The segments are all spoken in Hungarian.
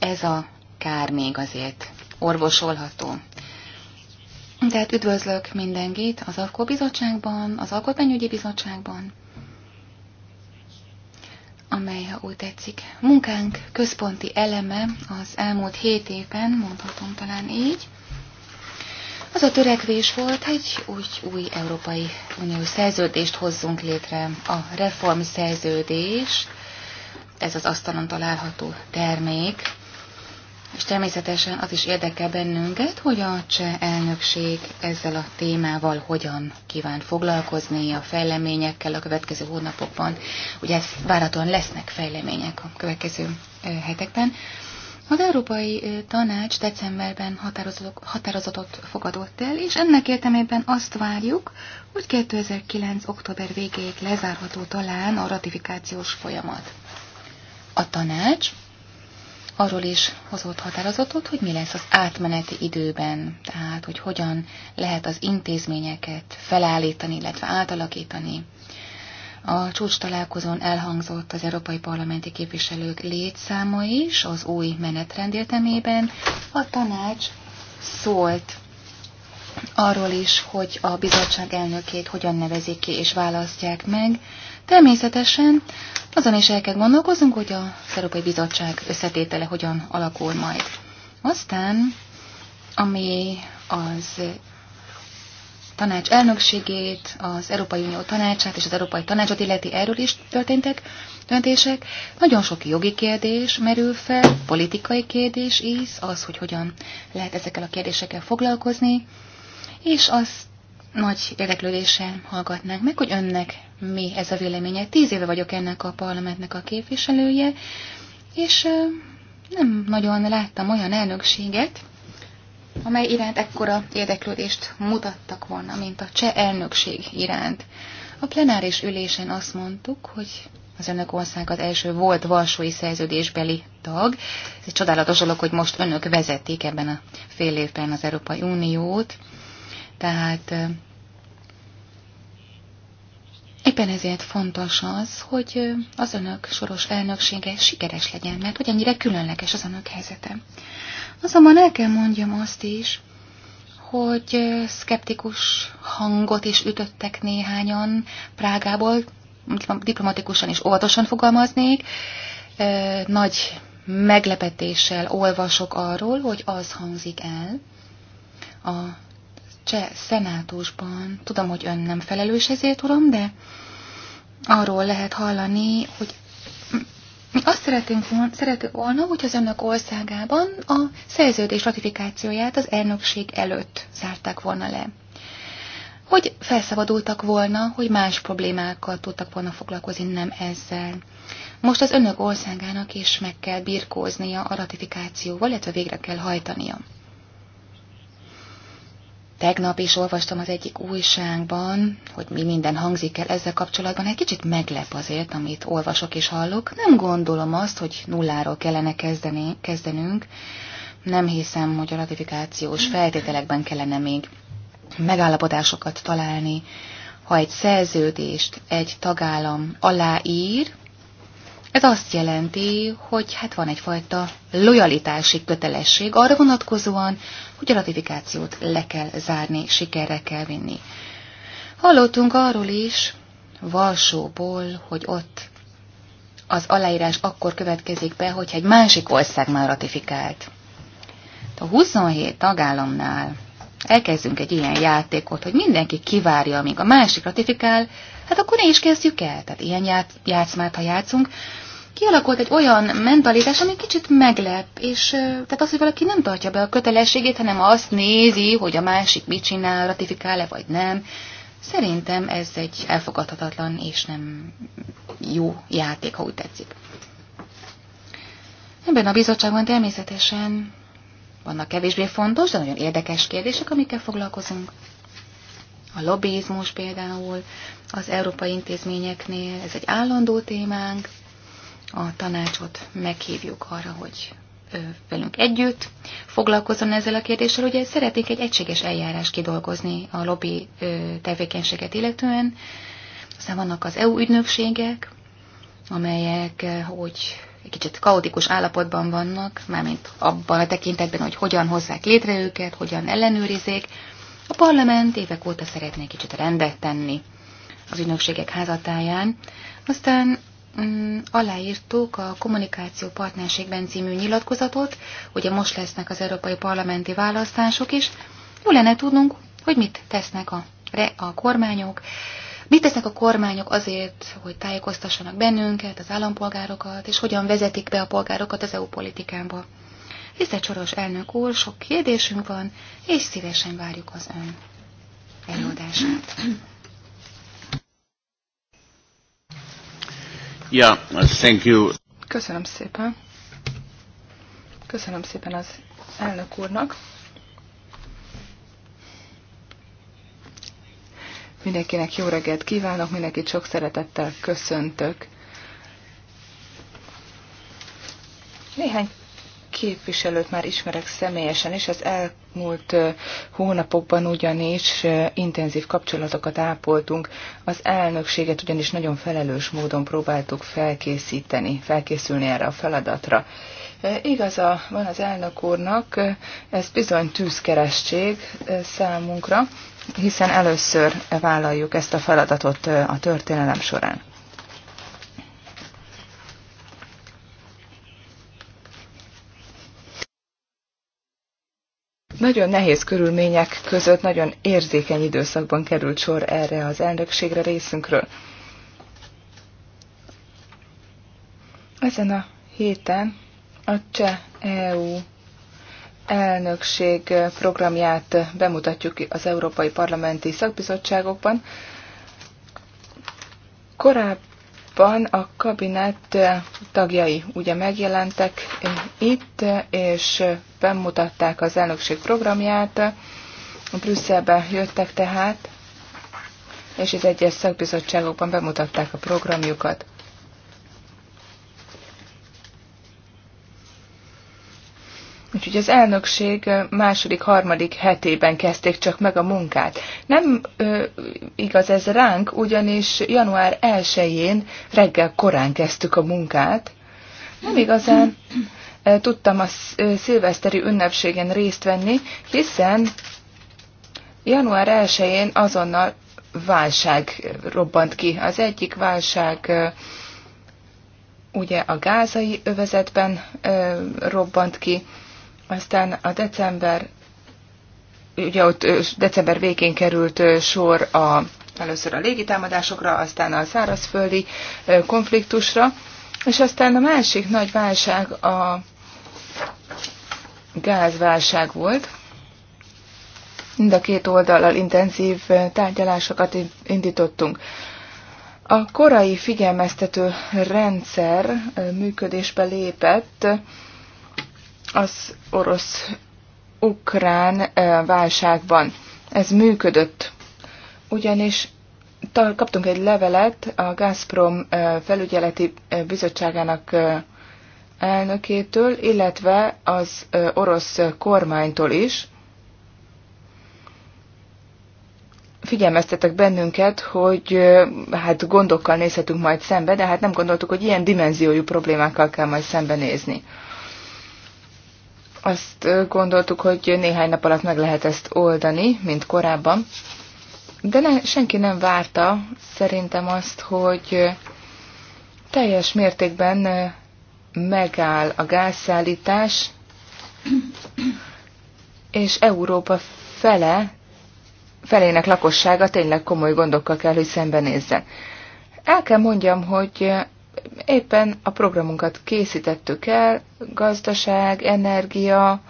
ez a kár még azért orvosolható. Tehát üdvözlök mindenkit az Alkó Bizottságban, az Alkotmányügyi Bizottságban, amely, ha úgy tetszik, munkánk központi eleme az elmúlt hét évben, mondhatom talán így, az a törekvés volt, hogy új, új Európai Uniós szerződést hozzunk létre. A reform szerződés, ez az asztalon található termék, és természetesen az is érdekel bennünket, hogy a cseh elnökség ezzel a témával hogyan kíván foglalkozni a fejleményekkel a következő hónapokban. Ugye ez váratlan lesznek fejlemények a következő hetekben. Az Európai Tanács decemberben határozatot fogadott el, és ennek értelmében azt várjuk, hogy 2009. október végéig lezárható talán a ratifikációs folyamat. A tanács arról is hozott határozatot, hogy mi lesz az átmeneti időben, tehát hogy hogyan lehet az intézményeket felállítani, illetve átalakítani. A csúcs találkozón elhangzott az európai parlamenti képviselők létszáma is az új menetrend értelmében. A tanács szólt arról is, hogy a bizottság elnökét hogyan nevezik ki és választják meg, Természetesen azon is el kell gondolkozunk, hogy a Európai Bizottság összetétele hogyan alakul majd. Aztán, ami az tanács elnökségét, az Európai Unió tanácsát és az Európai Tanácsot illeti erről is történtek döntések. Nagyon sok jogi kérdés merül fel, politikai kérdés is, az, hogy hogyan lehet ezekkel a kérdésekkel foglalkozni, és azt nagy érdeklődéssel hallgatnánk meg, hogy önnek mi ez a véleménye. Tíz éve vagyok ennek a parlamentnek a képviselője, és nem nagyon láttam olyan elnökséget, amely iránt ekkora érdeklődést mutattak volna, mint a cseh elnökség iránt. A plenáris ülésen azt mondtuk, hogy az önök ország az első volt valsói szerződésbeli tag. Ez egy csodálatos dolog, hogy most önök vezetik ebben a fél évben az Európai Uniót. Tehát éppen ezért fontos az, hogy az önök soros elnöksége sikeres legyen, mert hogy ennyire különleges az önök helyzete. Azonban el kell mondjam azt is, hogy szkeptikus hangot is ütöttek néhányan Prágából, diplomatikusan és óvatosan fogalmaznék. Nagy meglepetéssel olvasok arról, hogy az hangzik el a cseh szenátusban. Tudom, hogy ön nem felelős ezért, uram, de arról lehet hallani, hogy mi azt szeretnénk volna, szeretnénk volna, hogy az önök országában a szerződés ratifikációját az elnökség előtt zárták volna le. Hogy felszabadultak volna, hogy más problémákkal tudtak volna foglalkozni, nem ezzel. Most az önök országának is meg kell birkóznia a ratifikációval, illetve végre kell hajtania. Tegnap is olvastam az egyik újságban, hogy mi minden hangzik el ezzel kapcsolatban. Egy kicsit meglep azért, amit olvasok és hallok. Nem gondolom azt, hogy nulláról kellene kezdeni, kezdenünk. Nem hiszem, hogy a ratifikációs feltételekben kellene még megállapodásokat találni. Ha egy szerződést egy tagállam aláír, ez azt jelenti, hogy hát van egyfajta lojalitási kötelesség arra vonatkozóan, hogy a ratifikációt le kell zárni, sikerre kell vinni. Hallottunk arról is, Valsóból, hogy ott az aláírás akkor következik be, hogyha egy másik ország már ratifikált. A 27 tagállamnál elkezdünk egy ilyen játékot, hogy mindenki kivárja, amíg a másik ratifikál, hát akkor ne is kezdjük el. Tehát ilyen játszmát, ha játszunk, kialakult egy olyan mentalitás, ami kicsit meglep, és tehát az, hogy valaki nem tartja be a kötelességét, hanem azt nézi, hogy a másik mit csinál, ratifikál-e vagy nem. Szerintem ez egy elfogadhatatlan és nem jó játék, ha úgy tetszik. Ebben a bizottságban természetesen vannak kevésbé fontos, de nagyon érdekes kérdések, amikkel foglalkozunk. A lobbyizmus például az európai intézményeknél, ez egy állandó témánk, a tanácsot meghívjuk arra, hogy velünk együtt foglalkozom ezzel a kérdéssel. Ugye szeretnék egy egységes eljárás kidolgozni a lobby tevékenységet illetően. Aztán vannak az EU ügynökségek, amelyek hogy egy kicsit kaotikus állapotban vannak, mármint abban a tekintetben, hogy hogyan hozzák létre őket, hogyan ellenőrizik. A parlament évek óta szeretné kicsit rendet tenni az ügynökségek házatáján. Aztán Mm, aláírtuk a Kommunikáció Partnerségben című nyilatkozatot, ugye most lesznek az európai parlamenti választások is. Jó lenne tudnunk, hogy mit tesznek a, a kormányok, mit tesznek a kormányok azért, hogy tájékoztassanak bennünket, az állampolgárokat, és hogyan vezetik be a polgárokat az EU politikába. Hiszen Soros elnök úr, sok kérdésünk van, és szívesen várjuk az ön előadását. Yeah, thank you. Köszönöm szépen. Köszönöm szépen az elnök úrnak. Mindenkinek jó reggelt kívánok, mindenkit sok szeretettel köszöntök. Néhány képviselőt már ismerek személyesen, és az elmúlt hónapokban ugyanis intenzív kapcsolatokat ápoltunk. Az elnökséget ugyanis nagyon felelős módon próbáltuk felkészíteni, felkészülni erre a feladatra. Igaza van az elnök úrnak, ez bizony tűzkerestség számunkra, hiszen először vállaljuk ezt a feladatot a történelem során. Nagyon nehéz körülmények között, nagyon érzékeny időszakban került sor erre az elnökségre részünkről. Ezen a héten a Cseh EU elnökség programját bemutatjuk az Európai Parlamenti Szakbizottságokban. Korábban abban a kabinet tagjai ugye megjelentek itt, és bemutatták az elnökség programját. Brüsszelbe jöttek tehát, és az egyes szakbizottságokban bemutatták a programjukat. Úgyhogy az elnökség második, harmadik hetében kezdték csak meg a munkát. Nem ö, igaz ez ránk, ugyanis január 1-én reggel korán kezdtük a munkát. Nem igazán ö, tudtam a szilveszteri ünnepségen részt venni, hiszen január 1-én azonnal válság robbant ki. Az egyik válság ö, ugye a gázai övezetben ö, robbant ki, aztán a december, ugye ott december végén került sor a, először a légitámadásokra, aztán a szárazföldi konfliktusra, és aztán a másik nagy válság a gázválság volt. Mind a két oldalal intenzív tárgyalásokat indítottunk. A korai figyelmeztető rendszer működésbe lépett, az orosz-ukrán válságban. Ez működött, ugyanis kaptunk egy levelet a Gazprom felügyeleti bizottságának elnökétől, illetve az orosz kormánytól is. Figyelmeztetek bennünket, hogy hát gondokkal nézhetünk majd szembe, de hát nem gondoltuk, hogy ilyen dimenziójú problémákkal kell majd szembenézni. Azt gondoltuk, hogy néhány nap alatt meg lehet ezt oldani, mint korábban. De ne, senki nem várta szerintem azt, hogy teljes mértékben megáll a gázszállítás, és Európa fele, felének lakossága tényleg komoly gondokkal kell, hogy szembenézzen. El kell mondjam, hogy éppen a programunkat készítettük el, gazdaság, energia,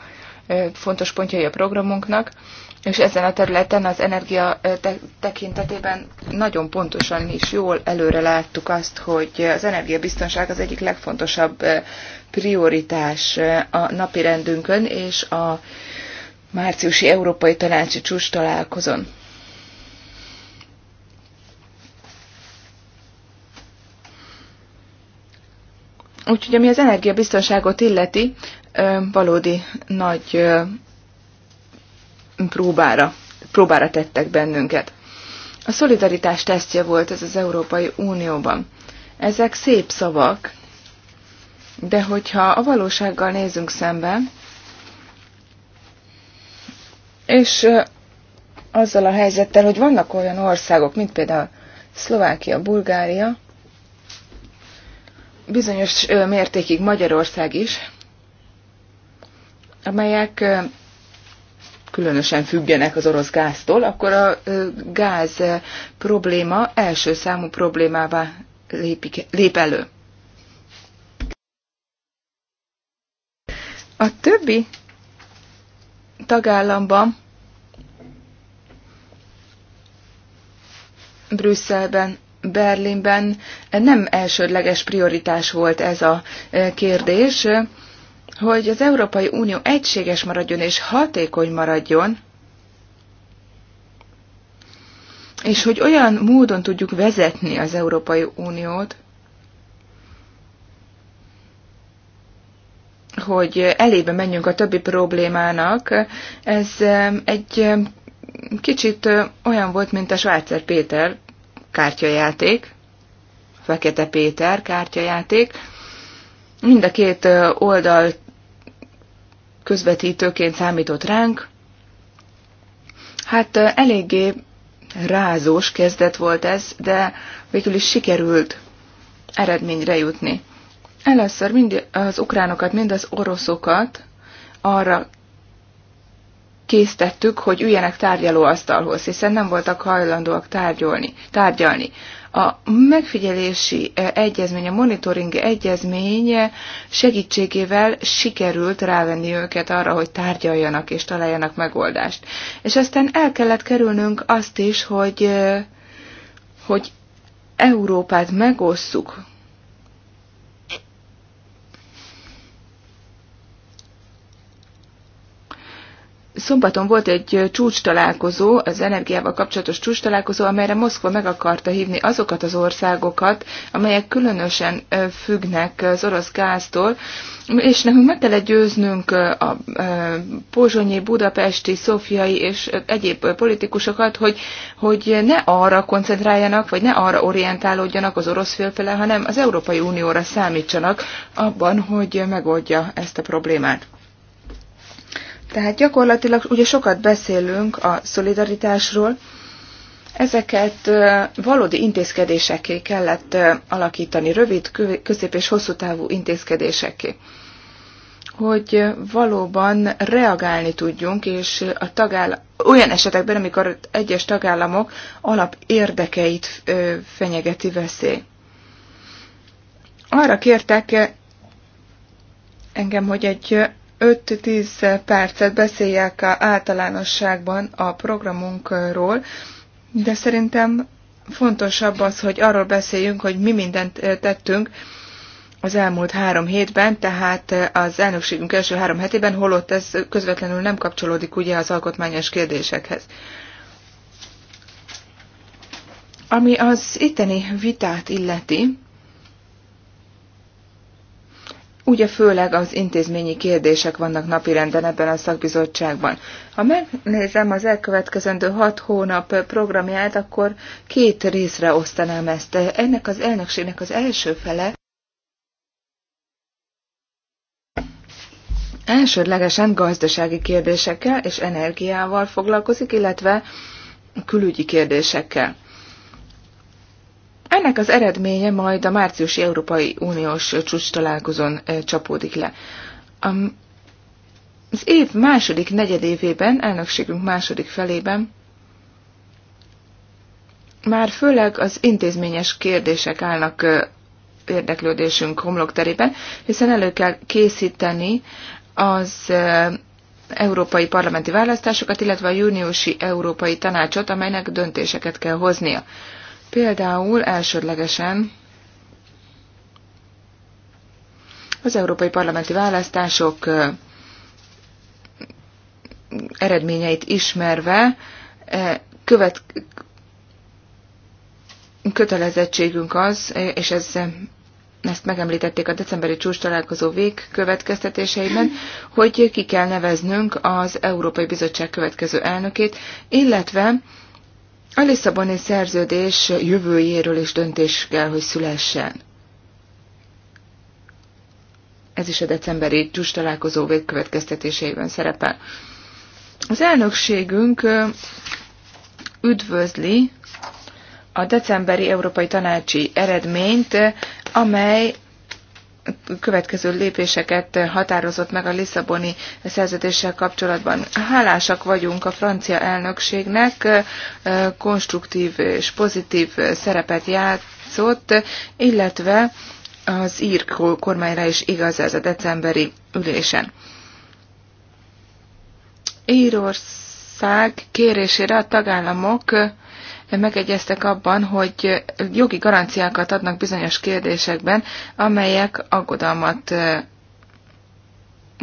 fontos pontjai a programunknak, és ezen a területen az energia tekintetében nagyon pontosan is jól előre láttuk azt, hogy az energiabiztonság az egyik legfontosabb prioritás a napi rendünkön és a márciusi Európai Tanácsi Csúcs találkozón. Úgyhogy ami az energiabiztonságot illeti, valódi nagy próbára, próbára tettek bennünket. A szolidaritás tesztje volt ez az Európai Unióban. Ezek szép szavak, de hogyha a valósággal nézünk szembe, és azzal a helyzettel, hogy vannak olyan országok, mint például Szlovákia, Bulgária, bizonyos mértékig Magyarország is, amelyek különösen függenek az orosz gáztól, akkor a gáz probléma első számú problémává lépik, lép elő. A többi tagállamban, Brüsszelben Berlinben nem elsődleges prioritás volt ez a e, kérdés, hogy az Európai Unió egységes maradjon és hatékony maradjon, és hogy olyan módon tudjuk vezetni az Európai Uniót, hogy elébe menjünk a többi problémának, ez e, egy e, kicsit olyan volt, mint a Svájcer Péter kártyajáték, Fekete Péter kártyajáték. Mind a két oldal közvetítőként számított ránk. Hát eléggé rázós kezdet volt ez, de végül is sikerült eredményre jutni. Először mind az ukránokat, mind az oroszokat arra késztettük, hogy üljenek tárgyalóasztalhoz, hiszen nem voltak hajlandóak tárgyalni. tárgyalni. A megfigyelési e, egyezmény, a monitoring egyezmény segítségével sikerült rávenni őket arra, hogy tárgyaljanak és találjanak megoldást. És aztán el kellett kerülnünk azt is, hogy, e, hogy Európát megosszuk, Szombaton volt egy csúcs találkozó, az energiával kapcsolatos csúcs találkozó, amelyre Moszkva meg akarta hívni azokat az országokat, amelyek különösen függnek az orosz gáztól, és nekünk meg kellett győznünk a pozsonyi, budapesti, szofiai és egyéb politikusokat, hogy, hogy ne arra koncentráljanak, vagy ne arra orientálódjanak az orosz félfele, hanem az Európai Unióra számítsanak abban, hogy megoldja ezt a problémát. Tehát gyakorlatilag ugye sokat beszélünk a szolidaritásról, ezeket valódi intézkedésekké kellett alakítani, rövid, közép és hosszú távú intézkedésekké, hogy valóban reagálni tudjunk, és a tagáll- olyan esetekben, amikor egyes tagállamok alap érdekeit fenyegeti veszély. Arra kértek engem, hogy egy 5-10 percet beszéljek általánosságban a programunkról, de szerintem fontosabb az, hogy arról beszéljünk, hogy mi mindent tettünk az elmúlt három hétben, tehát az elnökségünk első három hetében, holott ez közvetlenül nem kapcsolódik ugye az alkotmányos kérdésekhez. Ami az itteni vitát illeti, Ugye főleg az intézményi kérdések vannak napirenden ebben a szakbizottságban. Ha megnézem az elkövetkezendő hat hónap programját, akkor két részre osztanám ezt. Ennek az elnökségnek az első fele elsődlegesen gazdasági kérdésekkel és energiával foglalkozik, illetve külügyi kérdésekkel. Ennek az eredménye majd a márciusi Európai Uniós csúcs találkozón csapódik le. Az év második negyedévében, elnökségünk második felében már főleg az intézményes kérdések állnak érdeklődésünk homlokterében, hiszen elő kell készíteni az európai parlamenti választásokat, illetve a júniusi európai tanácsot, amelynek döntéseket kell hoznia. Például elsődlegesen az európai parlamenti választások eredményeit ismerve követ, kötelezettségünk az, és ez, ezt megemlítették a decemberi csúcs találkozó vég következtetéseiben, hogy ki kell neveznünk az Európai Bizottság következő elnökét, illetve a Lisszaboni szerződés jövőjéről is döntés kell, hogy szülessen. Ez is a decemberi csúcs találkozó végkövetkeztetéseiben szerepel. Az elnökségünk üdvözli a decemberi Európai Tanácsi eredményt, amely következő lépéseket határozott meg a Lisszaboni szerződéssel kapcsolatban. Hálásak vagyunk a francia elnökségnek, konstruktív és pozitív szerepet játszott, illetve az ír kormányra is igaz ez a decemberi ülésen. Írország kérésére a tagállamok megegyeztek abban, hogy jogi garanciákat adnak bizonyos kérdésekben, amelyek aggodalmat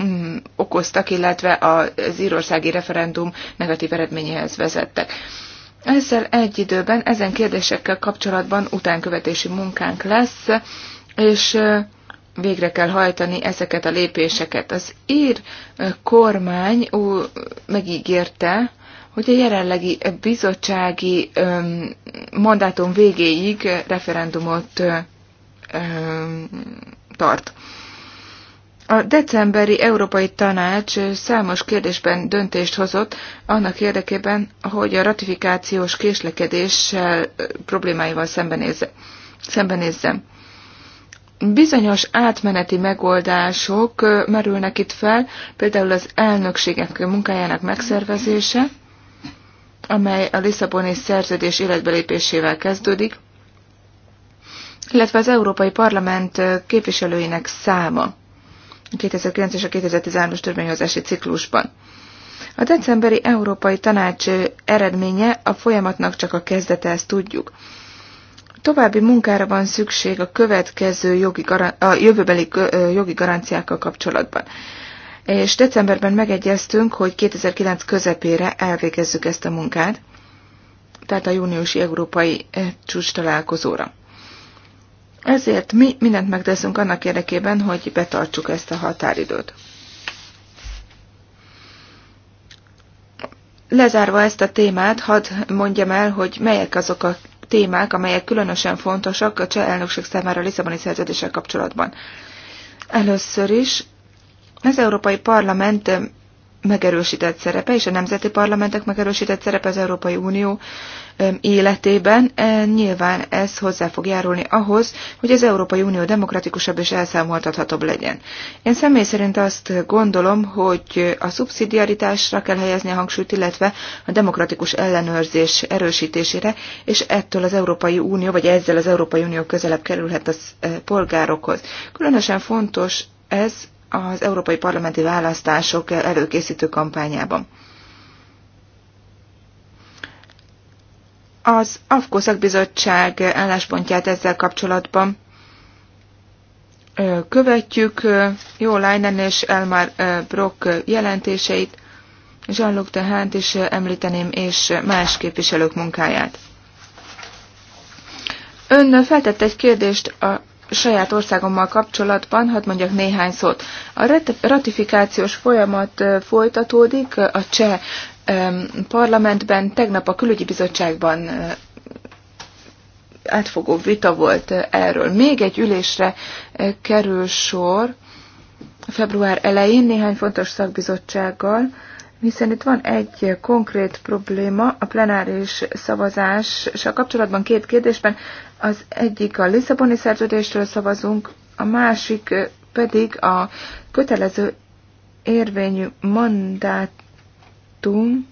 mm, okoztak, illetve az írországi referendum negatív eredményéhez vezettek. Ezzel egy időben ezen kérdésekkel kapcsolatban utánkövetési munkánk lesz, és végre kell hajtani ezeket a lépéseket. Az ír kormány megígérte, hogy a jelenlegi bizottsági mandátum végéig referendumot tart. A decemberi Európai Tanács számos kérdésben döntést hozott annak érdekében, hogy a ratifikációs késlekedéssel problémáival szembenézze, szembenézzem. Bizonyos átmeneti megoldások merülnek itt fel, például az elnökségek munkájának megszervezése, amely a Lisszaboni szerződés életbelépésével kezdődik, illetve az Európai Parlament képviselőinek száma a 2009 és a 2013-as törvényhozási ciklusban. A decemberi Európai Tanács eredménye a folyamatnak csak a kezdete, ezt tudjuk. További munkára van szükség a következő jogi, a jövőbeli jogi garanciákkal kapcsolatban és decemberben megegyeztünk, hogy 2009 közepére elvégezzük ezt a munkát, tehát a júniusi európai eh, csúcs találkozóra. Ezért mi mindent megteszünk annak érdekében, hogy betartsuk ezt a határidőt. Lezárva ezt a témát, hadd mondjam el, hogy melyek azok a témák, amelyek különösen fontosak a cseh elnökség számára a Lisszaboni szerződéssel kapcsolatban. Először is az Európai Parlament megerősített szerepe, és a nemzeti parlamentek megerősített szerepe az Európai Unió életében, e, nyilván ez hozzá fog járulni ahhoz, hogy az Európai Unió demokratikusabb és elszámoltathatóbb legyen. Én személy szerint azt gondolom, hogy a szubszidiaritásra kell helyezni a hangsúlyt, illetve a demokratikus ellenőrzés erősítésére, és ettől az Európai Unió, vagy ezzel az Európai Unió közelebb kerülhet a e, polgárokhoz. Különösen fontos ez az európai parlamenti választások előkészítő kampányában. Az AFKO szakbizottság álláspontját ezzel kapcsolatban követjük Jó Leinen és Elmar Brock jelentéseit, Jean-Luc Dehánt is említeném, és más képviselők munkáját. Ön feltett egy kérdést a saját országommal kapcsolatban hadd mondjak néhány szót. A ratifikációs folyamat folytatódik a cseh parlamentben, tegnap a külügyi bizottságban átfogó vita volt erről. Még egy ülésre kerül sor február elején néhány fontos szakbizottsággal, hiszen itt van egy konkrét probléma a plenáris szavazással kapcsolatban két kérdésben. Az egyik a Lisszaboni szerződésről szavazunk, a másik pedig a kötelező érvényű mandátum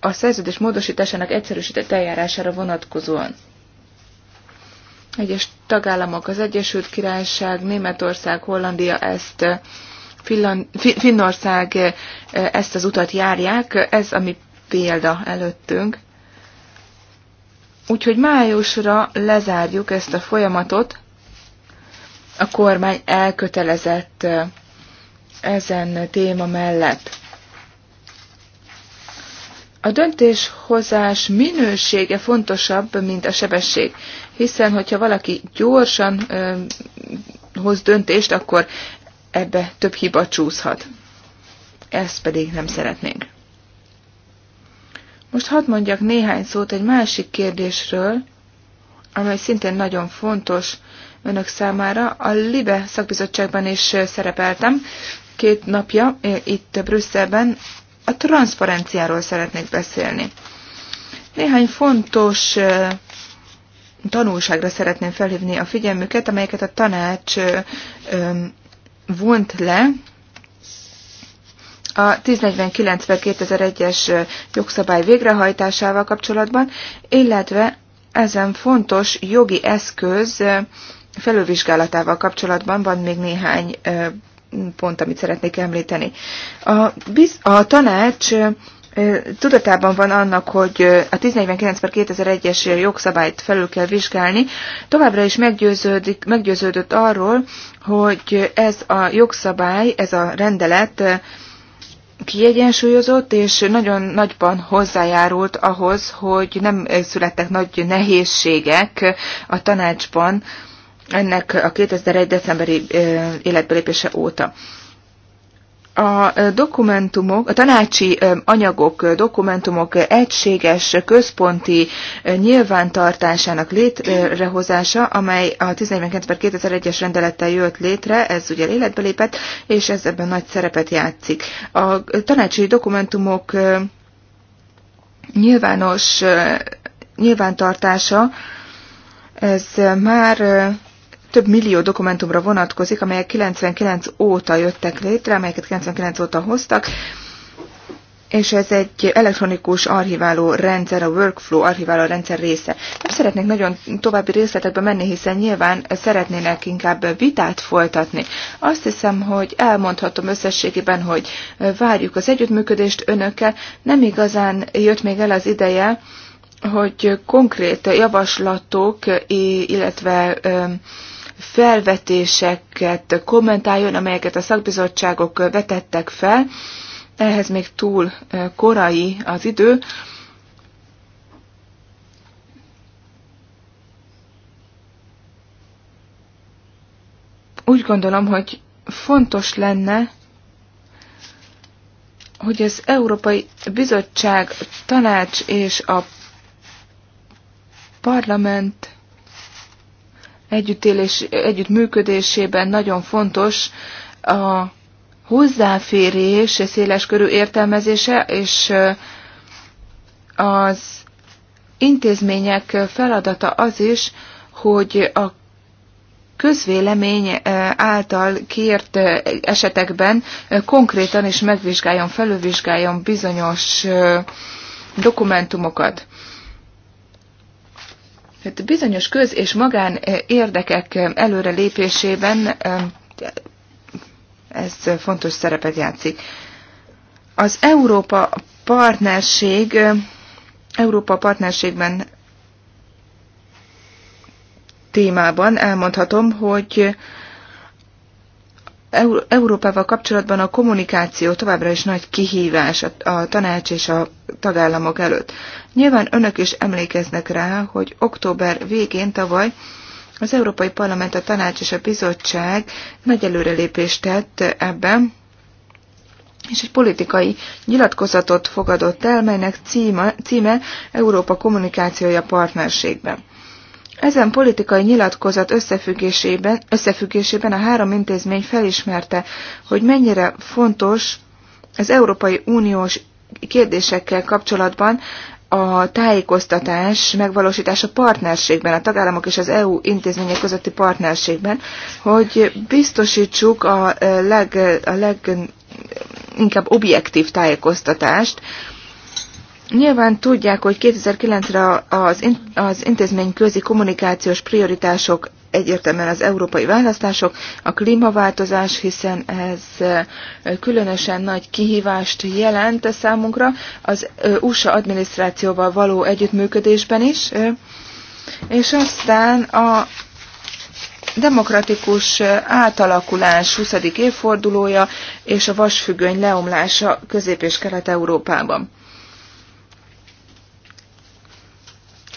a szerződés módosításának egyszerűsített eljárására vonatkozóan. Egyes tagállamok, az Egyesült Királyság, Németország, Hollandia ezt Finnország eh, eh, ezt az utat járják, ez ami példa előttünk. Úgyhogy májusra lezárjuk ezt a folyamatot. A kormány elkötelezett eh, ezen téma mellett. A döntéshozás minősége fontosabb, mint a sebesség, hiszen hogyha valaki gyorsan hoz döntést, akkor ebbe több hiba csúszhat. Ezt pedig nem szeretnénk. Most hadd mondjak néhány szót egy másik kérdésről, amely szintén nagyon fontos önök számára. A LIBE szakbizottságban is szerepeltem két napja eh, itt Brüsszelben. A transzparenciáról szeretnék beszélni. Néhány fontos eh, tanulságra szeretném felhívni a figyelmüket, amelyeket a tanács eh, vont le a 1049 2001-es jogszabály végrehajtásával kapcsolatban, illetve ezen fontos jogi eszköz felülvizsgálatával kapcsolatban van még néhány pont, amit szeretnék említeni. A, biz, a tanács tudatában van annak, hogy a 1049 per 2001-es jogszabályt felül kell vizsgálni, továbbra is meggyőződik, meggyőződött arról, hogy ez a jogszabály, ez a rendelet kiegyensúlyozott, és nagyon nagyban hozzájárult ahhoz, hogy nem születtek nagy nehézségek a tanácsban ennek a 2001. decemberi életbelépése óta a dokumentumok, a tanácsi anyagok, dokumentumok egységes központi nyilvántartásának létrehozása, amely a 1049-2001-es rendelettel jött létre, ez ugye életbe lépett, és ez ebben nagy szerepet játszik. A tanácsi dokumentumok nyilvános nyilvántartása, ez már több millió dokumentumra vonatkozik, amelyek 99 óta jöttek létre, amelyeket 99 óta hoztak, és ez egy elektronikus archiváló rendszer, a workflow archiváló rendszer része. Nem szeretnék nagyon további részletekbe menni, hiszen nyilván szeretnének inkább vitát folytatni. Azt hiszem, hogy elmondhatom összességében, hogy várjuk az együttműködést önökkel. Nem igazán jött még el az ideje, hogy konkrét javaslatok, illetve felvetéseket kommentáljon, amelyeket a szakbizottságok vetettek fel. Ehhez még túl korai az idő. Úgy gondolom, hogy fontos lenne, hogy az Európai Bizottság, Tanács és a Parlament együttélés, együttműködésében nagyon fontos a hozzáférés széles körű értelmezése, és az intézmények feladata az is, hogy a közvélemény által kért esetekben konkrétan is megvizsgáljon, felülvizsgáljon bizonyos dokumentumokat. Hát bizonyos köz- és magán eh, érdekek eh, előrelépésében eh, ez fontos szerepet játszik. Az Európa partnerség, Európa partnerségben témában elmondhatom, hogy Európával kapcsolatban a kommunikáció továbbra is nagy kihívás a tanács és a tagállamok előtt. Nyilván önök is emlékeznek rá, hogy október végén tavaly az Európai Parlament, a Tanács és a Bizottság nagy előrelépést tett ebben, és egy politikai nyilatkozatot fogadott el, melynek címe, címe Európa kommunikációja partnerségben. Ezen politikai nyilatkozat összefüggésében, összefüggésében a három intézmény felismerte, hogy mennyire fontos az Európai Uniós kérdésekkel kapcsolatban a tájékoztatás megvalósítása partnerségben, a tagállamok és az EU intézmények közötti partnerségben, hogy biztosítsuk a, leg, a leginkább objektív tájékoztatást Nyilván tudják, hogy 2009-re az, in, az intézmény közi kommunikációs prioritások egyértelműen az európai választások, a klímaváltozás, hiszen ez különösen nagy kihívást jelent a számunkra, az USA adminisztrációval való együttműködésben is, és aztán a demokratikus átalakulás 20. évfordulója és a vasfüggöny leomlása Közép- és Kelet-Európában.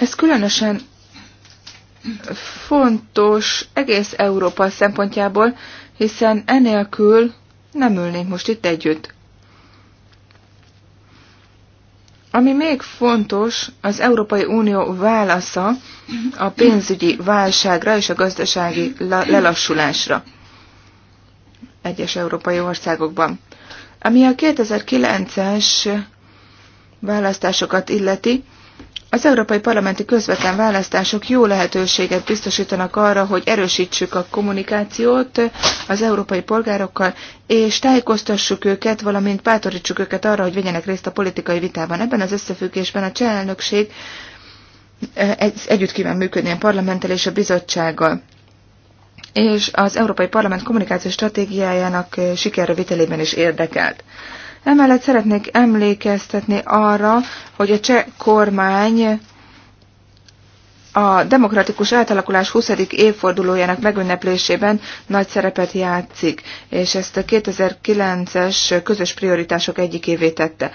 Ez különösen fontos egész Európa szempontjából, hiszen enélkül nem ülnénk most itt együtt. Ami még fontos, az Európai Unió válasza a pénzügyi válságra és a gazdasági lelassulásra egyes európai országokban. Ami a 2009-es választásokat illeti, az európai parlamenti közvetlen választások jó lehetőséget biztosítanak arra, hogy erősítsük a kommunikációt az európai polgárokkal, és tájékoztassuk őket, valamint bátorítsuk őket arra, hogy vegyenek részt a politikai vitában. Ebben az összefüggésben a cseh elnökség eh, együtt kíván működni a parlamenttel és a bizottsággal és az Európai Parlament kommunikációs stratégiájának eh, sikerre vitelében is érdekelt. Emellett szeretnék emlékeztetni arra, hogy a cseh kormány a demokratikus átalakulás 20. évfordulójának megünneplésében nagy szerepet játszik, és ezt a 2009-es közös prioritások egyikévé tette.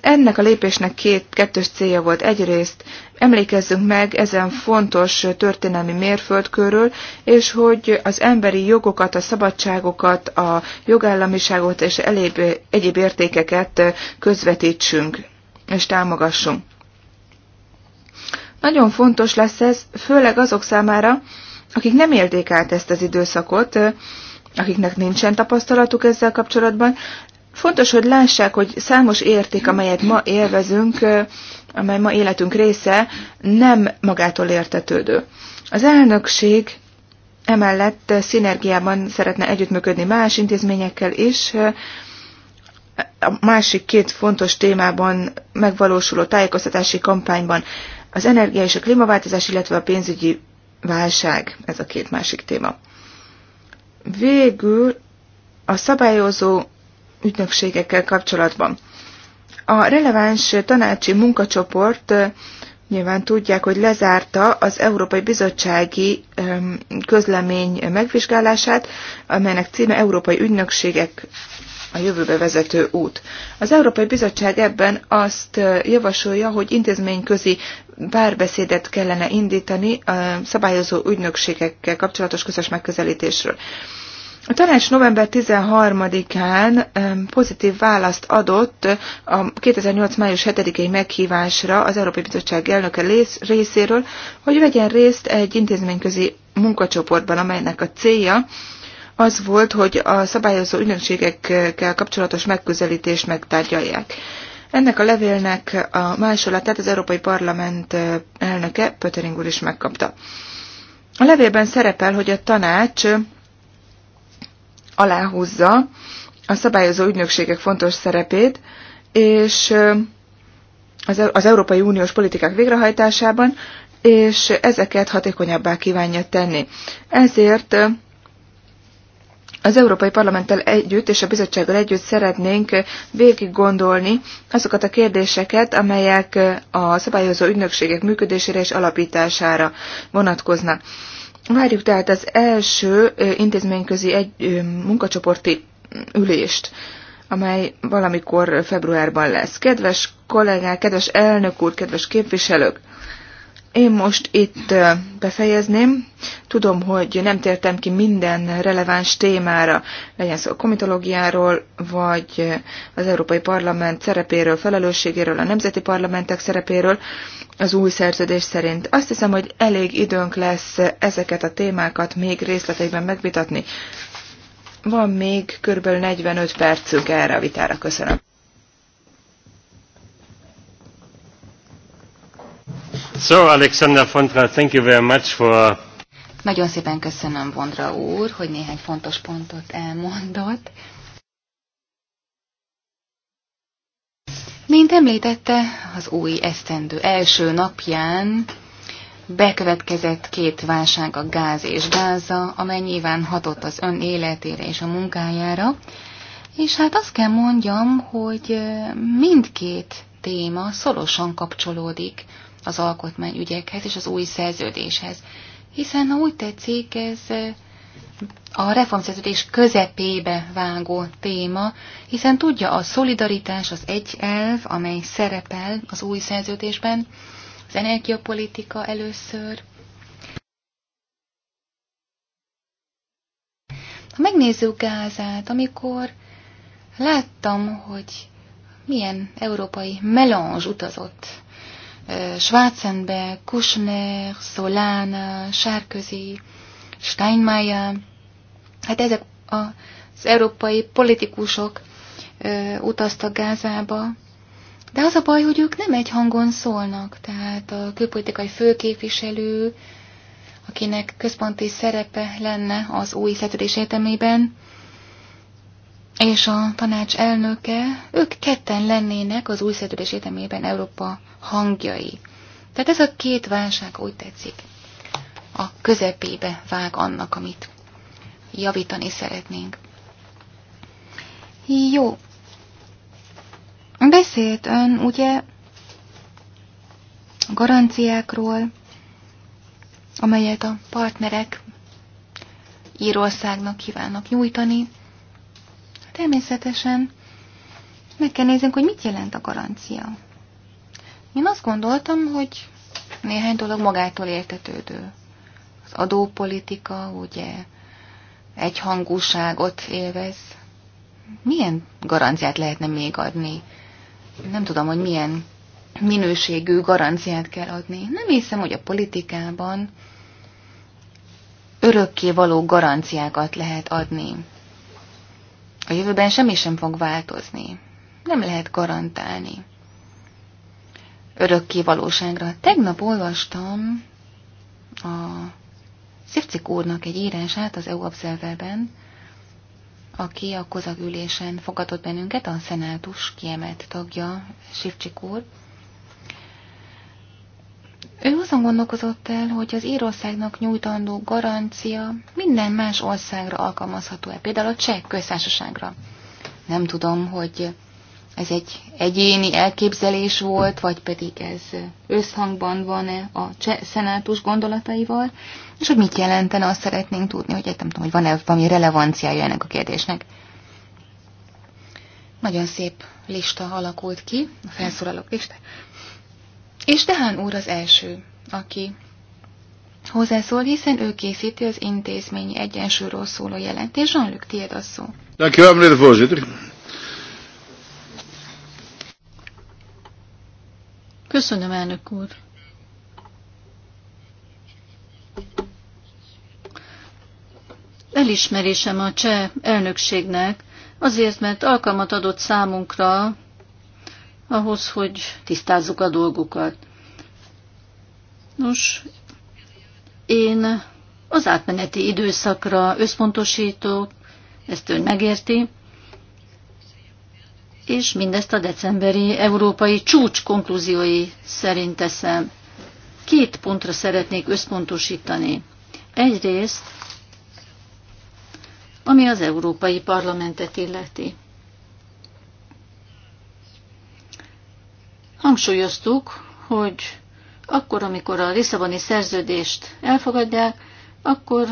Ennek a lépésnek két, kettős célja volt. Egyrészt emlékezzünk meg ezen fontos történelmi mérföldkörről, és hogy az emberi jogokat, a szabadságokat, a jogállamiságot és elébb, egyéb értékeket közvetítsünk és támogassunk. Nagyon fontos lesz ez, főleg azok számára, akik nem élték át ezt az időszakot, akiknek nincsen tapasztalatuk ezzel kapcsolatban, Fontos, hogy lássák, hogy számos érték, amelyet ma élvezünk, amely ma életünk része, nem magától értetődő. Az elnökség emellett szinergiában szeretne együttműködni más intézményekkel is, a másik két fontos témában megvalósuló tájékoztatási kampányban az energia és a klímaváltozás, illetve a pénzügyi válság, ez a két másik téma. Végül a szabályozó ügynökségekkel kapcsolatban. A releváns tanácsi munkacsoport nyilván tudják, hogy lezárta az Európai Bizottsági közlemény megvizsgálását, amelynek címe Európai Ügynökségek a jövőbe vezető út. Az Európai Bizottság ebben azt javasolja, hogy intézményközi párbeszédet kellene indítani a szabályozó ügynökségekkel kapcsolatos közös megközelítésről. A tanács november 13-án pozitív választ adott a 2008. május 7-i meghívásra az Európai Bizottság elnöke részéről, hogy vegyen részt egy intézményközi munkacsoportban, amelynek a célja az volt, hogy a szabályozó ügynökségekkel kapcsolatos megközelítést megtárgyalják. Ennek a levélnek a másolatát az Európai Parlament elnöke Pöttering úr is megkapta. A levélben szerepel, hogy a tanács aláhúzza a szabályozó ügynökségek fontos szerepét, és az, e- az Európai Uniós politikák végrehajtásában, és ezeket hatékonyabbá kívánja tenni. Ezért az Európai Parlamenttel együtt és a bizottsággal együtt szeretnénk végig gondolni azokat a kérdéseket, amelyek a szabályozó ügynökségek működésére és alapítására vonatkoznak. Várjuk tehát az első intézményközi egy, munkacsoporti ülést, amely valamikor februárban lesz. Kedves kollégák, kedves elnök úr, kedves képviselők! Én most itt befejezném. Tudom, hogy nem tértem ki minden releváns témára, legyen szó a komitológiáról, vagy az Európai Parlament szerepéről, felelősségéről, a nemzeti parlamentek szerepéről az új szerződés szerint. Azt hiszem, hogy elég időnk lesz ezeket a témákat még részleteiben megvitatni. Van még kb. 45 percünk erre a vitára. Köszönöm. So, Alexander Vondra, thank you very much for... Nagyon szépen köszönöm, Vondra úr, hogy néhány fontos pontot elmondott. Mint említette, az új esztendő első napján bekövetkezett két válság, a gáz és gáza, amely nyilván hatott az ön életére és a munkájára. És hát azt kell mondjam, hogy eh, mindkét téma szorosan kapcsolódik az alkotmányügyekhez és az új szerződéshez. Hiszen, ha úgy tetszik, ez eh, a reformszerződés közepébe vágó téma, hiszen tudja a szolidaritás az egy elv, amely szerepel az új szerződésben, az energiapolitika először. Ha megnézzük Gázát, amikor láttam, hogy milyen európai melange utazott Schwarzenberg, Kushner, Solana, Sárközi, Steinmeier, hát ezek az európai politikusok utaztak Gázába, de az a baj, hogy ők nem egy hangon szólnak, tehát a külpolitikai főképviselő, akinek központi szerepe lenne az új szetődés értelmében, és a tanács elnöke, ők ketten lennének az új szerződés értelmében Európa hangjai. Tehát ez a két válság, úgy tetszik, a közepébe vág annak, amit javítani szeretnénk. Jó. Beszélt ön, ugye, a garanciákról, amelyet a partnerek Írországnak kívánnak nyújtani, Természetesen meg kell néznünk, hogy mit jelent a garancia. Én azt gondoltam, hogy néhány dolog magától értetődő. Az adópolitika, ugye, egyhangúságot élvez. Milyen garanciát lehetne még adni? Nem tudom, hogy milyen minőségű garanciát kell adni. Nem hiszem, hogy a politikában örökké való garanciákat lehet adni a jövőben semmi sem fog változni. Nem lehet garantálni. Örökké valóságra. Tegnap olvastam a Szivcik úrnak egy írását az EU Observerben, aki a kozagülésen fogadott bennünket, a szenátus kiemelt tagja, Sivcsik úr, ő azon gondolkozott el, hogy az Írországnak nyújtandó garancia minden más országra alkalmazható-e, például a cseh köztársaságra. Nem tudom, hogy ez egy egyéni elképzelés volt, vagy pedig ez összhangban van-e a cseh szenátus gondolataival, és hogy mit jelentene, azt szeretnénk tudni, hogy nem tudom, hogy van-e valami relevanciája ennek a kérdésnek. Nagyon szép lista alakult ki, a felszólalók lista. És Dehán úr az első, aki hozzászól, hiszen ő készíti az intézményi egyensúlyról szóló jelentés, Jean-Luc, tiéd a szó. Köszönöm, elnök úr. Elismerésem a cseh elnökségnek, azért, mert alkalmat adott számunkra, ahhoz, hogy tisztázzuk a dolgokat. Nos, én az átmeneti időszakra összpontosítok, ezt ön megérti, és mindezt a decemberi európai csúcs konklúziói szerint teszem. Két pontra szeretnék összpontosítani. Egyrészt, ami az Európai Parlamentet illeti. hangsúlyoztuk, hogy akkor, amikor a Lisszaboni szerződést elfogadják, akkor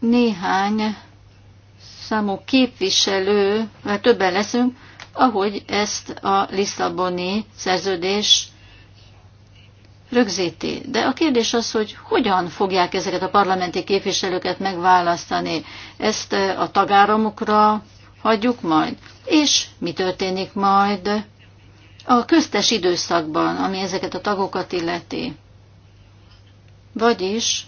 néhány számú képviselő, mert többen leszünk, ahogy ezt a Lisszaboni szerződés rögzíti. De a kérdés az, hogy hogyan fogják ezeket a parlamenti képviselőket megválasztani. Ezt eh, a tagáramokra hagyjuk majd. És mi történik majd a köztes időszakban, ami ezeket a tagokat illeti. Vagyis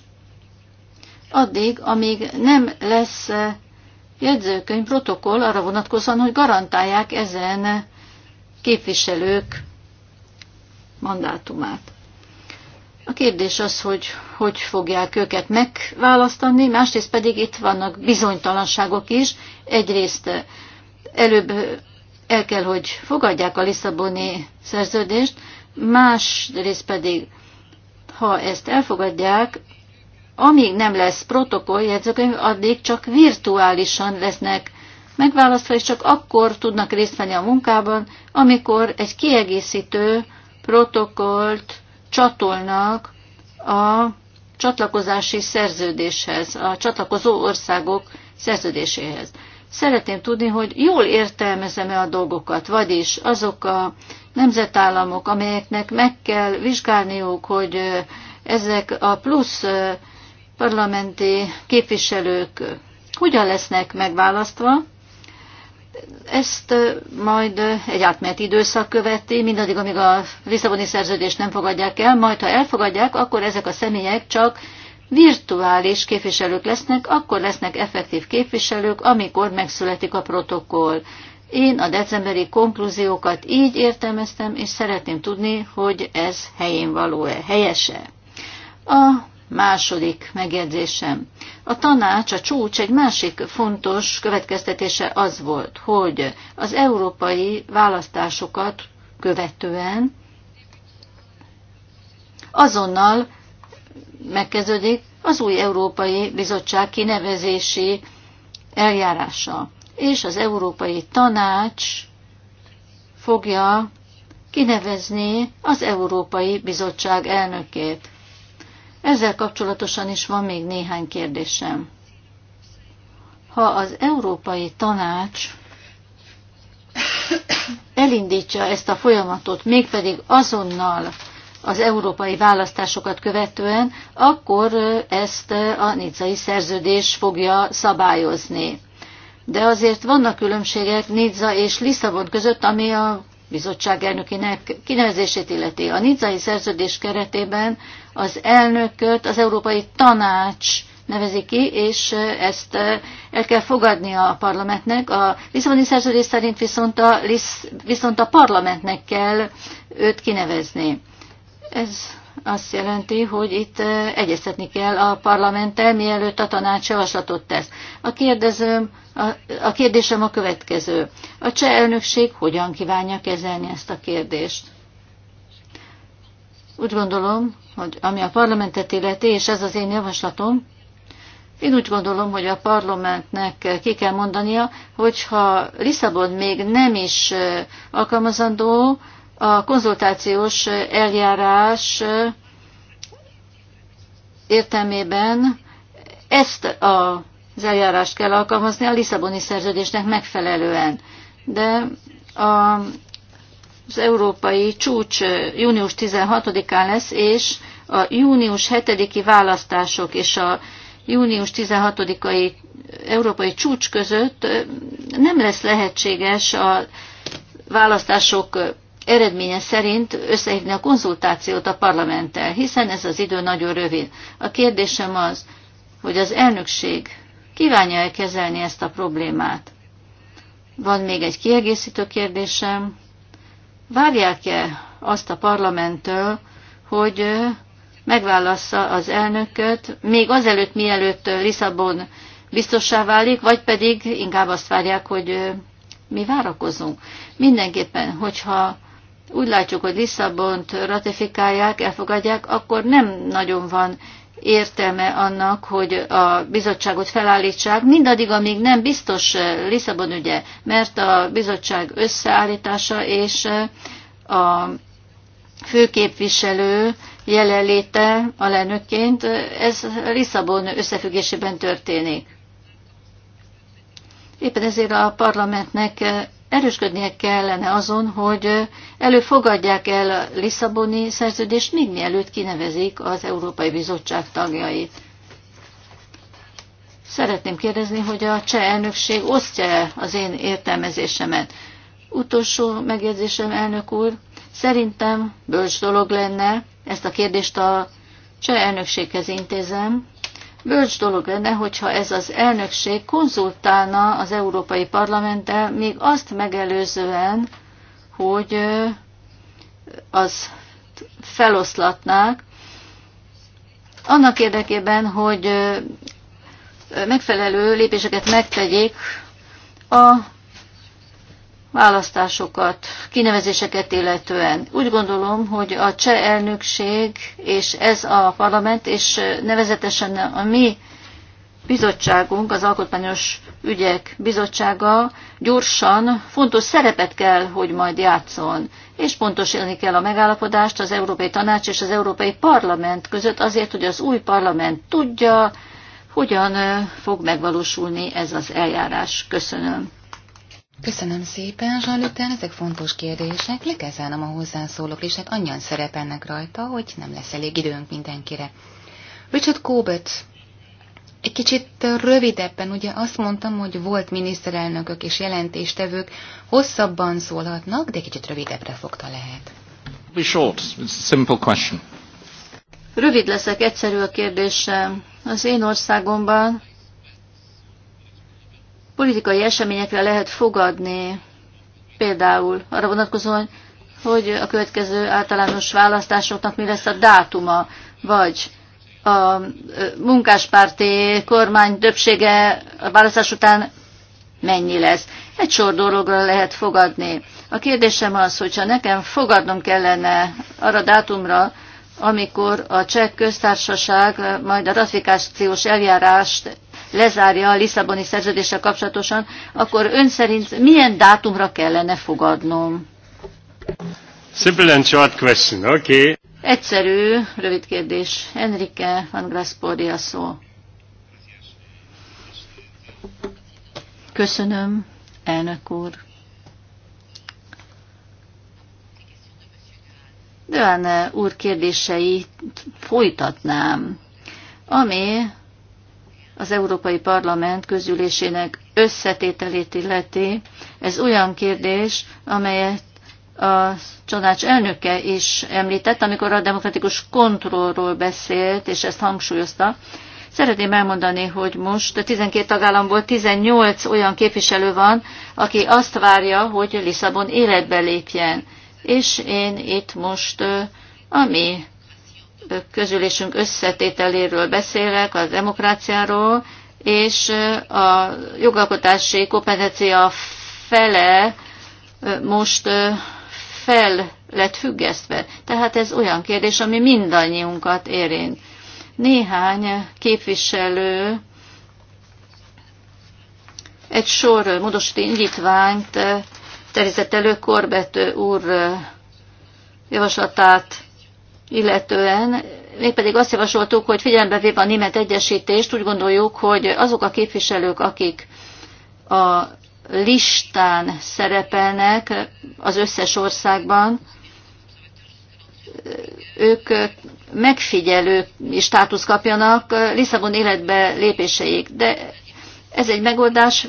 addig, amíg nem lesz eh, jegyzőkönyv, protokoll arra vonatkozóan, hogy garantálják ezen képviselők mandátumát. A kérdés az, hogy hogy fogják őket megválasztani, másrészt pedig itt vannak bizonytalanságok is. Egyrészt előbb el kell, hogy fogadják a Lisszaboni szerződést, másrészt pedig, ha ezt elfogadják, amíg nem lesz protokoll jegyzőkönyv, addig csak virtuálisan lesznek megválasztva, és csak akkor tudnak részt venni a munkában, amikor egy kiegészítő protokollt csatolnak a csatlakozási szerződéshez, a csatlakozó országok szerződéséhez. Szeretném tudni, hogy jól értelmezem-e a dolgokat, vagyis azok a nemzetállamok, amelyeknek meg kell vizsgálniuk, hogy ezek a plusz parlamenti képviselők hogyan lesznek megválasztva, ezt majd egy átmeneti időszak követi, mindaddig, amíg a Lisszaboni szerződést nem fogadják el, majd ha elfogadják, akkor ezek a személyek csak virtuális képviselők lesznek, akkor lesznek effektív képviselők, amikor megszületik a protokoll. Én a decemberi konklúziókat így értelmeztem, és szeretném tudni, hogy ez helyén való-e, helyese. A második megjegyzésem. A tanács, a csúcs egy másik fontos következtetése az volt, hogy az európai választásokat követően azonnal megkezdődik az új Európai Bizottság kinevezési eljárása. És az Európai Tanács fogja kinevezni az Európai Bizottság elnökét. Ezzel kapcsolatosan is van még néhány kérdésem. Ha az Európai Tanács elindítja ezt a folyamatot, mégpedig azonnal, az európai választásokat követően, akkor ezt a nicai szerződés fogja szabályozni. De azért vannak különbségek Nizza és Lisszabon között, ami a bizottság elnökének kinevezését illeti. A nizai szerződés keretében az elnököt az Európai Tanács nevezi ki, és ezt el kell fogadnia a parlamentnek. A Lisszaboni szerződés szerint viszont a, viszont a parlamentnek kell őt kinevezni. Ez azt jelenti, hogy itt egyeztetni kell a parlamenttel, mielőtt a tanács javaslatot tesz. A, kérdezőm, a, a kérdésem a következő. A cseh elnökség hogyan kívánja kezelni ezt a kérdést? Úgy gondolom, hogy ami a parlamentet illeti, és ez az én javaslatom, én úgy gondolom, hogy a parlamentnek ki kell mondania, hogyha Lisszabon még nem is alkalmazandó, a konzultációs eljárás értelmében ezt a az eljárást kell alkalmazni a Lisszaboni szerződésnek megfelelően. De a, az európai csúcs június 16-án lesz, és a június 7-i választások és a június 16-ai európai csúcs között nem lesz lehetséges a választások eredménye szerint összehívni a konzultációt a parlamenttel, hiszen ez az idő nagyon rövid. A kérdésem az, hogy az elnökség kívánja-e kezelni ezt a problémát? Van még egy kiegészítő kérdésem. Várják-e azt a parlamenttől, hogy megválassza az elnököt, még azelőtt, mielőtt Lisszabon biztossá válik, vagy pedig inkább azt várják, hogy mi várakozunk. Mindenképpen, hogyha úgy látjuk, hogy Lisszabont ratifikálják, elfogadják, akkor nem nagyon van értelme annak, hogy a bizottságot felállítsák, mindaddig, amíg nem biztos eh, Lisszabon ügye, mert a bizottság összeállítása és eh, a főképviselő jelenléte lenőként, eh, ez Lisszabon összefüggésében történik. Éppen ezért a parlamentnek erősködnie kellene azon, hogy előfogadják el a Lisszaboni szerződést, még mielőtt kinevezik az Európai Bizottság tagjait. Szeretném kérdezni, hogy a cseh elnökség osztja az én értelmezésemet. Utolsó megjegyzésem, elnök úr, szerintem bölcs dolog lenne, ezt a kérdést a cseh elnökséghez intézem, Bölcs dolog lenne, hogyha ez az elnökség konzultálna az Európai Parlamenttel, még azt megelőzően, hogy az feloszlatnák, annak érdekében, hogy megfelelő lépéseket megtegyék a választásokat, kinevezéseket illetően. Úgy gondolom, hogy a cseh elnökség és ez a parlament, és nevezetesen a mi bizottságunk, az Alkotmányos Ügyek Bizottsága gyorsan fontos szerepet kell, hogy majd játszon, és pontosítani kell a megállapodást az Európai Tanács és az Európai Parlament között azért, hogy az új parlament tudja, hogyan fog megvalósulni ez az eljárás. Köszönöm. Köszönöm szépen, Zsalüten, ezek fontos kérdések. Le kell zárnom a hozzászólók, és hát annyian szerepelnek rajta, hogy nem lesz elég időnk mindenkire. Richard Corbett, egy kicsit rövidebben, ugye azt mondtam, hogy volt miniszterelnökök és jelentéstevők, hosszabban szólhatnak, de kicsit rövidebbre fogta lehet. Be short. It's a simple question. Rövid leszek, egyszerű a kérdésem. Az én országomban politikai eseményekre lehet fogadni, például arra vonatkozóan, hogy a következő általános választásoknak mi lesz a dátuma, vagy a munkáspárti kormány többsége a választás után mennyi lesz. Egy sor dologra lehet fogadni. A kérdésem az, hogyha nekem fogadnom kellene arra dátumra, amikor a cseh köztársaság majd a ratifikációs eljárást lezárja a Lisszaboni szerződéssel kapcsolatosan, akkor ön szerint milyen dátumra kellene fogadnom? Simple and short question, okay. Egyszerű, rövid kérdés. Enrique van Graspori a szó. Köszönöm, elnök úr. van úr kérdéseit folytatnám, ami az Európai Parlament közülésének összetételét illeti. Ez olyan kérdés, amelyet a csodács elnöke is említett, amikor a demokratikus kontrollról beszélt, és ezt hangsúlyozta. Szeretném elmondani, hogy most a 12 tagállamból 18 olyan képviselő van, aki azt várja, hogy Lisszabon életbe lépjen. És én itt most a mi közülésünk összetételéről beszélek, a demokráciáról, és a jogalkotási kompetencia fele most fel lett függesztve. Tehát ez olyan kérdés, ami mindannyiunkat érint. Néhány képviselő egy sor módosító indítványt terjesztett elő Korbető úr javaslatát illetően mégpedig azt javasoltuk, hogy figyelembe véve a német egyesítést úgy gondoljuk, hogy azok a képviselők, akik a listán szerepelnek az összes országban, ők megfigyelő státusz kapjanak Lisszabon életbe lépéseig. De ez egy megoldás,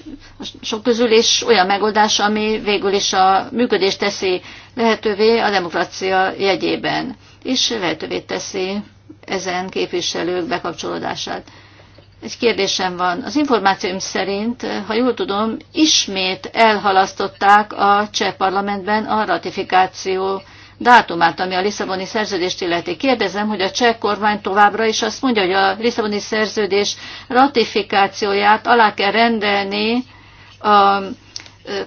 sok közül is olyan megoldás, ami végül is a működést teszi lehetővé a demokrácia jegyében és lehetővé teszi ezen képviselők bekapcsolódását. Egy kérdésem van. Az információim szerint, ha jól tudom, ismét elhalasztották a cseh parlamentben a ratifikáció dátumát, ami a Lisszaboni szerződést illeti. Kérdezem, hogy a cseh kormány továbbra is azt mondja, hogy a Lisszaboni szerződés ratifikációját alá kell rendelni a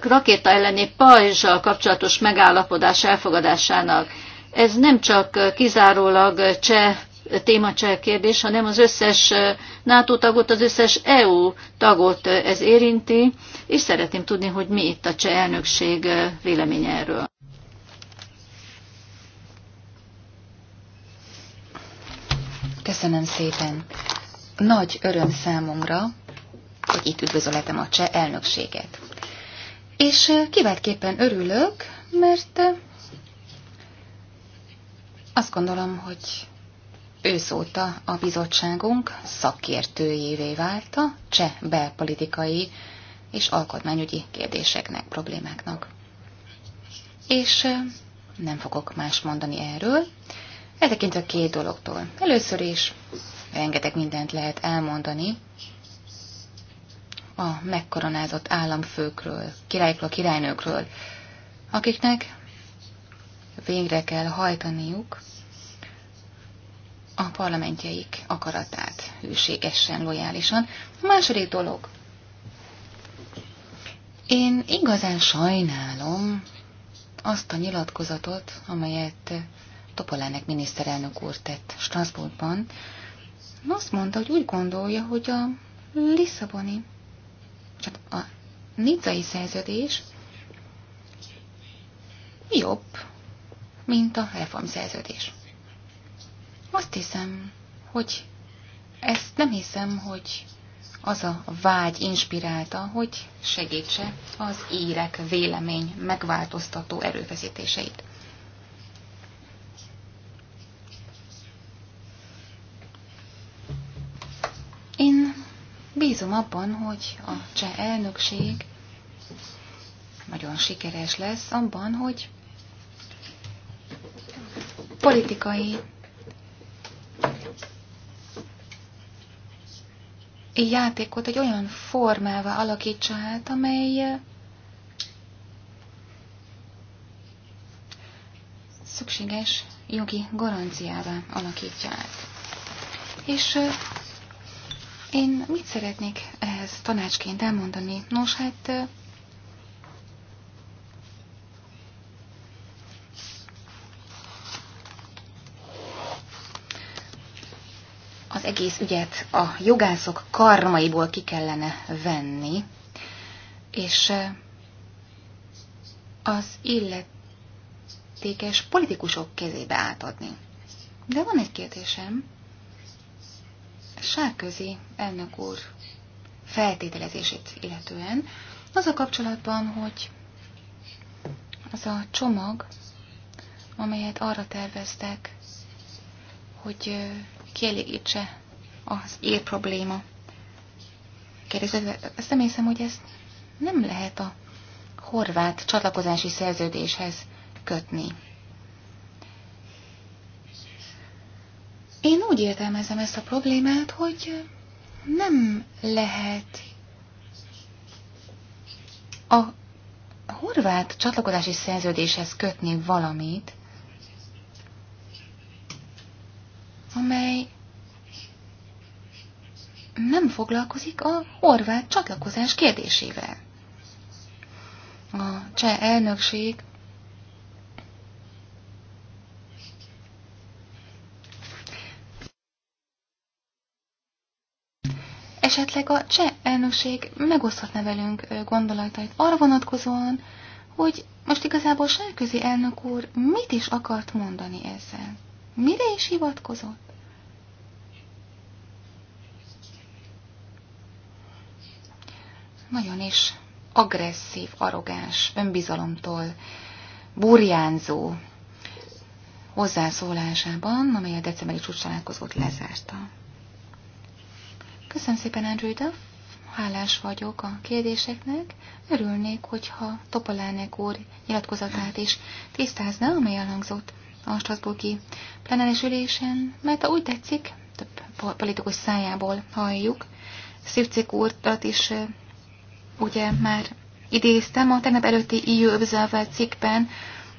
rakéta elleni pajzsal kapcsolatos megállapodás elfogadásának. Ez nem csak kizárólag cseh téma cseh kérdés, hanem az összes eh, NATO tagot, az összes EU tagot eh, ez érinti, és szeretném tudni, hogy mi itt a cseh elnökség eh, véleménye erről. Köszönöm szépen. Nagy öröm számomra, hogy itt üdvözöletem a cseh elnökséget. És kiváltképpen örülök, mert azt gondolom, hogy őszóta a bizottságunk szakértőjévé vált a cseh belpolitikai és alkotmányügyi kérdéseknek, problémáknak. És nem fogok más mondani erről. a e két dologtól. Először is rengeteg mindent lehet elmondani a megkoronázott államfőkről, királyokról, királynőkről, akiknek végre kell hajtaniuk a parlamentjeik akaratát hűségesen, lojálisan. A második dolog. Én igazán sajnálom azt a nyilatkozatot, amelyet Topolának miniszterelnök úr tett Strasbourgban. Azt mondta, hogy úgy gondolja, hogy a Lisszaboni, csak a Nizzai szerződés jobb, mint a reformszerződés. Azt hiszem, hogy ezt nem hiszem, hogy az a vágy inspirálta, hogy segítse az írek vélemény megváltoztató erőfeszítéseit. Én bízom abban, hogy a cseh elnökség nagyon sikeres lesz abban, hogy politikai játékot egy olyan formával alakítsa át, amely eh, szükséges jogi garanciává alakítja át. És eh, én mit szeretnék ehhez tanácsként elmondani? Nos, hát eh, az egész ügyet a jogászok karmaiból ki kellene venni, és az illetékes politikusok kezébe átadni. De van egy kérdésem. Sárközi elnök úr feltételezését illetően, az a kapcsolatban, hogy az a csomag, amelyet arra terveztek, hogy kielégítse az ér probléma. Kérdezve, azt nem hiszem, hogy ezt nem lehet a horvát csatlakozási szerződéshez kötni. Én úgy értelmezem ezt a problémát, hogy nem lehet a horvát csatlakozási szerződéshez kötni valamit, amely nem foglalkozik a horvát csatlakozás kérdésével. A cseh elnökség Esetleg a cseh elnökség megoszthatna velünk gondolatait arra vonatkozóan, hogy most igazából Sárközi elnök úr mit is akart mondani ezzel. Mire is hivatkozott? Nagyon is agresszív, arrogáns, önbizalomtól burjánzó hozzászólásában, amely a decemberi csúcs találkozót lezárta. Köszönöm szépen, Andrew Duff. Hálás vagyok a kérdéseknek. Örülnék, hogyha Topolánek úr nyilatkozatát is tisztázna, amely elhangzott a Strasburgi plenáris ülésen, mert ha úgy tetszik, több politikus szájából halljuk, Szivcik úrtat is ugye már idéztem a tegnap előtti EU Observer cikkben,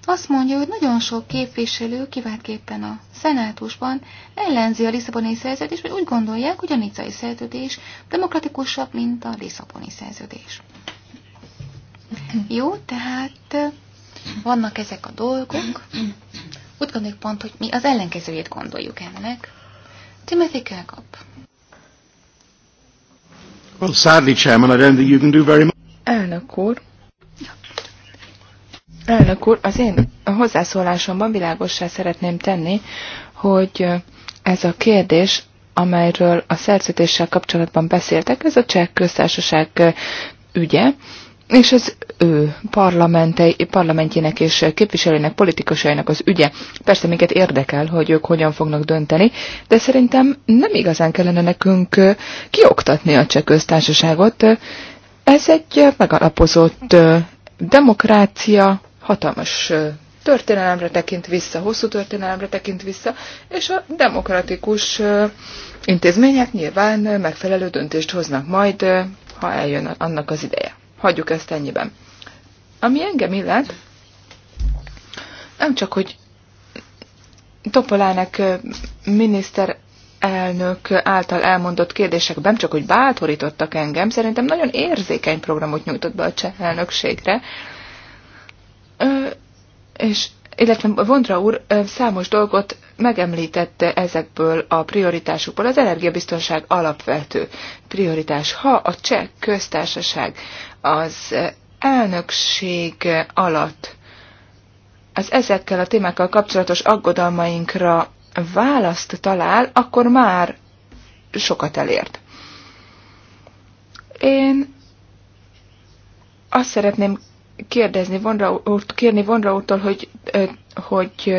azt mondja, hogy nagyon sok képviselő, kiváltképpen a szenátusban ellenzi a Lisszaboni szerződést, vagy úgy gondolják, hogy a nicai szerződés demokratikusabb, mint a Lisszaboni szerződés. Jó, tehát vannak ezek a dolgok, úgy gondoljuk pont, hogy mi az ellenkezőjét gondoljuk ennek. Timothy Kirkop. Well, sadly, Chairman, I don't think you can do very much. Elnök úr. Elnök úr, az én hozzászólásomban világossá szeretném tenni, hogy ez a kérdés, amelyről a szerződéssel kapcsolatban beszéltek, ez a cseh köztársaság ügye, és ez ő parlamentjének és képviselőinek, politikusainak az ügye. Persze minket érdekel, hogy ők hogyan fognak dönteni, de szerintem nem igazán kellene nekünk kioktatni a cseh köztársaságot. Ez egy megalapozott demokrácia, hatalmas történelemre tekint vissza, hosszú történelemre tekint vissza, és a demokratikus intézmények nyilván megfelelő döntést hoznak majd, ha eljön annak az ideje. Hagyjuk ezt ennyiben. Ami engem illet, nem csak, hogy Topolának miniszter elnök által elmondott kérdésekben csak, hogy bátorítottak engem, szerintem nagyon érzékeny programot nyújtott be a cseh elnökségre. Ö, és, illetve Vondra úr számos dolgot megemlítette ezekből a prioritásokból. Az energiabiztonság alapvető prioritás. Ha a cseh köztársaság az elnökség alatt az ezekkel a témákkal kapcsolatos aggodalmainkra választ talál, akkor már sokat elért. Én azt szeretném kérdezni Vonra úr, kérni Vonra úrtól, hogy, hogy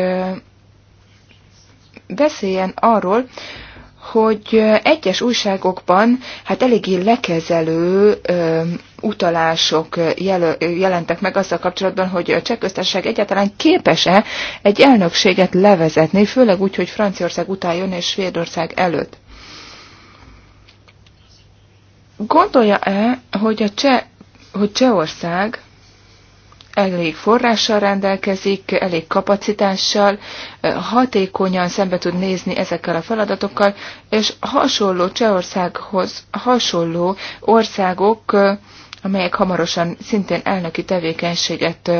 beszéljen arról, hogy egyes újságokban hát eléggé lekezelő ö, utalások jel, jelentek meg azzal kapcsolatban, hogy a cseh egyáltalán képes-e egy elnökséget levezetni, főleg úgy, hogy Franciaország után jön és Svédország előtt. Gondolja-e, hogy a cseh, hogy Csehország elég forrással rendelkezik, elég kapacitással, hatékonyan szembe tud nézni ezekkel a feladatokkal, és hasonló Csehországhoz hasonló országok, amelyek hamarosan szintén elnöki tevékenységet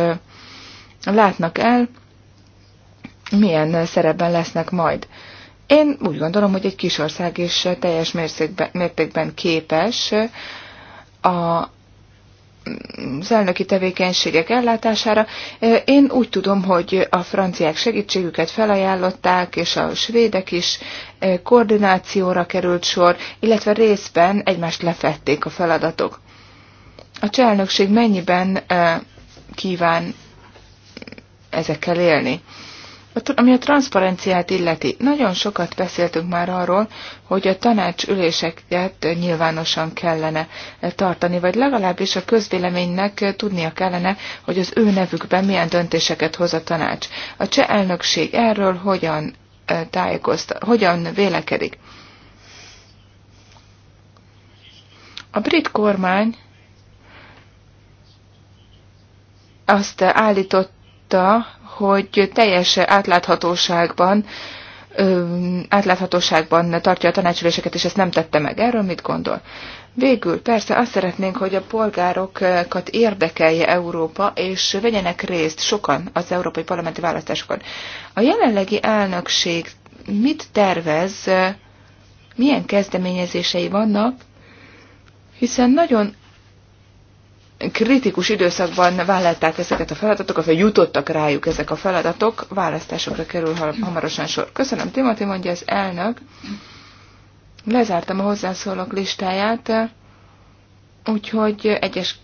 látnak el, milyen szerepben lesznek majd. Én úgy gondolom, hogy egy kis ország is teljes mértékben képes a az elnöki tevékenységek ellátására. Én úgy tudom, hogy a franciák segítségüket felajánlották, és a svédek is koordinációra került sor, illetve részben egymást lefették a feladatok. A cselnökség mennyiben kíván ezekkel élni? ami a transzparenciát illeti, nagyon sokat beszéltünk már arról, hogy a tanácsüléseket nyilvánosan kellene tartani, vagy legalábbis a közvéleménynek tudnia kellene, hogy az ő nevükben milyen döntéseket hoz a tanács. A cseh elnökség erről hogyan eh, tájékoztat, hogyan vélekedik. A brit kormány azt állított, mondta, hogy teljes átláthatóságban átláthatóságban tartja a tanácsüléseket, és ezt nem tette meg. Erről mit gondol? Végül persze azt szeretnénk, hogy a polgárokat érdekelje Európa, és vegyenek részt sokan az európai parlamenti választásokon. A jelenlegi elnökség mit tervez, milyen kezdeményezései vannak, hiszen nagyon kritikus időszakban vállalták ezeket a feladatokat, vagy jutottak rájuk ezek a feladatok, választásokra kerül hamarosan sor. Köszönöm, Timothy, mondja az elnök. Lezártam a hozzászólók listáját, úgyhogy egyes,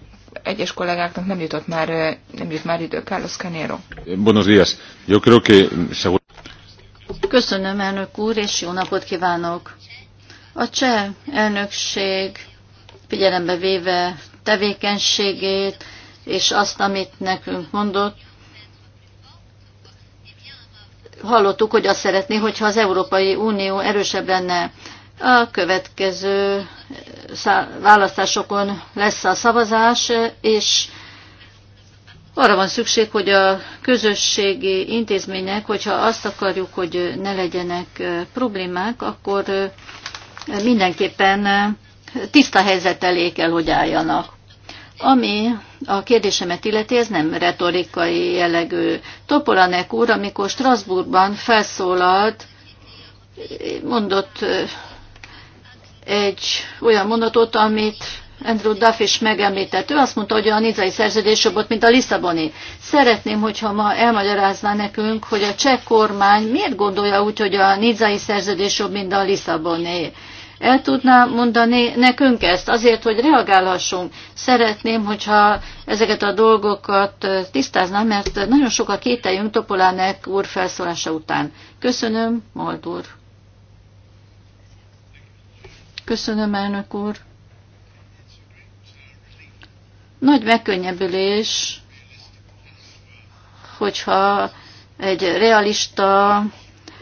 egyes kollégáknak nem jutott már, nem jut már idő. Carlos Canero. Buenos días. Yo creo que... Köszönöm, elnök úr, és jó napot kívánok. A cseh elnökség figyelembe véve tevékenységét, és azt, amit nekünk mondott, hallottuk, hogy azt szeretné, hogyha az Európai Unió erősebb lenne. A következő választásokon lesz a szavazás, és arra van szükség, hogy a közösségi intézmények, hogyha azt akarjuk, hogy ne legyenek problémák, akkor mindenképpen tiszta helyzet elé kell, hogy álljanak. Ami a kérdésemet illeti, ez nem retorikai jellegű. Topolanek úr, amikor Strasbourgban felszólalt, mondott egy olyan mondatot, amit Andrew Duff is megemlített. Ő azt mondta, hogy a nizai szerződés jobb mint a Lisszaboni. Szeretném, hogyha ma elmagyarázná nekünk, hogy a cseh kormány miért gondolja úgy, hogy a nizai szerződés jobb, mint a Lisszaboni. El tudná mondani nekünk ezt, azért, hogy reagálhassunk. Szeretném, hogyha ezeket a dolgokat tisztáznám, mert nagyon sok a kételjünk Topolánek úr felszólása után. Köszönöm, Mold úr. Köszönöm, elnök úr. Nagy megkönnyebbülés, hogyha egy realista,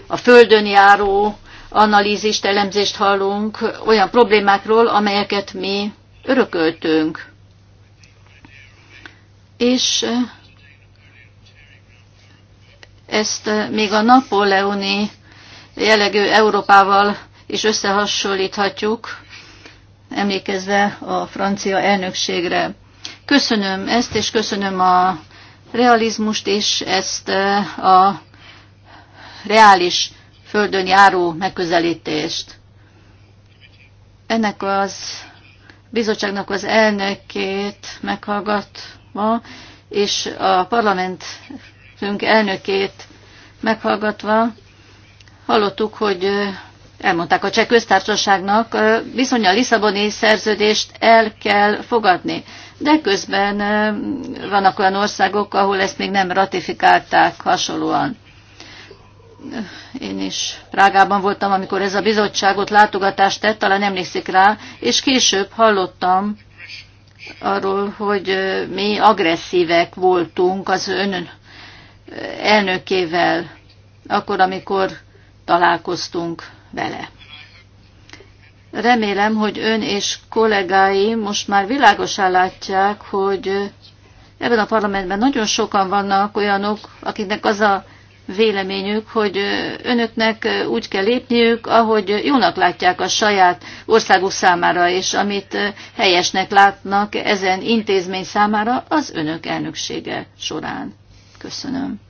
a földön járó analízist, elemzést hallunk olyan problémákról, amelyeket mi örököltünk. És eh, ezt eh, még a Napoleoni jellegű Európával is összehasonlíthatjuk, emlékezve a francia elnökségre. Köszönöm ezt, és köszönöm a realizmust, és ezt eh, a reális földön járó megközelítést. Ennek az bizottságnak az elnökét meghallgatva, és a parlamentünk elnökét meghallgatva hallottuk, hogy elmondták a cseh köztársaságnak, bizony a Lisszaboni szerződést el kell fogadni. De közben vannak olyan országok, ahol ezt még nem ratifikálták hasonlóan én is Prágában voltam, amikor ez a bizottságot látogatást tett, talán emlékszik rá, és később hallottam arról, hogy mi agresszívek voltunk az ön elnökével, akkor, amikor találkoztunk vele. Remélem, hogy ön és kollégái most már világosá látják, hogy ebben a parlamentben nagyon sokan vannak olyanok, akiknek az a véleményük, hogy önöknek úgy kell lépniük, ahogy jónak látják a saját országuk számára, és amit helyesnek látnak ezen intézmény számára az önök elnöksége során. Köszönöm.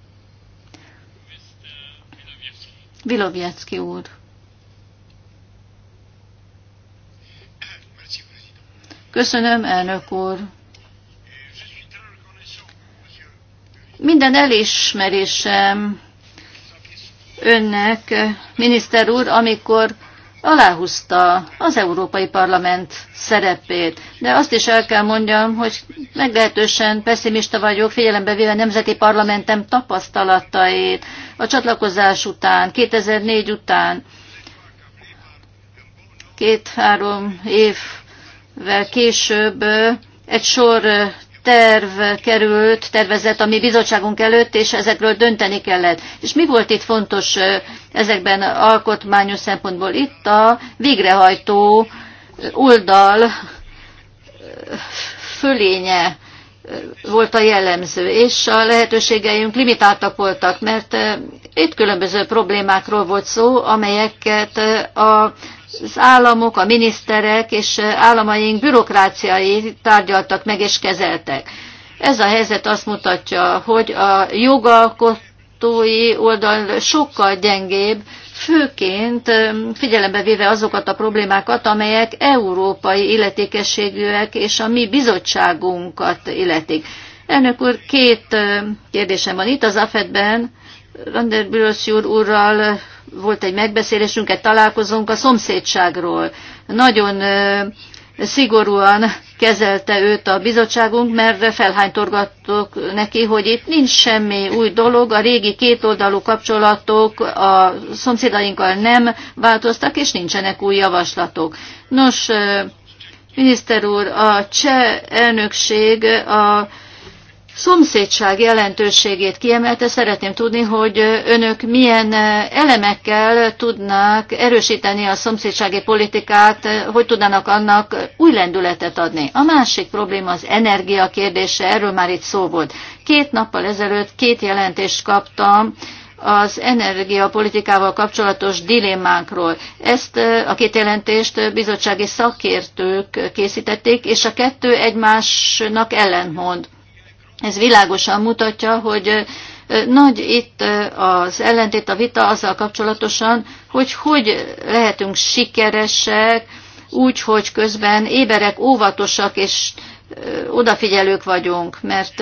Vilovjecki úr. Köszönöm, elnök úr. Minden elismerésem önnek, miniszter úr, amikor aláhúzta az Európai Parlament szerepét. De azt is el kell mondjam, hogy meglehetősen pessimista vagyok, figyelembe véve nemzeti parlamentem tapasztalatait a csatlakozás után, 2004 után, két-három évvel később egy sor terv került, tervezett a mi bizottságunk előtt, és ezekről dönteni kellett. És mi volt itt fontos ezekben alkotmányos szempontból? Itt a végrehajtó oldal fölénye volt a jellemző, és a lehetőségeink limitáltak voltak, mert itt különböző problémákról volt szó, amelyeket a az államok, a miniszterek és államaink bürokráciai tárgyaltak meg és kezeltek. Ez a helyzet azt mutatja, hogy a jogalkotói oldal sokkal gyengébb, főként figyelembe véve azokat a problémákat, amelyek európai illetékességűek és a mi bizottságunkat illetik. Elnök úr, két kérdésem van itt az AFED-ben. Rander úr úrral volt egy megbeszélésünk, egy találkozónk a szomszédságról. Nagyon szigorúan kezelte őt a bizottságunk, mert felhánytorgattuk neki, hogy itt nincs semmi új dolog, a régi kétoldalú kapcsolatok a szomszédainkkal nem változtak, és nincsenek új javaslatok. Nos, miniszter úr, a cseh elnökség a szomszédság jelentőségét kiemelte. Szeretném tudni, hogy önök milyen eh, elemekkel tudnak erősíteni a szomszédsági politikát, eh, hogy tudnának annak új lendületet adni. A másik probléma az energia kérdése, erről már itt szó volt. Két nappal ezelőtt két jelentést kaptam, az energiapolitikával kapcsolatos dilemmánkról. Ezt eh, a két jelentést bizottsági szakértők készítették, és a kettő egymásnak ellentmond. Ez világosan mutatja, hogy nagy itt az ellentét, a vita azzal kapcsolatosan, hogy hogy lehetünk sikeresek, úgy, hogy közben éberek, óvatosak és odafigyelők vagyunk, mert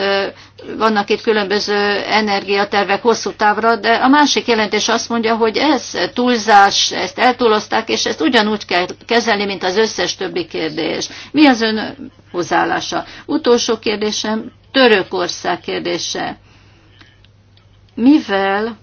vannak itt különböző energiatervek hosszú távra, de a másik jelentés azt mondja, hogy ez túlzás, ezt eltúlozták, és ezt ugyanúgy kell kezelni, mint az összes többi kérdés. Mi az ön hozzáállása? Utolsó kérdésem Törökország kérdése. Mivel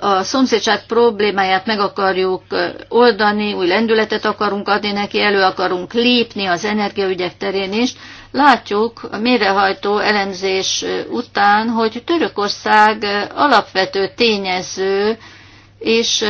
a szomszédság problémáját meg akarjuk oldani, új lendületet akarunk adni neki, elő akarunk lépni az energiaügyek terén is. Látjuk a mérehajtó elemzés után, hogy Törökország alapvető tényező és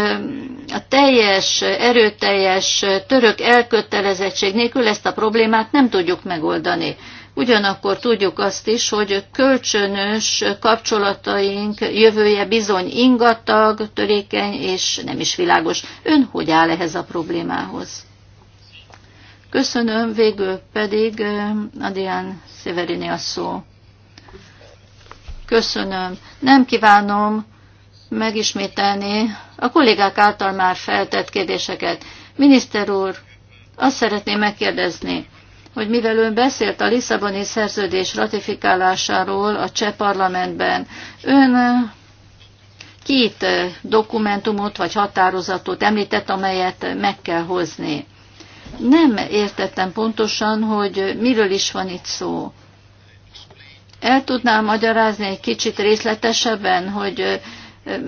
a teljes, erőteljes török elkötelezettség nélkül ezt a problémát nem tudjuk megoldani. Ugyanakkor tudjuk azt is, hogy kölcsönös kapcsolataink jövője bizony ingatag, törékeny és nem is világos. Ön hogy áll ehhez a problémához? Köszönöm, végül pedig Adrián Severini a szó. Köszönöm. Nem kívánom megismételni a kollégák által már feltett kérdéseket. Miniszter úr, azt szeretném megkérdezni, hogy mivel ön beszélt a Lisszaboni szerződés ratifikálásáról a cseh parlamentben, ön két dokumentumot vagy határozatot említett, amelyet meg kell hozni. Nem értettem pontosan, hogy miről is van itt szó. El tudnám magyarázni egy kicsit részletesebben, hogy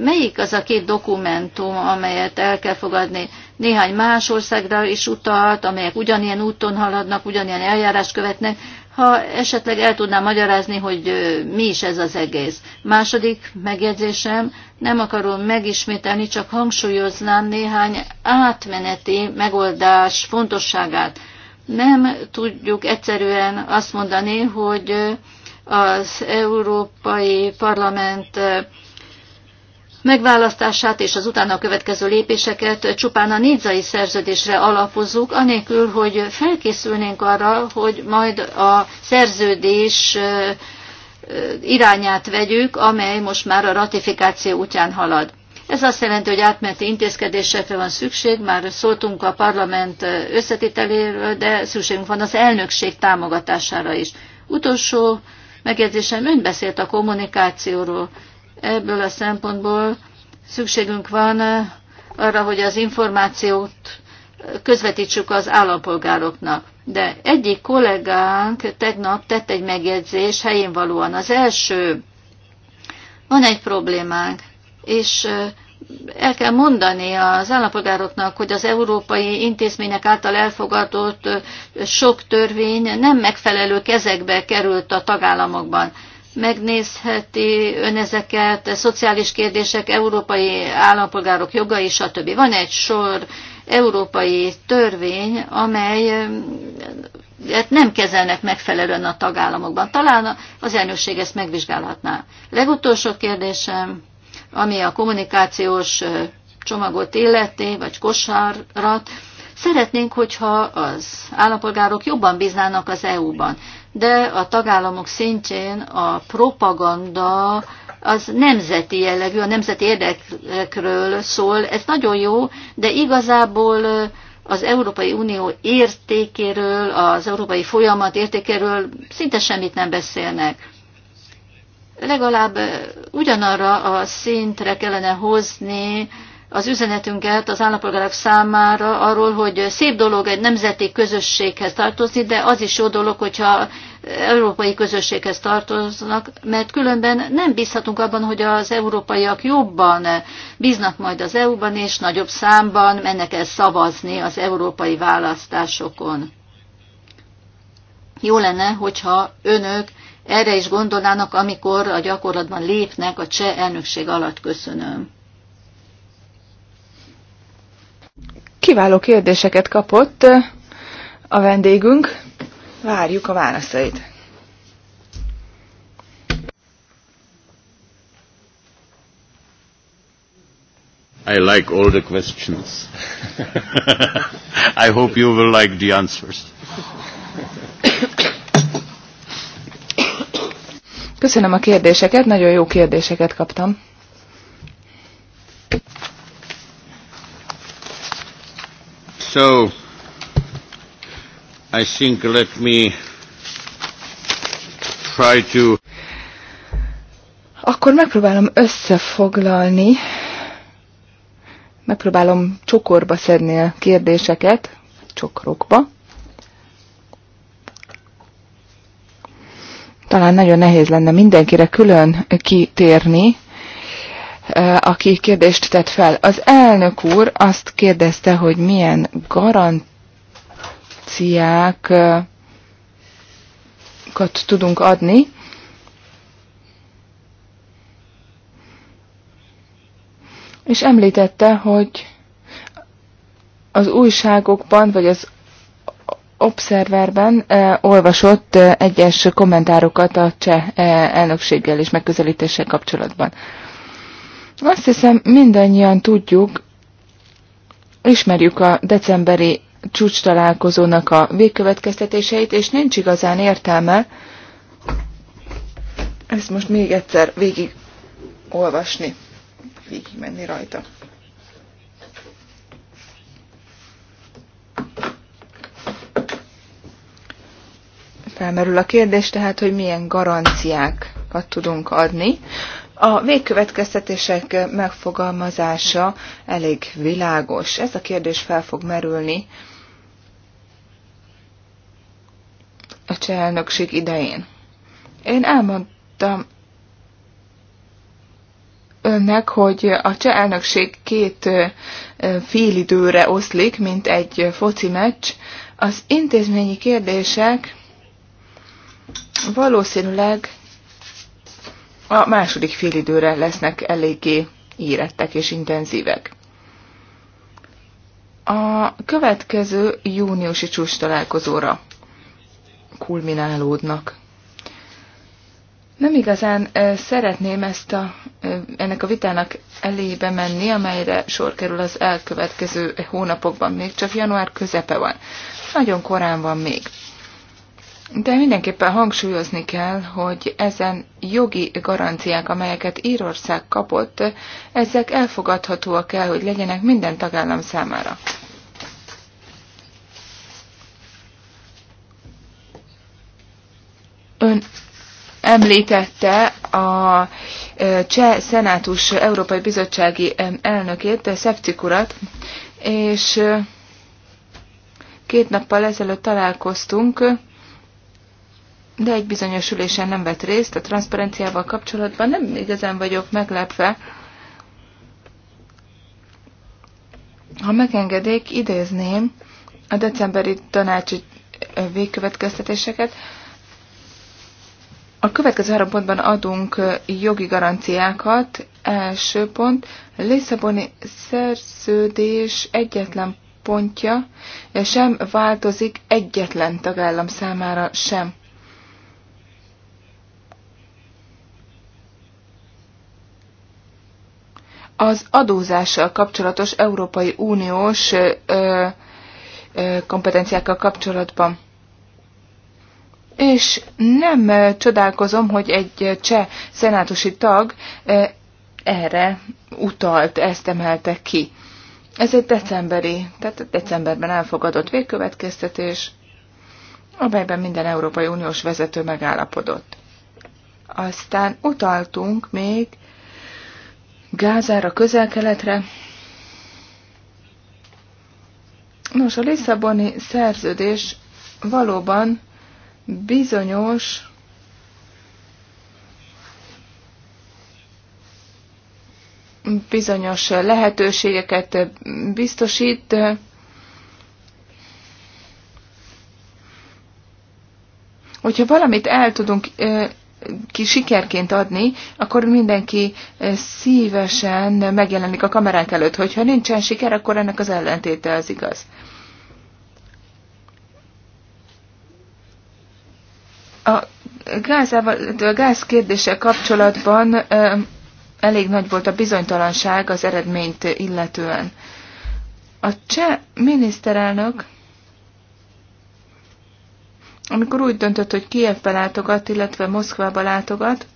melyik az a két dokumentum, amelyet el kell fogadni? Néhány más országra is utalt, amelyek ugyanilyen úton haladnak, ugyanilyen eljárás követnek. Ha esetleg el tudnám magyarázni, hogy mi is ez az egész. Második megjegyzésem, nem akarom megismételni, csak hangsúlyoznám néhány átmeneti megoldás fontosságát. Nem tudjuk egyszerűen azt mondani, hogy az Európai Parlament megválasztását és az utána következő lépéseket csupán a négyzai szerződésre alapozzuk, anélkül, hogy felkészülnénk arra, hogy majd a szerződés irányát vegyük, amely most már a ratifikáció útján halad. Ez azt jelenti, hogy átmeneti intézkedésekre van szükség, már szóltunk a parlament összetételéről, de szükségünk van az elnökség támogatására is. Utolsó megjegyzésem, ön beszélt a kommunikációról. Ebből a szempontból szükségünk van eh, arra, hogy az információt eh, közvetítsük az állampolgároknak. De egyik kollégánk tegnap tett egy megjegyzés helyén valóan. Az első, van egy problémánk, és eh, el kell mondani az állampolgároknak, hogy az európai intézmények által elfogadott sok törvény nem megfelelő kezekbe került a tagállamokban megnézheti ön ezeket, szociális kérdések, európai állampolgárok jogai, stb. Van egy sor európai törvény, amely hát nem kezelnek megfelelően a tagállamokban. Talán az elnökség ezt megvizsgálhatná. Legutolsó kérdésem, ami a kommunikációs csomagot illeti, vagy kosárrat, Szeretnénk, hogyha az állampolgárok jobban bíznának az EU-ban de a tagállamok szintjén a propaganda az nemzeti jellegű, a nemzeti érdekről szól. Ez nagyon jó, de igazából az Európai Unió értékéről, az európai folyamat értékéről szinte semmit nem beszélnek. Legalább ugyanarra a szintre kellene hozni az üzenetünket az állampolgárok számára arról, hogy szép dolog egy nemzeti közösséghez tartozni, de az is jó dolog, hogyha európai közösséghez tartoznak, mert különben nem bízhatunk abban, hogy az európaiak jobban bíznak majd az EU-ban, és nagyobb számban mennek el szavazni az európai választásokon. Jó lenne, hogyha önök erre is gondolnának, amikor a gyakorlatban lépnek a cseh elnökség alatt. Köszönöm. Kiváló kérdéseket kapott a vendégünk. Várjuk a válaszait. I like all the questions. I hope you will like the answers. Köszönöm a kérdéseket, nagyon jó kérdéseket kaptam. So, I think let me try to... Akkor megpróbálom összefoglalni, megpróbálom csokorba szedni a kérdéseket, csokrokba. Talán nagyon nehéz lenne mindenkire külön kitérni, Eh, aki kérdést tett fel. Az elnök úr azt kérdezte, hogy milyen garanciákat eh, tudunk adni, és említette, hogy az újságokban, vagy az Observerben eh, olvasott eh, egyes kommentárokat a cseh eh, elnökséggel és megközelítéssel kapcsolatban. Eh, azt hiszem, mindannyian tudjuk, ismerjük a decemberi csúcs találkozónak a végkövetkeztetéseit, és nincs igazán értelme ezt most még egyszer végig olvasni, végig menni rajta. Felmerül a kérdés tehát, hogy milyen garanciákat tudunk adni a végkövetkeztetések megfogalmazása elég világos. Ez a kérdés fel fog merülni a cselnökség idején. Én elmondtam önnek, hogy a cseh elnökség két időre oszlik, mint egy foci meccs. Az intézményi kérdések valószínűleg a második félidőre lesznek eléggé érettek és intenzívek. A következő júniusi csúcs találkozóra kulminálódnak. Nem igazán szeretném ezt a, ennek a vitának elébe menni, amelyre sor kerül az elkövetkező hónapokban, még csak január közepe van. Nagyon korán van még. De mindenképpen hangsúlyozni kell, hogy ezen jogi garanciák, amelyeket Írország kapott, ezek elfogadhatóak kell, hogy legyenek minden tagállam számára. Ön említette a e, Cseh Szenátus Európai Bizottsági e, elnökét, Szefcik urat, és e, két nappal ezelőtt találkoztunk, de egy bizonyos ülésen nem vett részt a transzparenciával kapcsolatban. Nem igazán vagyok meglepve. Ha megengedék, idézném a decemberi tanácsi végkövetkeztetéseket. A következő három pontban adunk jogi garanciákat. Első pont, Lisszaboni szerződés egyetlen pontja sem változik egyetlen tagállam számára sem. az adózással kapcsolatos Európai Uniós ö, ö, kompetenciákkal kapcsolatban. És nem csodálkozom, hogy egy cseh szenátusi tag erre utalt, ezt emelte ki. Ez egy decemberi, tehát decemberben elfogadott végkövetkeztetés, amelyben minden Európai Uniós vezető megállapodott. Aztán utaltunk még Gázára, közel-keletre. Nos, a Lisszaboni szerződés valóban bizonyos bizonyos lehetőségeket biztosít, hogyha valamit el tudunk ki sikerként adni, akkor mindenki eh, szívesen megjelenik a kamerák előtt. Hogyha nincsen siker, akkor ennek az ellentéte az igaz. A, gázával, a gáz kérdése kapcsolatban elég nagy volt a bizonytalanság az eredményt illetően. A cseh miniszterelnök amikor úgy döntött, hogy Kievbe látogat, illetve Moszkvába látogat,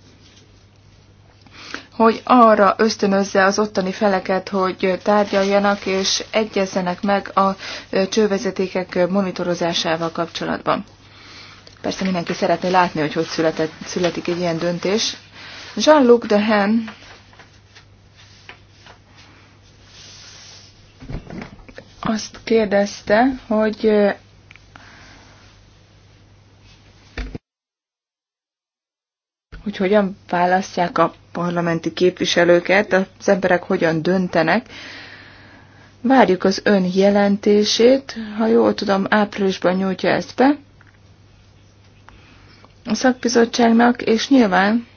hogy arra ösztönözze az ottani feleket, hogy tárgyaljanak és egyezzenek meg a csővezetékek monitorozásával kapcsolatban. Persze mindenki szeretné látni, hogy hogy született, születik egy ilyen döntés. Jean-Luc Dehaene azt kérdezte, hogy hogy hogyan választják a parlamenti képviselőket, az emberek hogyan döntenek. Várjuk az ön jelentését, ha jól tudom, áprilisban nyújtja ezt be a szakbizottságnak, és nyilván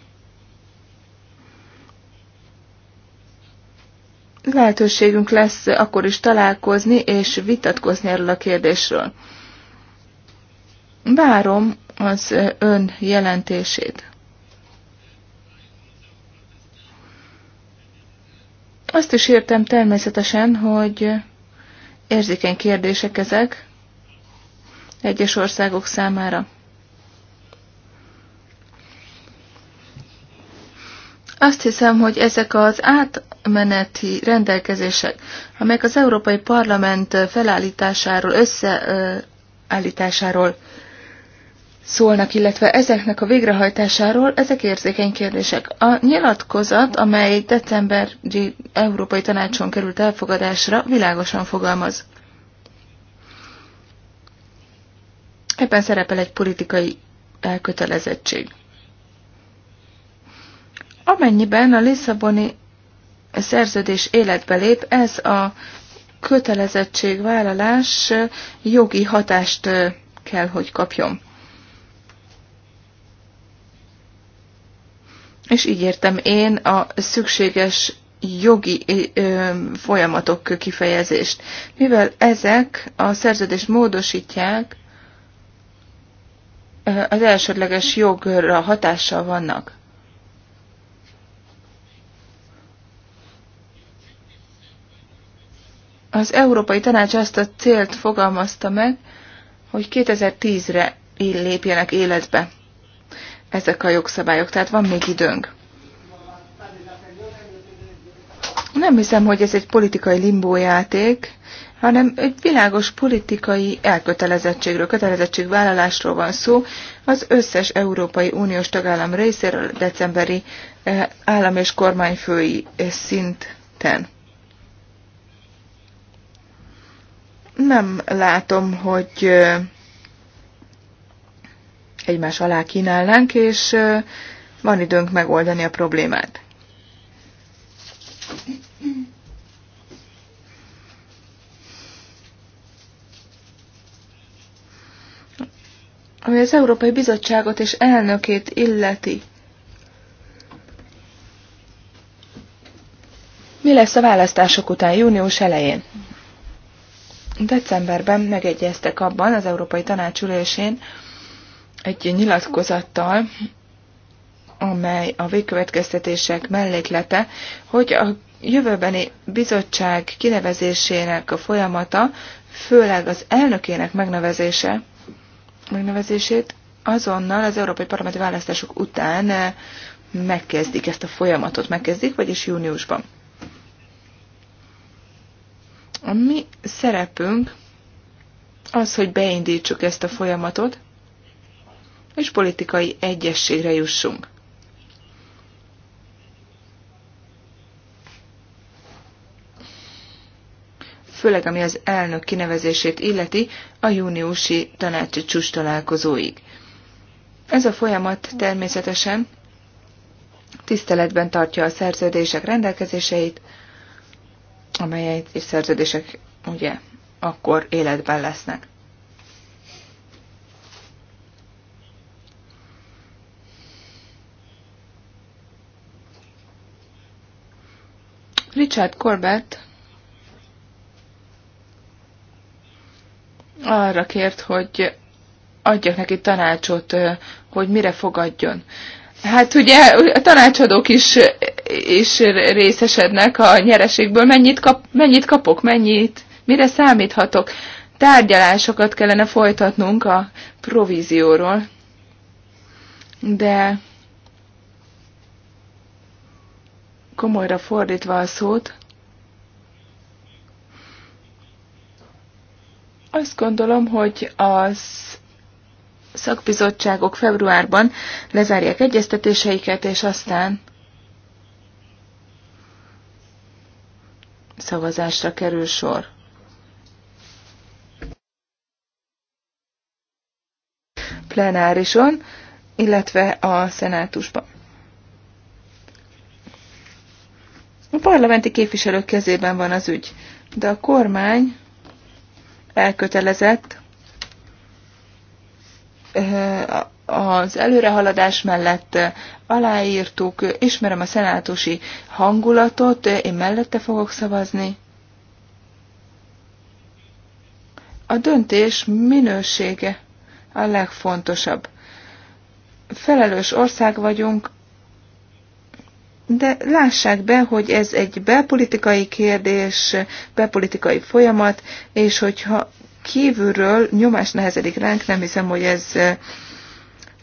lehetőségünk lesz akkor is találkozni és vitatkozni erről a kérdésről. Várom az ön jelentését. Azt is értem természetesen, hogy érzékeny kérdések ezek egyes országok számára. Azt hiszem, hogy ezek az átmeneti rendelkezések, amelyek az Európai Parlament felállításáról, összeállításáról szólnak, illetve ezeknek a végrehajtásáról, ezek érzékeny kérdések. A nyilatkozat, amely decemberi Európai Tanácson került elfogadásra, világosan fogalmaz. Ebben szerepel egy politikai elkötelezettség. Amennyiben a Lisszaboni szerződés életbe lép, ez a kötelezettségvállalás jogi hatást kell, hogy kapjon. és így értem én a szükséges jogi folyamatok kifejezést. Mivel ezek a szerződést módosítják, az elsődleges jogra hatással vannak. Az Európai Tanács azt a célt fogalmazta meg, hogy 2010-re lépjenek életbe ezek a jogszabályok, tehát van még időnk. Nem hiszem, hogy ez egy politikai limbójáték, hanem egy világos politikai elkötelezettségről, kötelezettségvállalásról van szó az összes Európai Uniós tagállam részéről decemberi eh, állam és kormányfői eh, szinten. Nem látom, hogy eh, egymás alá kínálnánk, és van időnk megoldani a problémát. Ami az Európai Bizottságot és elnökét illeti, Mi lesz a választások után június elején? Decemberben megegyeztek abban az Európai Tanács ülésén, egy nyilatkozattal, amely a végkövetkeztetések melléklete, hogy a jövőbeni bizottság kinevezésének a folyamata, főleg az elnökének megnevezése, megnevezését azonnal az európai parlamenti választások után eh, megkezdik ezt a folyamatot, megkezdik, vagyis júniusban. A mi szerepünk az, hogy beindítsuk ezt a folyamatot, és politikai egyességre jussunk. főleg ami az elnök kinevezését illeti a júniusi tanácsi csúcs találkozóig. Ez a folyamat természetesen tiszteletben tartja a szerződések rendelkezéseit, amelyek és szerződések ugye akkor életben lesznek. Richard Corbett arra kért, hogy adjak neki tanácsot, hogy mire fogadjon. Hát ugye a tanácsadók is, is részesednek a nyereségből, mennyit, kap, mennyit kapok, mennyit, mire számíthatok. Tárgyalásokat kellene folytatnunk a provízióról. De komolyra fordítva a szót, azt gondolom, hogy az szakbizottságok februárban lezárják egyeztetéseiket, és aztán szavazásra kerül sor. Plenárison, illetve a szenátusban. A parlamenti képviselők kezében van az ügy, de a kormány elkötelezett eh, az előrehaladás mellett eh, aláírtuk, ismerem a szenátusi hangulatot, eh, én mellette fogok szavazni. A döntés minősége a legfontosabb. Felelős ország vagyunk, de lássák be, hogy ez egy belpolitikai kérdés, belpolitikai folyamat, és hogyha kívülről nyomás nehezedik ránk, nem hiszem, hogy ez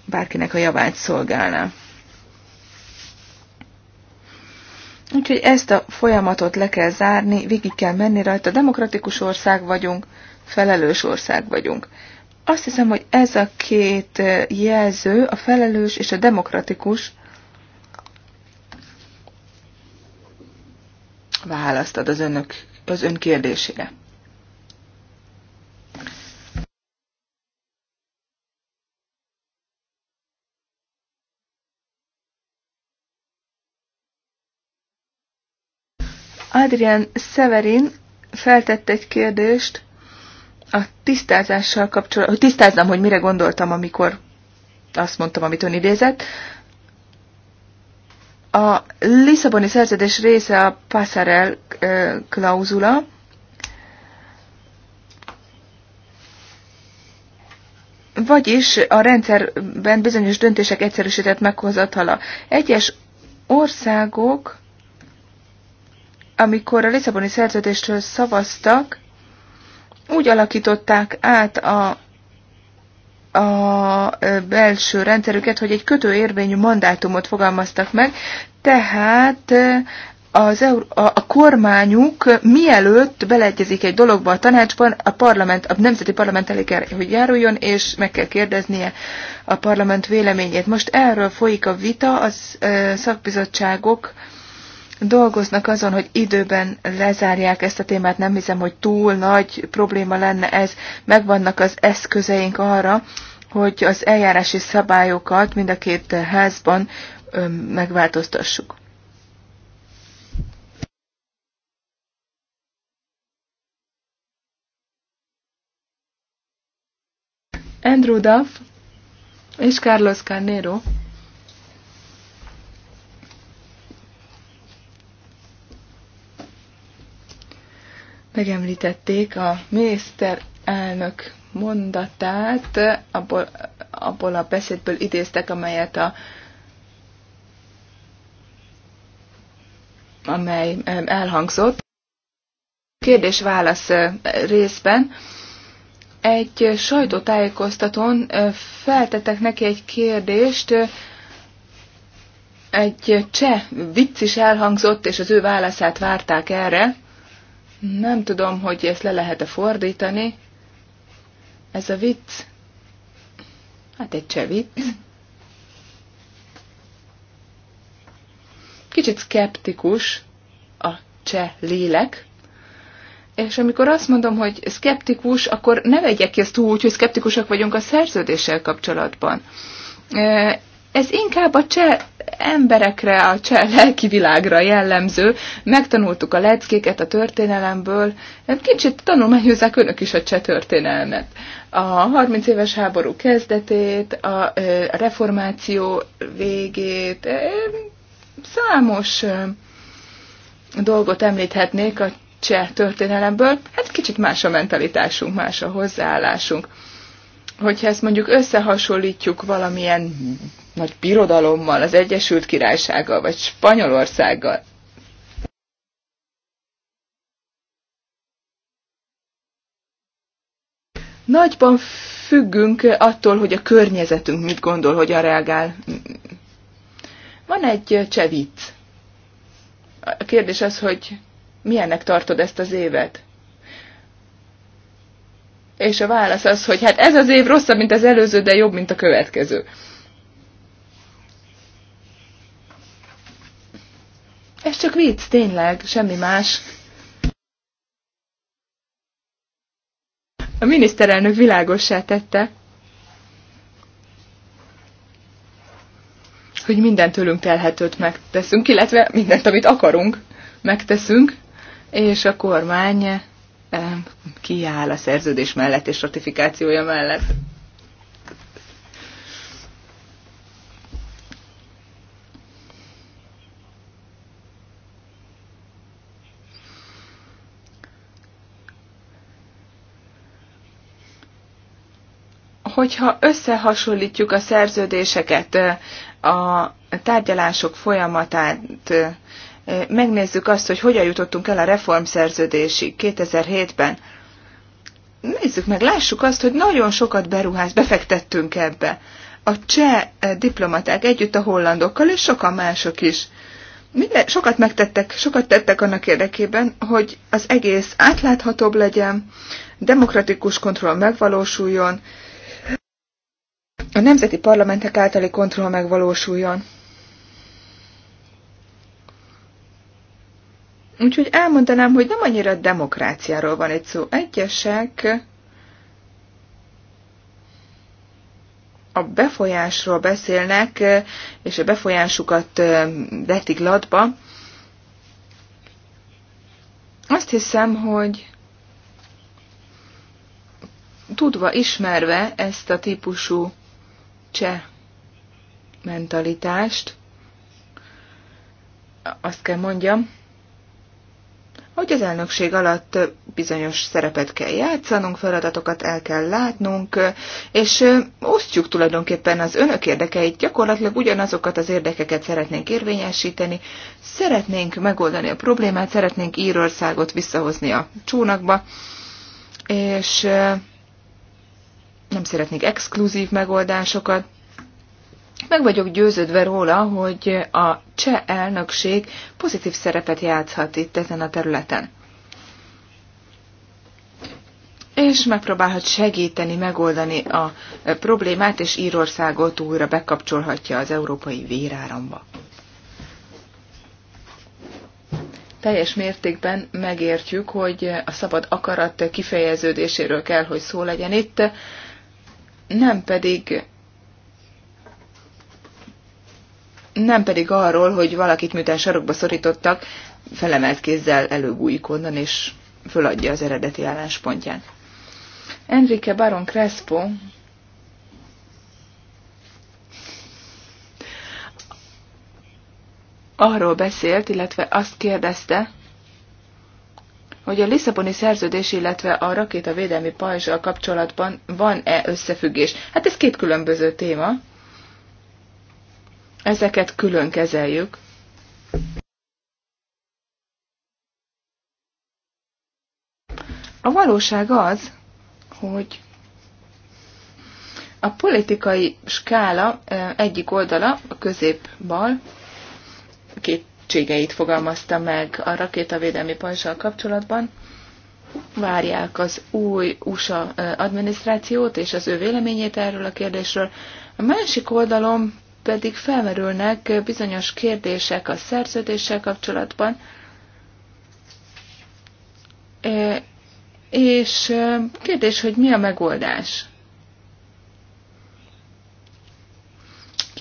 bárkinek a javát szolgálná. Úgyhogy ezt a folyamatot le kell zárni, végig kell menni rajta. Demokratikus ország vagyunk, felelős ország vagyunk. Azt hiszem, hogy ez a két jelző, a felelős és a demokratikus, választ ad az, önök, az ön kérdésére. Adrian Severin feltett egy kérdést a tisztázással kapcsolatban, hogy tisztáznám, hogy mire gondoltam, amikor azt mondtam, amit ön idézett. A Lisszaboni szerződés része a Passarel klauzula, vagyis a rendszerben bizonyos döntések egyszerűsített meghozatala. Egyes országok, amikor a Lisszaboni szerződéstől szavaztak, úgy alakították át a, a belső rendszerüket, hogy egy kötőérvényű mandátumot fogalmaztak meg, tehát az, a, a kormányuk mielőtt beleegyezik egy dologba a tanácsban, a parlament, a nemzeti parlament elég kell, hogy járuljon, és meg kell kérdeznie a parlament véleményét. Most erről folyik a vita, az ö, szakbizottságok dolgoznak azon, hogy időben lezárják ezt a témát, nem hiszem, hogy túl nagy probléma lenne ez, megvannak az eszközeink arra, hogy az eljárási szabályokat mind a két házban megváltoztassuk. Andrew Duff és Carlos Carnero megemlítették a elnök mondatát, abból, abból a beszédből idéztek, amelyet a amely elhangzott. Kérdés-válasz részben egy sajtótájékoztatón feltettek neki egy kérdést, egy cseh vicc is elhangzott, és az ő válaszát várták erre. Nem tudom, hogy ezt le lehet-e fordítani. Ez a vicc, hát egy cseh vicc. Kicsit skeptikus a cseh lélek, és amikor azt mondom, hogy skeptikus, akkor ne vegyek ki ezt úgy, hogy szkeptikusak vagyunk a szerződéssel kapcsolatban. Ez inkább a cseh emberekre, a cseh lelki világra jellemző. Megtanultuk a leckéket a történelemből. Kicsit tanulmányozzák önök is a cseh történelmet. A 30 éves háború kezdetét, a reformáció végét, Számos dolgot említhetnék a cseh történelemből, hát kicsit más a mentalitásunk, más a hozzáállásunk. Hogyha ezt mondjuk összehasonlítjuk valamilyen nagy birodalommal, az Egyesült Királysággal, vagy Spanyolországgal, nagyban függünk attól, hogy a környezetünk mit gondol, hogyan reagál van egy csevic. A kérdés az, hogy milyennek tartod ezt az évet? És a válasz az, hogy hát ez az év rosszabb, mint az előző, de jobb, mint a következő. Ez csak vicc, tényleg, semmi más. A miniszterelnök világossá tette, hogy minden tőlünk telhetőt megteszünk, illetve mindent, amit akarunk, megteszünk, és a kormány eh, kiáll a szerződés mellett és ratifikációja mellett. hogyha összehasonlítjuk a szerződéseket eh, a tárgyalások folyamatát, megnézzük azt, hogy hogyan jutottunk el a reformszerződésig 2007-ben. Nézzük meg, lássuk azt, hogy nagyon sokat beruház, befektettünk ebbe. A cseh diplomaták együtt a hollandokkal, és sokan mások is. Minden, sokat megtettek, sokat tettek annak érdekében, hogy az egész átláthatóbb legyen, demokratikus kontroll megvalósuljon, a nemzeti parlamentek általi kontroll megvalósuljon. Úgyhogy elmondanám, hogy nem annyira demokráciáról van egy szó. Egyesek a befolyásról beszélnek, és a befolyásukat vetik latba. Azt hiszem, hogy tudva, ismerve ezt a típusú cseh mentalitást. Azt kell mondjam, hogy az elnökség alatt bizonyos szerepet kell játszanunk, feladatokat el kell látnunk, és osztjuk tulajdonképpen az önök érdekeit, gyakorlatilag ugyanazokat az érdekeket szeretnénk érvényesíteni, szeretnénk megoldani a problémát, szeretnénk Írországot visszahozni a csónakba, és nem szeretnék exkluzív megoldásokat. Meg vagyok győződve róla, hogy a cseh elnökség pozitív szerepet játszhat itt ezen a területen. És megpróbálhat segíteni, megoldani a problémát, és Írországot újra bekapcsolhatja az európai véráramba. teljes mértékben megértjük, hogy a szabad akarat kifejeződéséről kell, hogy szó legyen itt nem pedig nem pedig arról, hogy valakit miután sarokba szorítottak, felemelt kézzel előbújik onnan, és föladja az eredeti álláspontját. Enrique Baron Crespo arról beszélt, illetve azt kérdezte, hogy a Lisszaboni szerződés, illetve a rakétavédelmi pajzsal kapcsolatban van-e összefüggés. Hát ez két különböző téma. Ezeket külön kezeljük. A valóság az, hogy a politikai skála eh, egyik oldala, a középbal, két kétségeit fogalmazta meg a rakétavédelmi pontsal kapcsolatban. Várják az új USA adminisztrációt és az ő véleményét erről a kérdésről. A másik oldalon pedig felmerülnek bizonyos kérdések a szerződéssel kapcsolatban, és kérdés, hogy mi a megoldás.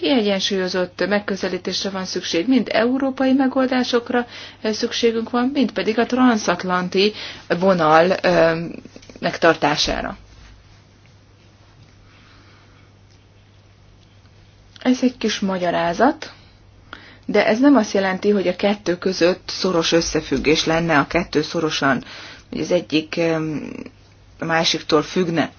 kiegyensúlyozott megközelítésre van szükség, mind európai megoldásokra eh, szükségünk van, mind pedig a transatlanti vonal eh, megtartására. Ez egy kis magyarázat, de ez nem azt jelenti, hogy a kettő között szoros összefüggés lenne, a kettő szorosan, hogy az egyik eh, a másiktól függne.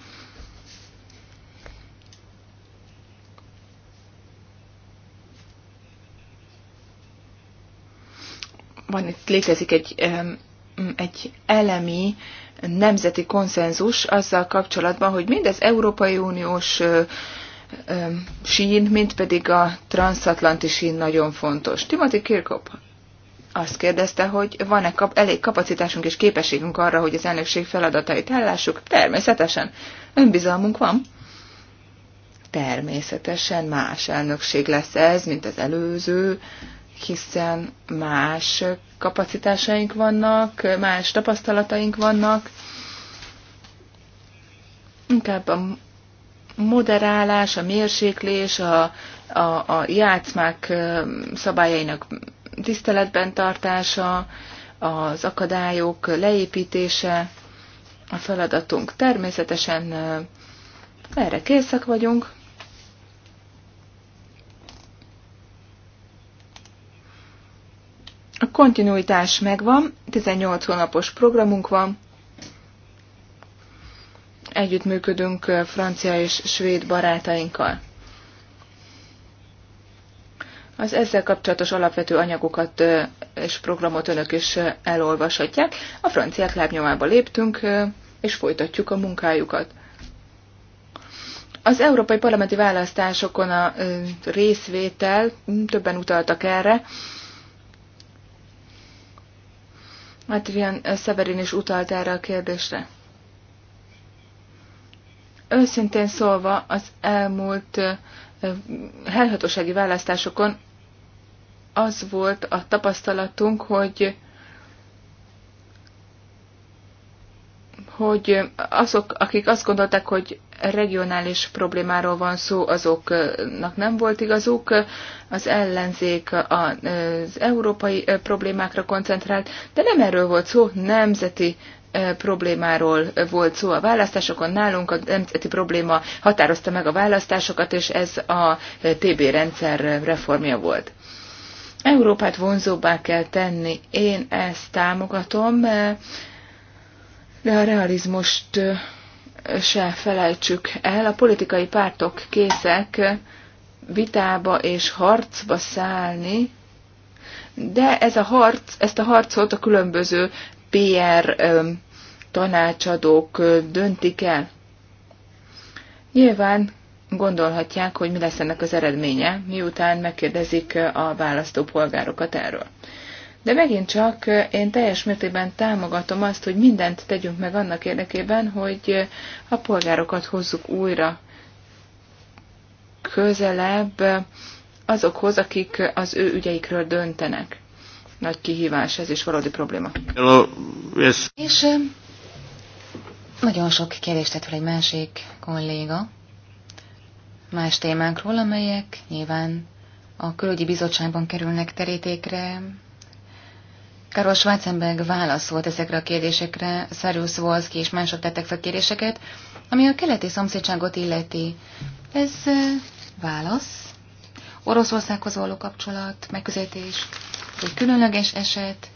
van itt létezik egy, egy elemi nemzeti konszenzus azzal kapcsolatban, hogy mind az Európai Uniós sín, mint pedig a transatlanti sín nagyon fontos. Timothy Kirkhope azt kérdezte, hogy van-e kap- elég kapacitásunk és képességünk arra, hogy az elnökség feladatait ellássuk? Természetesen. Önbizalmunk van. Természetesen más elnökség lesz ez, mint az előző hiszen más kapacitásaink vannak, más tapasztalataink vannak, inkább a moderálás, a mérséklés, a, a, a játszmák szabályainak tiszteletben tartása, az akadályok leépítése a feladatunk. Természetesen erre készek vagyunk, A kontinuitás megvan, 18 hónapos programunk van, együttműködünk francia és svéd barátainkkal. Az ezzel kapcsolatos alapvető anyagokat és programot önök is elolvashatják. A franciák lábnyomába léptünk, és folytatjuk a munkájukat. Az európai parlamenti választásokon a részvétel, többen utaltak erre, Matrian hát Szeverin is utalt erre a kérdésre. Őszintén szólva, az elmúlt helyhatósági választásokon az volt a tapasztalatunk, hogy hogy azok, akik azt gondolták, hogy regionális problémáról van szó, azoknak nem volt igazuk. Az ellenzék az európai problémákra koncentrált, de nem erről volt szó, nemzeti problémáról volt szó a választásokon. Nálunk a nemzeti probléma határozta meg a választásokat, és ez a TB rendszer reformja volt. Európát vonzóbbá kell tenni, én ezt támogatom, de a realizmust se felejtsük el. A politikai pártok készek vitába és harcba szállni, de ez a harc, ezt a harcot a különböző PR tanácsadók döntik el. Nyilván gondolhatják, hogy mi lesz ennek az eredménye, miután megkérdezik a választópolgárokat erről. De megint csak én teljes mértékben támogatom azt, hogy mindent tegyünk meg annak érdekében, hogy a polgárokat hozzuk újra közelebb azokhoz, akik az ő ügyeikről döntenek. Nagy kihívás, ez is valódi probléma. Hello, yes. És nagyon sok kérdést tett fel egy másik kolléga más témánkról, amelyek nyilván a külügyi bizottságban kerülnek terítékre, Karol Schwarzenberg válaszolt ezekre a kérdésekre, Szerusz Wolski és mások tettek fel kérdéseket, ami a keleti szomszédságot illeti. Ez válasz. Oroszországhoz való kapcsolat, megközelítés, egy különleges eset.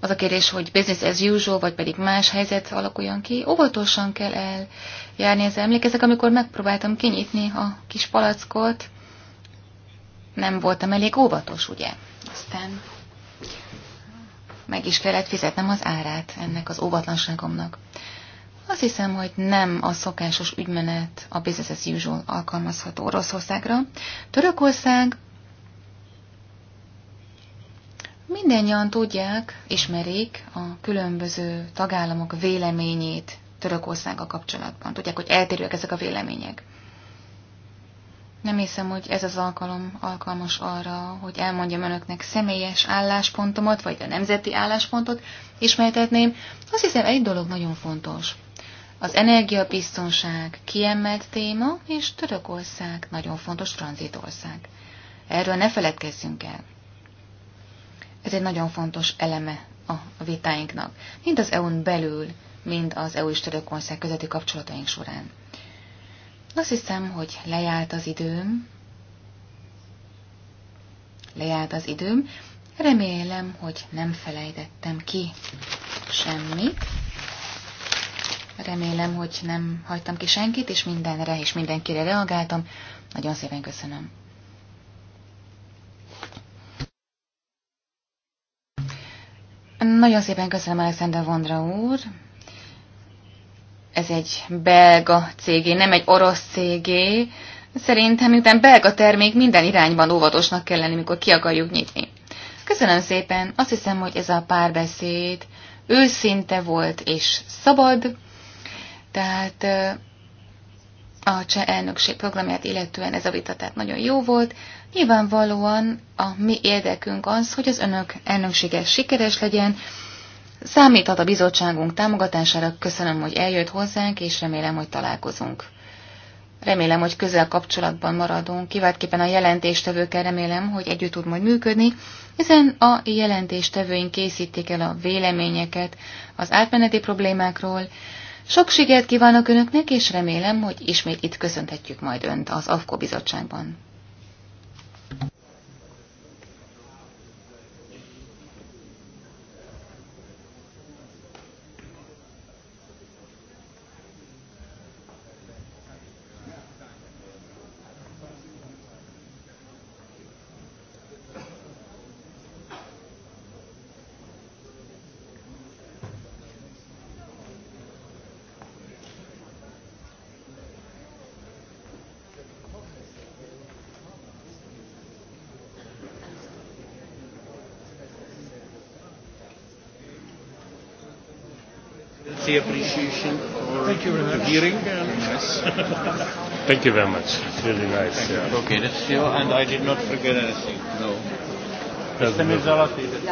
Az a kérdés, hogy business as usual, vagy pedig más helyzet alakuljon ki. Óvatosan kell eljárni az Emlékezek, amikor megpróbáltam kinyitni a kis palackot, nem voltam elég óvatos, ugye? Aztán meg is kellett fizetnem az árát ennek az óvatlanságomnak. Azt hiszem, hogy nem a szokásos ügymenet a business as usual alkalmazható Oroszországra. Törökország mindennyian tudják, ismerik a különböző tagállamok véleményét Törökországgal kapcsolatban. Tudják, hogy eltérőek ezek a vélemények. Nem hiszem, hogy ez az alkalom alkalmas arra, hogy elmondjam önöknek személyes álláspontomat, vagy a nemzeti álláspontot ismertetném. Azt hiszem, egy dolog nagyon fontos. Az energiabiztonság kiemelt téma, és Törökország nagyon fontos tranzitország. Erről ne feledkezzünk el. Ez egy nagyon fontos eleme a vitáinknak, mind az EU-n belül, mind az EU és Törökország közötti kapcsolataink során. Azt hiszem, hogy lejárt az időm. Lejárt az időm. Remélem, hogy nem felejtettem ki semmit. Remélem, hogy nem hagytam ki senkit, és mindenre és mindenkire reagáltam. Nagyon szépen köszönöm. Nagyon szépen köszönöm Alexander Vondra úr, ez egy belga cégé, nem egy orosz cégé. Szerintem, miután belga termék, minden irányban óvatosnak kell lenni, mikor ki akarjuk nyitni. Köszönöm szépen, azt hiszem, hogy ez a párbeszéd őszinte volt és szabad, tehát a cseh elnökség programját illetően ez a vita tehát nagyon jó volt. Nyilvánvalóan a mi érdekünk az, hogy az önök elnöksége sikeres legyen, Számíthat a bizottságunk támogatására, köszönöm, hogy eljött hozzánk, és remélem, hogy találkozunk. Remélem, hogy közel kapcsolatban maradunk, kiváltképpen a jelentéstevőkkel remélem, hogy együtt tud majd működni, hiszen a jelentéstevőink készítik el a véleményeket az átmeneti problémákról. Sok sikert kívánok Önöknek, és remélem, hogy ismét itt köszönhetjük majd Önt az AFKO bizottságban. appreciation for Thank you very the much. hearing. And yes. Thank you very much. It's really nice. Thank yeah. you. Okay, that's you, and I did not forget anything. No. That's Mr. Mizalati.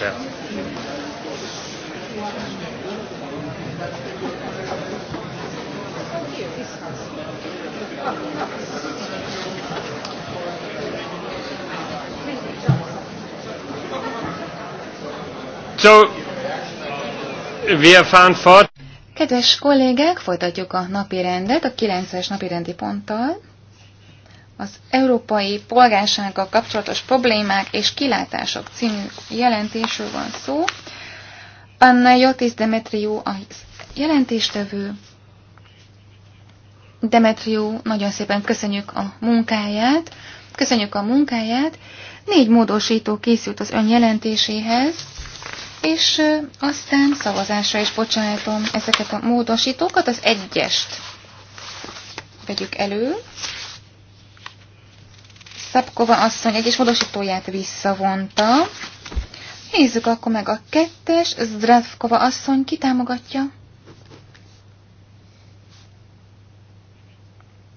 Yeah. So Wir fahren fort. Kedves kollégák, folytatjuk a napi rendet a 9-es napi rendi ponttal. Az európai polgársággal kapcsolatos problémák és kilátások című jelentésről van szó. Anna Jotis Demetriou a jelentéstevő. Demetriou, nagyon szépen köszönjük a munkáját. Köszönjük a munkáját. Négy módosító készült az ön jelentéséhez és aztán szavazásra is bocsájtom ezeket a módosítókat, az egyest vegyük elő. Szabkova asszony egyes módosítóját visszavonta. Nézzük akkor meg a kettes, Zdravkova asszony kitámogatja.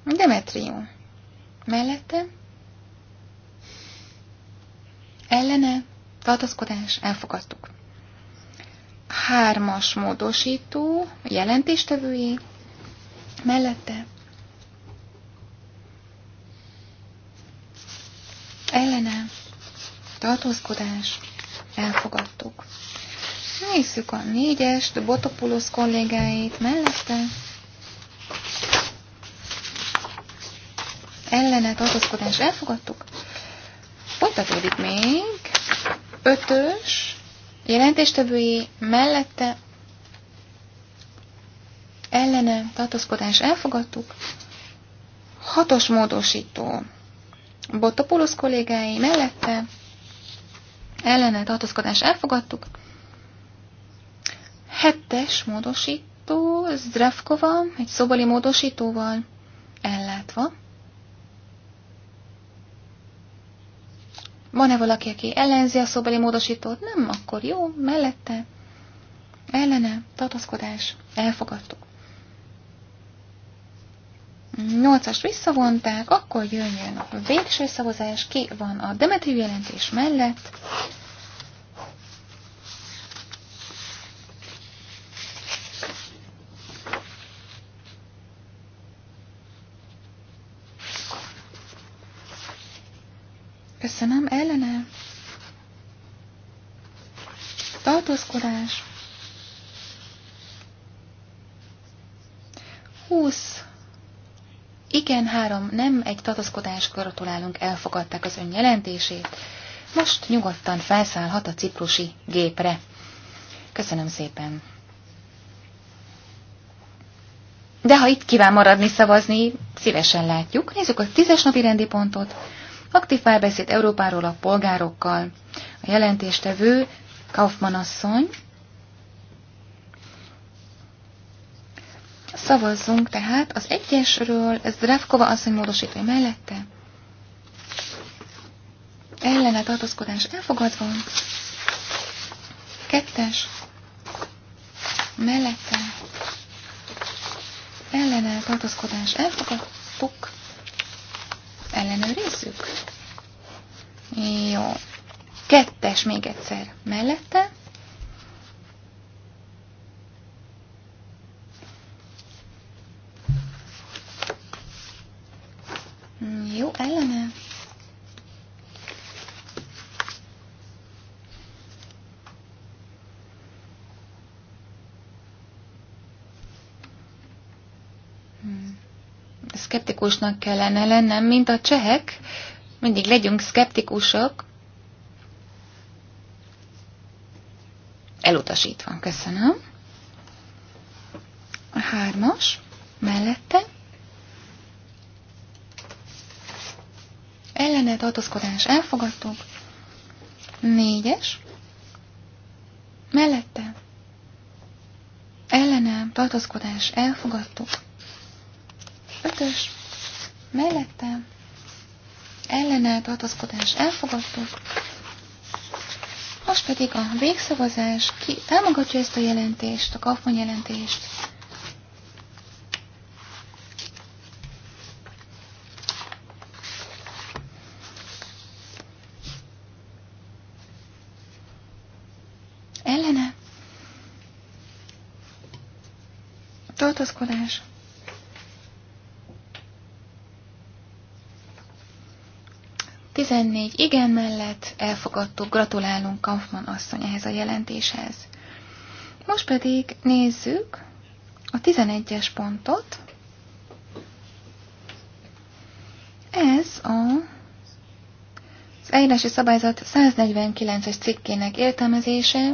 Demetrió. Mellette? Ellene? Tartozkodás? Elfogadtuk. Hármas módosító, jelentéstevői, mellette ellene tartózkodás, elfogadtuk. Nézzük a négyest, Botopulos kollégáit mellette. Ellene tartózkodás elfogadtuk. Folytatódik még. Ötös, jelentéstevői mellette ellene tartózkodás elfogadtuk. Hatos módosító. Botopulus kollégái mellette ellene tartózkodás elfogadtuk. Hettes módosító, Zdravkova, egy szobali módosítóval ellátva. Van-e valaki, aki ellenzi a szóbeli módosítót? Nem, akkor jó, mellette, ellene, tartaszkodás, elfogadtuk. Nyolcast visszavonták, akkor jönjön a végső szavazás, ki van a Demetriu jelentés mellett, Köszönöm, ellene. Tartózkodás. 20. Igen, három, nem egy tartózkodás, gratulálunk, elfogadták az ön jelentését. Most nyugodtan felszállhat a ciprusi gépre. Köszönöm szépen. De ha itt kíván maradni szavazni, szívesen látjuk. Nézzük a tízes napi rendi pontot. Aktív párbeszéd Európáról a polgárokkal. A jelentéstevő Kaufmann asszony. Szavazzunk tehát az egyesről, ez Dravkova asszony módosítja mellette. Ellene tartózkodás elfogadva. Kettes. Mellette. Ellene tartózkodás elfogadtuk ellenőrizzük? Jó. Kettes még egyszer mellette. szkeptikusnak kellene lennem, mint a csehek. Mindig legyünk szkeptikusok. Elutasítva, köszönöm. A hármas, mellette. Ellene tartózkodás elfogadtuk. Négyes. Mellette. Ellenem tartózkodás elfogadtuk. Ötös mellette Ellenállt tartózkodás elfogadtuk. Most pedig a végszavazás, ki támogatja ezt a jelentést, a kapon jelentést. Ellene. Tartózkodás. 14 igen mellett elfogadtuk, gratulálunk Kampfman asszony ehhez a jelentéshez. Most pedig nézzük a 11-es pontot. Ez a az eljárási szabályzat 149-es cikkének értelmezése.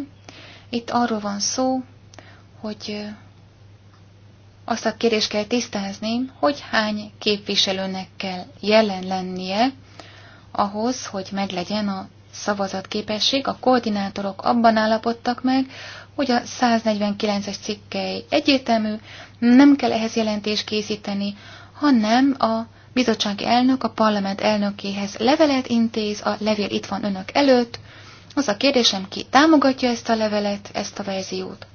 Itt arról van szó, hogy azt a kérdést kell tisztázni, hogy hány képviselőnek kell jelen lennie ahhoz, hogy meglegyen a szavazatképesség, a koordinátorok abban állapodtak meg, hogy a 149-es cikkei egyértelmű, nem kell ehhez jelentést készíteni, hanem a bizottság elnök a parlament elnökéhez levelet intéz, a levél itt van önök előtt. Az a kérdésem, ki támogatja ezt a levelet, ezt a verziót.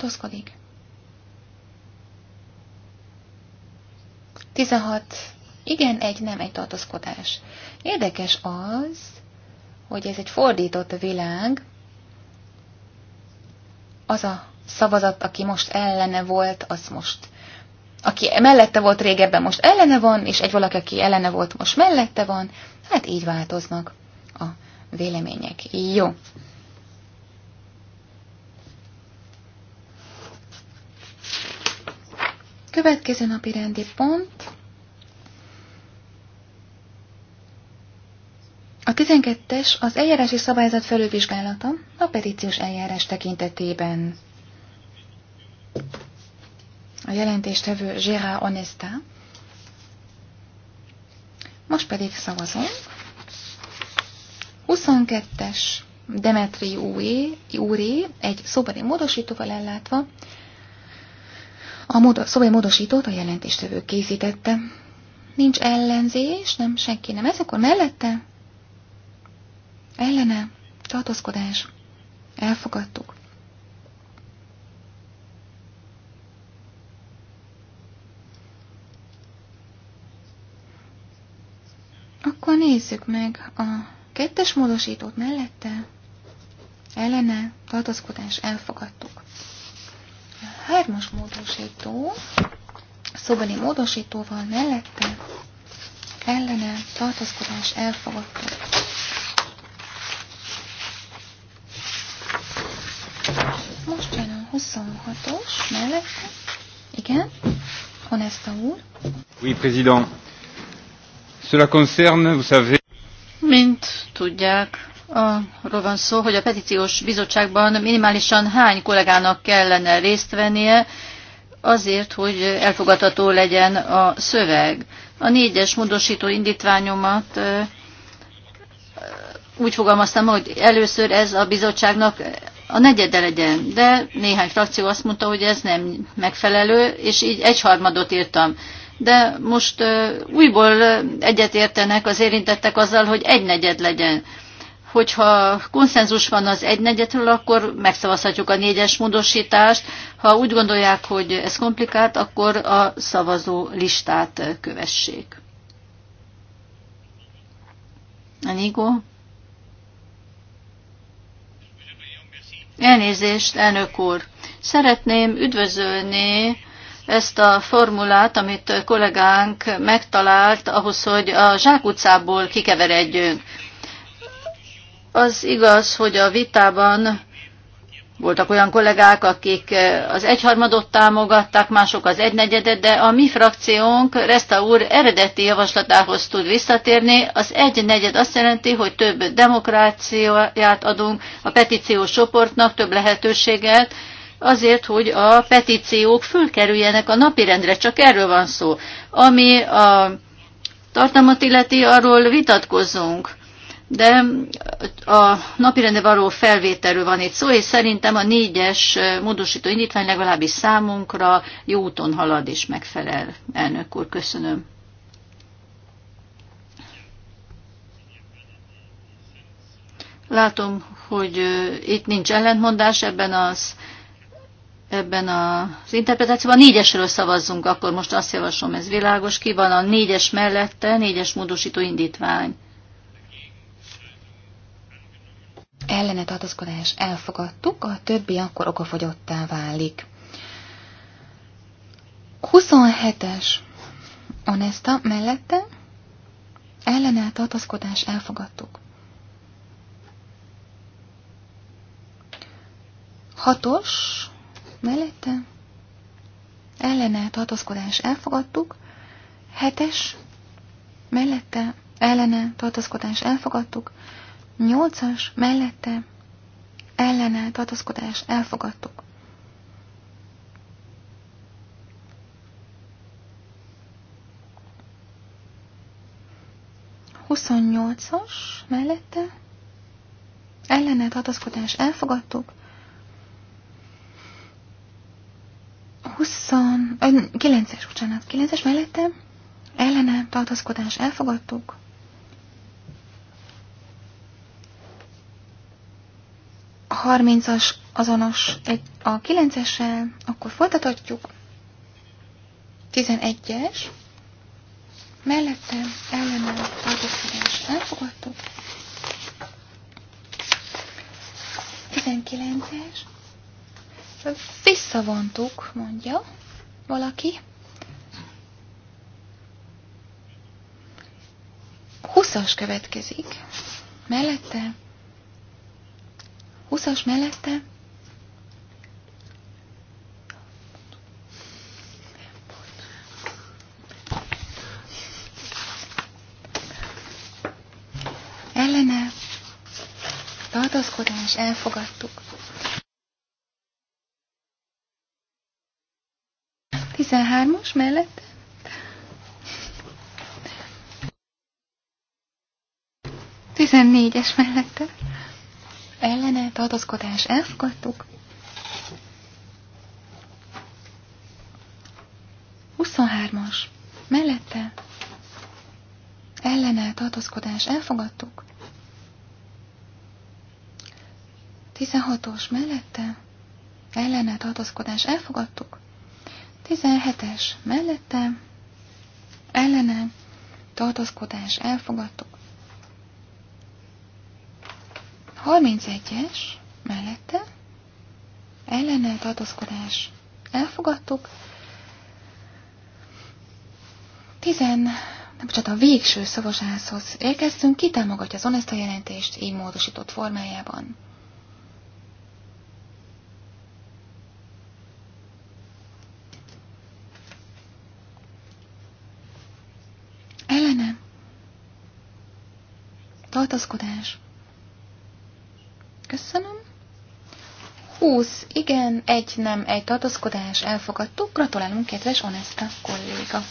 tartózkodik. 16. Igen, egy nem, egy tartózkodás. Érdekes az, hogy ez egy fordított világ. Az a szavazat, aki most ellene volt, az most aki mellette volt régebben, most ellene van, és egy valaki, aki ellene volt, most mellette van, hát így változnak a vélemények. Jó. Következő napi rendi pont. A 12-es az eljárási szabályzat felülvizsgálata a petíciós eljárás tekintetében. A jelentéstevő Gérard Onesta. Most pedig szavazunk. 22-es Demetri Uri egy szobani módosítóval ellátva a mod szóval módosítót a jelentéstevő készítette. Nincs ellenzés, nem senki nem. Ez akkor mellette? Ellene, tartózkodás. Elfogadtuk. Akkor nézzük meg a kettes módosítót mellette. Ellene, tartózkodás, elfogadtuk. Hármas módosító, szobani módosítóval mellette ellene tartozkodás elfogadta. Most jön a 26-os mellette. Igen, Honesta úr. Oui, président. Cela concerne, vous savez... Mint tudják, a arról van szó, hogy a petíciós bizottságban minimálisan hány kollégának kellene részt vennie, azért, hogy elfogadható legyen a szöveg. A négyes módosító indítványomat úgy fogalmaztam, hogy először ez a bizottságnak a negyede legyen, de néhány frakció azt mondta, hogy ez nem megfelelő, és így egyharmadot írtam. De most újból egyetértenek az érintettek azzal, hogy egy negyed legyen hogyha konszenzus van az egynegyedről, akkor megszavazhatjuk a négyes módosítást. Ha úgy gondolják, hogy ez komplikált, akkor a szavazó listát kövessék. Anigo? Elnézést, elnök úr! Szeretném üdvözölni ezt a formulát, amit kollégánk megtalált ahhoz, hogy a zsákutcából kikeveredjünk az igaz, hogy a vitában voltak olyan kollégák, akik eh, az egyharmadot támogatták, mások az egynegyedet, de a mi frakciónk Reszta úr eredeti javaslatához tud visszatérni. Az egynegyed azt jelenti, hogy több demokráciáját adunk a petíciós csoportnak, több lehetőséget, azért, hogy a petíciók fölkerüljenek a napirendre, csak erről van szó. Ami a tartalmat illeti, arról vitatkozunk de a napi való felvételről van itt szó, és szerintem a négyes módosító indítvány legalábbis számunkra jó úton halad és megfelel. Elnök úr, köszönöm. Látom, hogy itt nincs ellentmondás ebben az ebben az interpretációban. Négyesről szavazzunk, akkor most azt javaslom, ez világos. Ki van a négyes mellette, négyes módosító indítvány. ellene tartozkodás elfogadtuk, a többi akkor okafogyottá válik. 27-es Onesta mellette ellene tartozkodás elfogadtuk. 6-os mellette ellene tartozkodás elfogadtuk. 7-es mellette ellene tartozkodás elfogadtuk. Nyolcas mellette ellene tartozkodás, elfogadtuk. Huszonnyolcas mellette ellene tartozkodás, elfogadtuk. 20, 9-es, bocsánat, 9-es mellette ellene tartozkodás elfogadtuk. A 30-as azonos egy, a 9-essel, akkor folytatjuk. 11-es, mellette ellenem tartózkodás elfogadtuk. 19-es, visszavontuk, mondja valaki. 20-as következik, mellette 20 mellette. Ellene Tartozkodás. elfogadtuk. Tizenhármas mellett. Tizennégyes mellette ellene tartozkodás elfogadtuk. 23-as mellette ellene tartozkodás elfogadtuk. 16-os mellette ellene tartozkodás elfogadtuk. 17-es mellette ellene tartozkodás elfogadtuk. 31-es mellette ellene tartózkodás elfogadtuk. 10, nem csak a végső szavazáshoz érkeztünk, ki támogatja az onesta jelentést így módosított formájában. Ellene tartózkodás Köszönöm. 20 igen, egy nem, egy tartozkodás, elfogadtuk. Gratulálunk, kedves Onesta kolléga.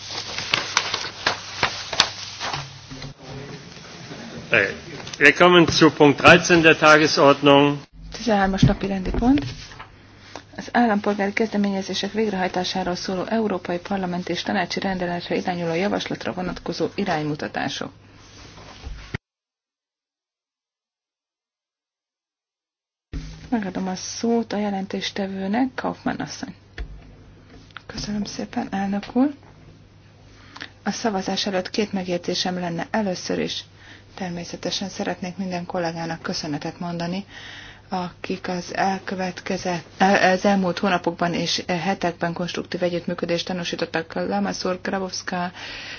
Willkommen zu Punkt 13 der Tagesordnung. 13-as napi rendi pont. Az állampolgári kezdeményezések végrehajtásáról szóló Európai Parlament és Tanácsi rendeletre irányuló javaslatra vonatkozó iránymutatások. Megadom a szót a jelentéstevőnek, Kaufmann asszony. Köszönöm szépen, elnök úr. A szavazás előtt két megjegyzésem lenne először is. Természetesen szeretnék minden kollégának köszönetet mondani, akik az elkövetkezett, az elmúlt hónapokban és hetekben konstruktív együttműködést tanúsítottak Lamaszur, Grabowska,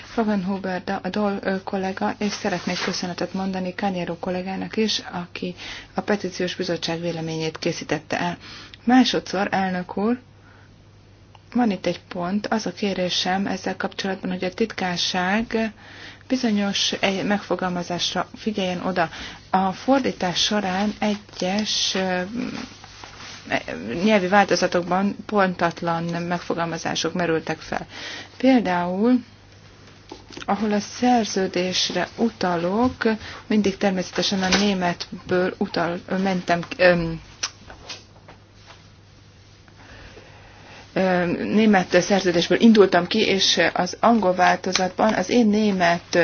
Favenhuber, a Dol kollega, és szeretnék köszönetet mondani Kanyero kollégának is, aki a petíciós bizottság véleményét készítette el. Másodszor, elnök úr, van itt egy pont, az a kérésem ezzel kapcsolatban, hogy a titkárság bizonyos eh, megfogalmazásra figyeljen oda. A fordítás során egyes eh, nyelvi változatokban pontatlan megfogalmazások merültek fel. Például, ahol a szerződésre utalok, mindig természetesen a németből utal, mentem, német szerződésből indultam ki, és az angol változatban az én német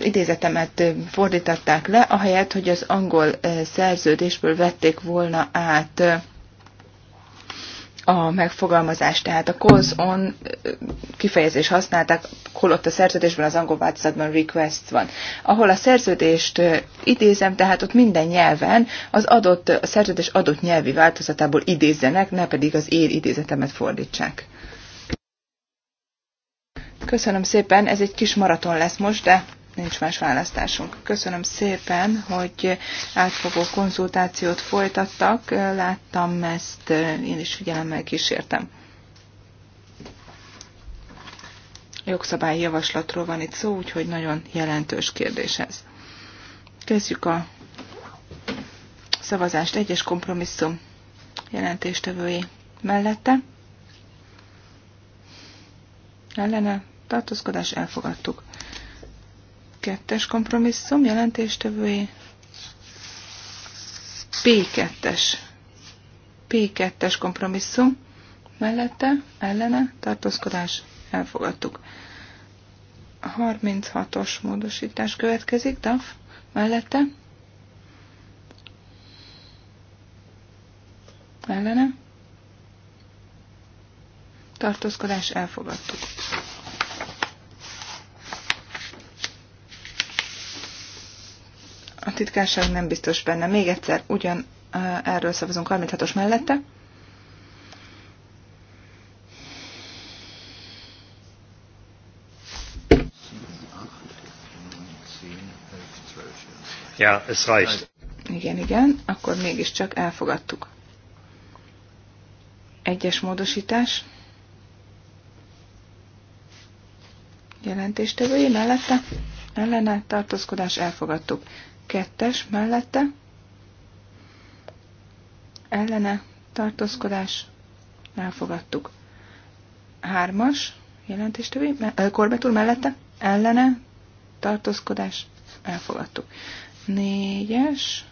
idézetemet fordították le, ahelyett, hogy az angol szerződésből vették volna át a megfogalmazás, tehát a calls on kifejezés használták, hol ott a szerződésben, az angol változatban request van. Ahol a szerződést idézem, tehát ott minden nyelven az adott, a szerződés adott nyelvi változatából idézzenek, ne pedig az én idézetemet fordítsák. Köszönöm szépen, ez egy kis maraton lesz most, de nincs más választásunk. Köszönöm szépen, hogy átfogó konzultációt folytattak. Láttam ezt, én is figyelemmel kísértem. Jogszabályi javaslatról van itt szó, úgyhogy nagyon jelentős kérdés ez. Kezdjük a szavazást egyes kompromisszum jelentéstevői mellette. Ellene tartózkodás elfogadtuk. P2-es kompromisszum jelentéstevői. P2-es. P2-es kompromisszum. Mellette, ellene, tartózkodás. Elfogadtuk. 36-os módosítás következik. DAF. Mellette. Ellene. Tartózkodás. Elfogadtuk. A titkárság nem biztos benne. Még egyszer, ugyan erről szavazunk 36-os mellette. Ja, ez reicht. Igen, igen, akkor mégiscsak elfogadtuk. Egyes módosítás. Jelentéstevői mellette ellene tartózkodás elfogadtuk. Kettes mellette ellene tartózkodás elfogadtuk. Hármas me, Korbetúr mellette ellene tartózkodás elfogadtuk. Négyes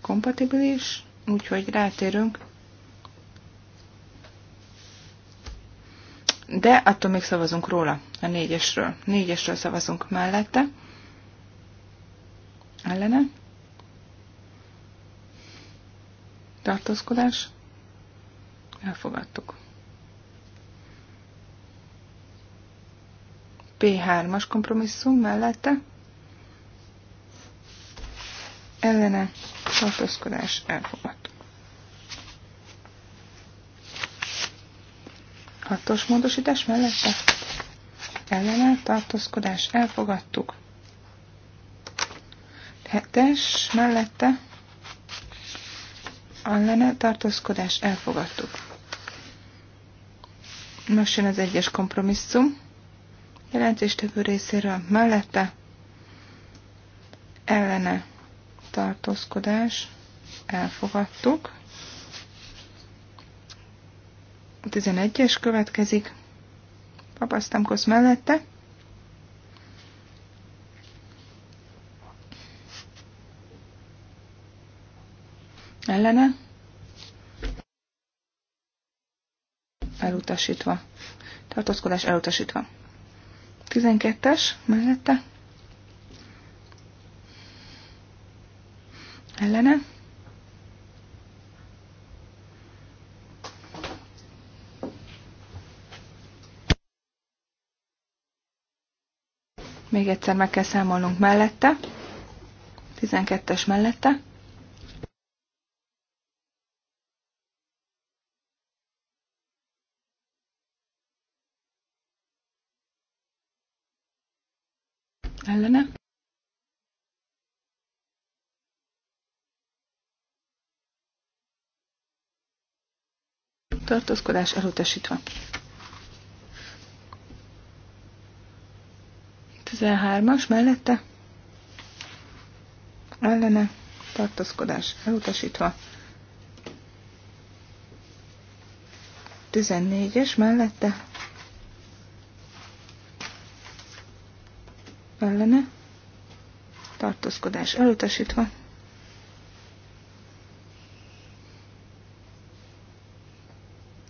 kompatibilis, úgyhogy rátérünk. De attól még szavazunk róla a négyesről. Négyesről szavazunk mellette. Ellene. Tartózkodás. Elfogadtuk. P3-as kompromisszum mellette. Ellene. Tartózkodás. Elfogadtuk. Hatos módosítás mellette ellene tartózkodás elfogadtuk. Hetes mellette ellene tartózkodás elfogadtuk. Most jön az egyes kompromisszum. Jelentéstevő részéről mellette ellene tartózkodás elfogadtuk. A 11-es következik Papasztamkosz mellette. Ellene. Elutasítva. Tartózkodás elutasítva. 12-es mellette. Ellene. Még egyszer meg kell számolnunk mellette. 12-es mellette. ellene. Tartózkodás elutasítva. 13-as mellette ellene tartózkodás elutasítva. 14-es mellette ellene tartózkodás elutasítva.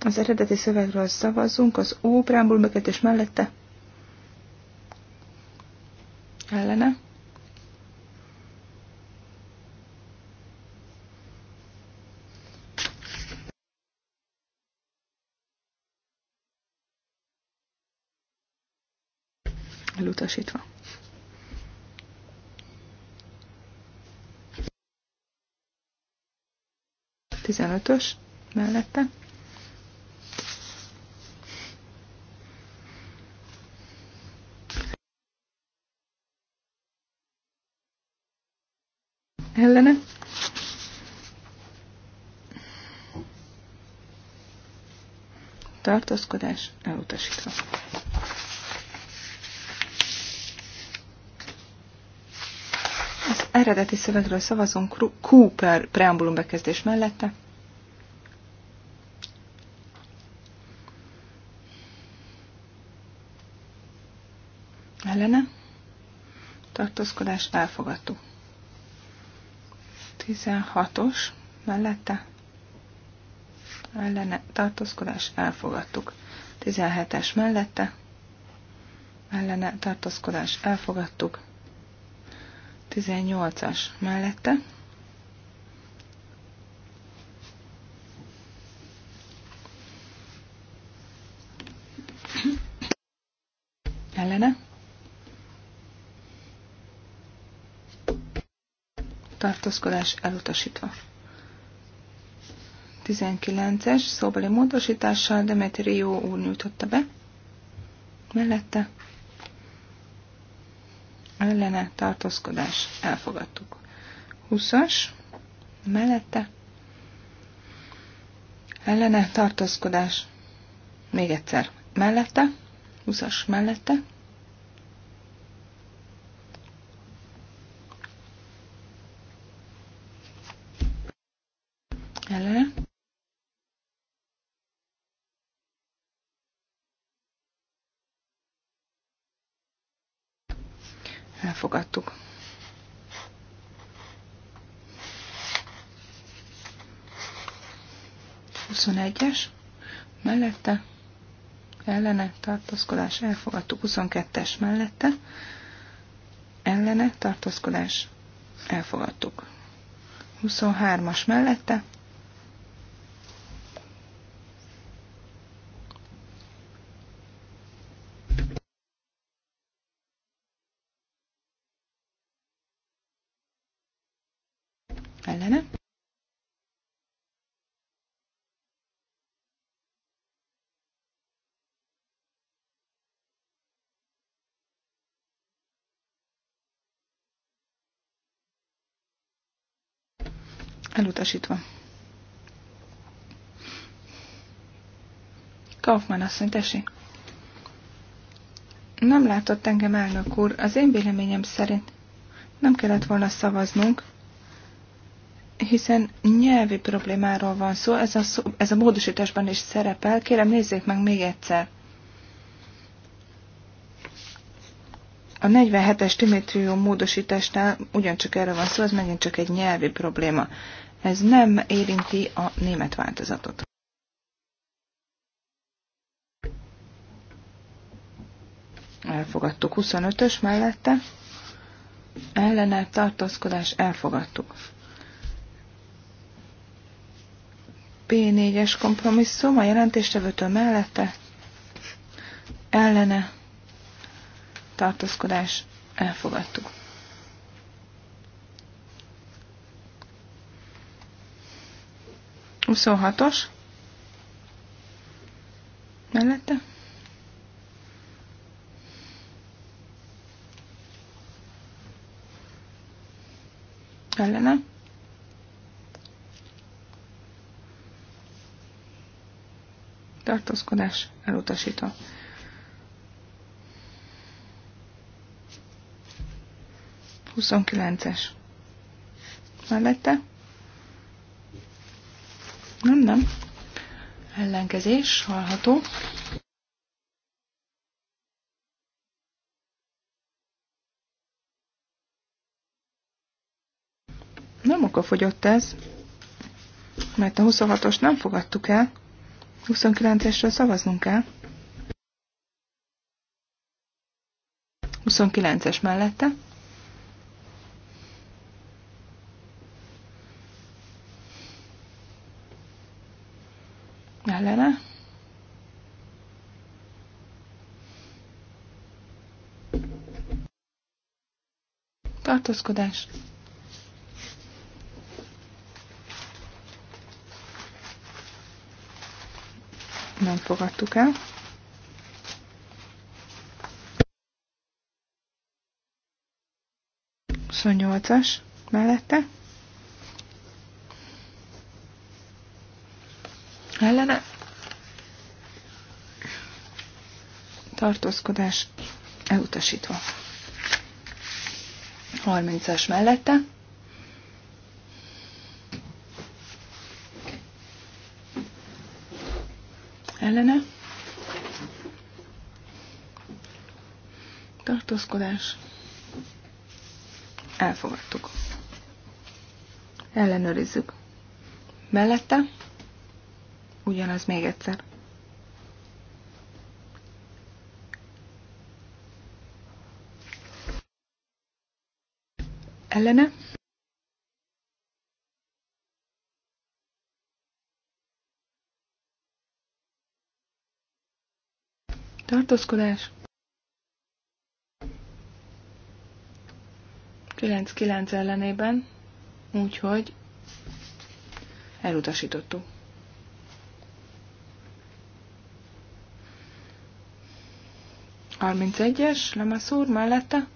Az eredeti szövegről szavazunk, az óprámból preambul mellette elutasítva. Tizenötös mellette. Ellene. Tartózkodás elutasítva. eredeti szövegről szavazunk Cooper preambulum bekezdés mellette. Ellene. Tartózkodás elfogadtuk. 16-os mellette. Ellene tartózkodás elfogadtuk. 17-es mellette. Ellene tartózkodás elfogadtuk. 18-as mellette. Ellene. Tartózkodás elutasítva. 19-es szóbeli módosítással Demetrio úr nyújtotta be. Mellette ellene tartózkodás elfogadtuk. 20-as mellette ellene tartózkodás még egyszer mellette, 20-as mellette elfogadtuk. Huszonegyes, mellette, ellene, tartózkodás, elfogadtuk. 22-es mellette, ellene, tartózkodás, elfogadtuk. 23-as mellette, Elutasítva. Kaufmann asszony, tessék. Nem látott engem elnök úr, az én véleményem szerint nem kellett volna szavaznunk, hiszen nyelvi problémáról van szó, ez a, szó, ez a módosításban is szerepel, kérem nézzék meg még egyszer. A 47-es Timitrium módosításnál ugyancsak erre van szó, ez megint csak egy nyelvi probléma. Ez nem érinti a német változatot. Elfogadtuk 25-ös mellette. Ellene tartózkodás elfogadtuk. P4-es kompromisszum a jelentéstevőtől mellette. Ellene tartózkodás elfogadtuk. Huszonhatos. Mellette. Ellene. Tartózkodás elutasító. 29-es. Mellette? Nem, nem. Ellenkezés hallható. Nem fogyott ez, mert a 26-os nem fogadtuk el. 29-esről szavaznunk kell. 29-es mellette. tartózkodás. Nem fogadtuk el. Huszonnyolcas mellette. Ellene. Tartózkodás elutasítva. 30-as mellette. Ellene. Tartózkodás. Elfogadtuk. Ellenőrizzük. Mellette. Ugyanaz még egyszer. ellene. Tartózkodás. 9-9 ellenében, úgyhogy elutasítottuk. Harmincegyes, Lemaszúr mellette.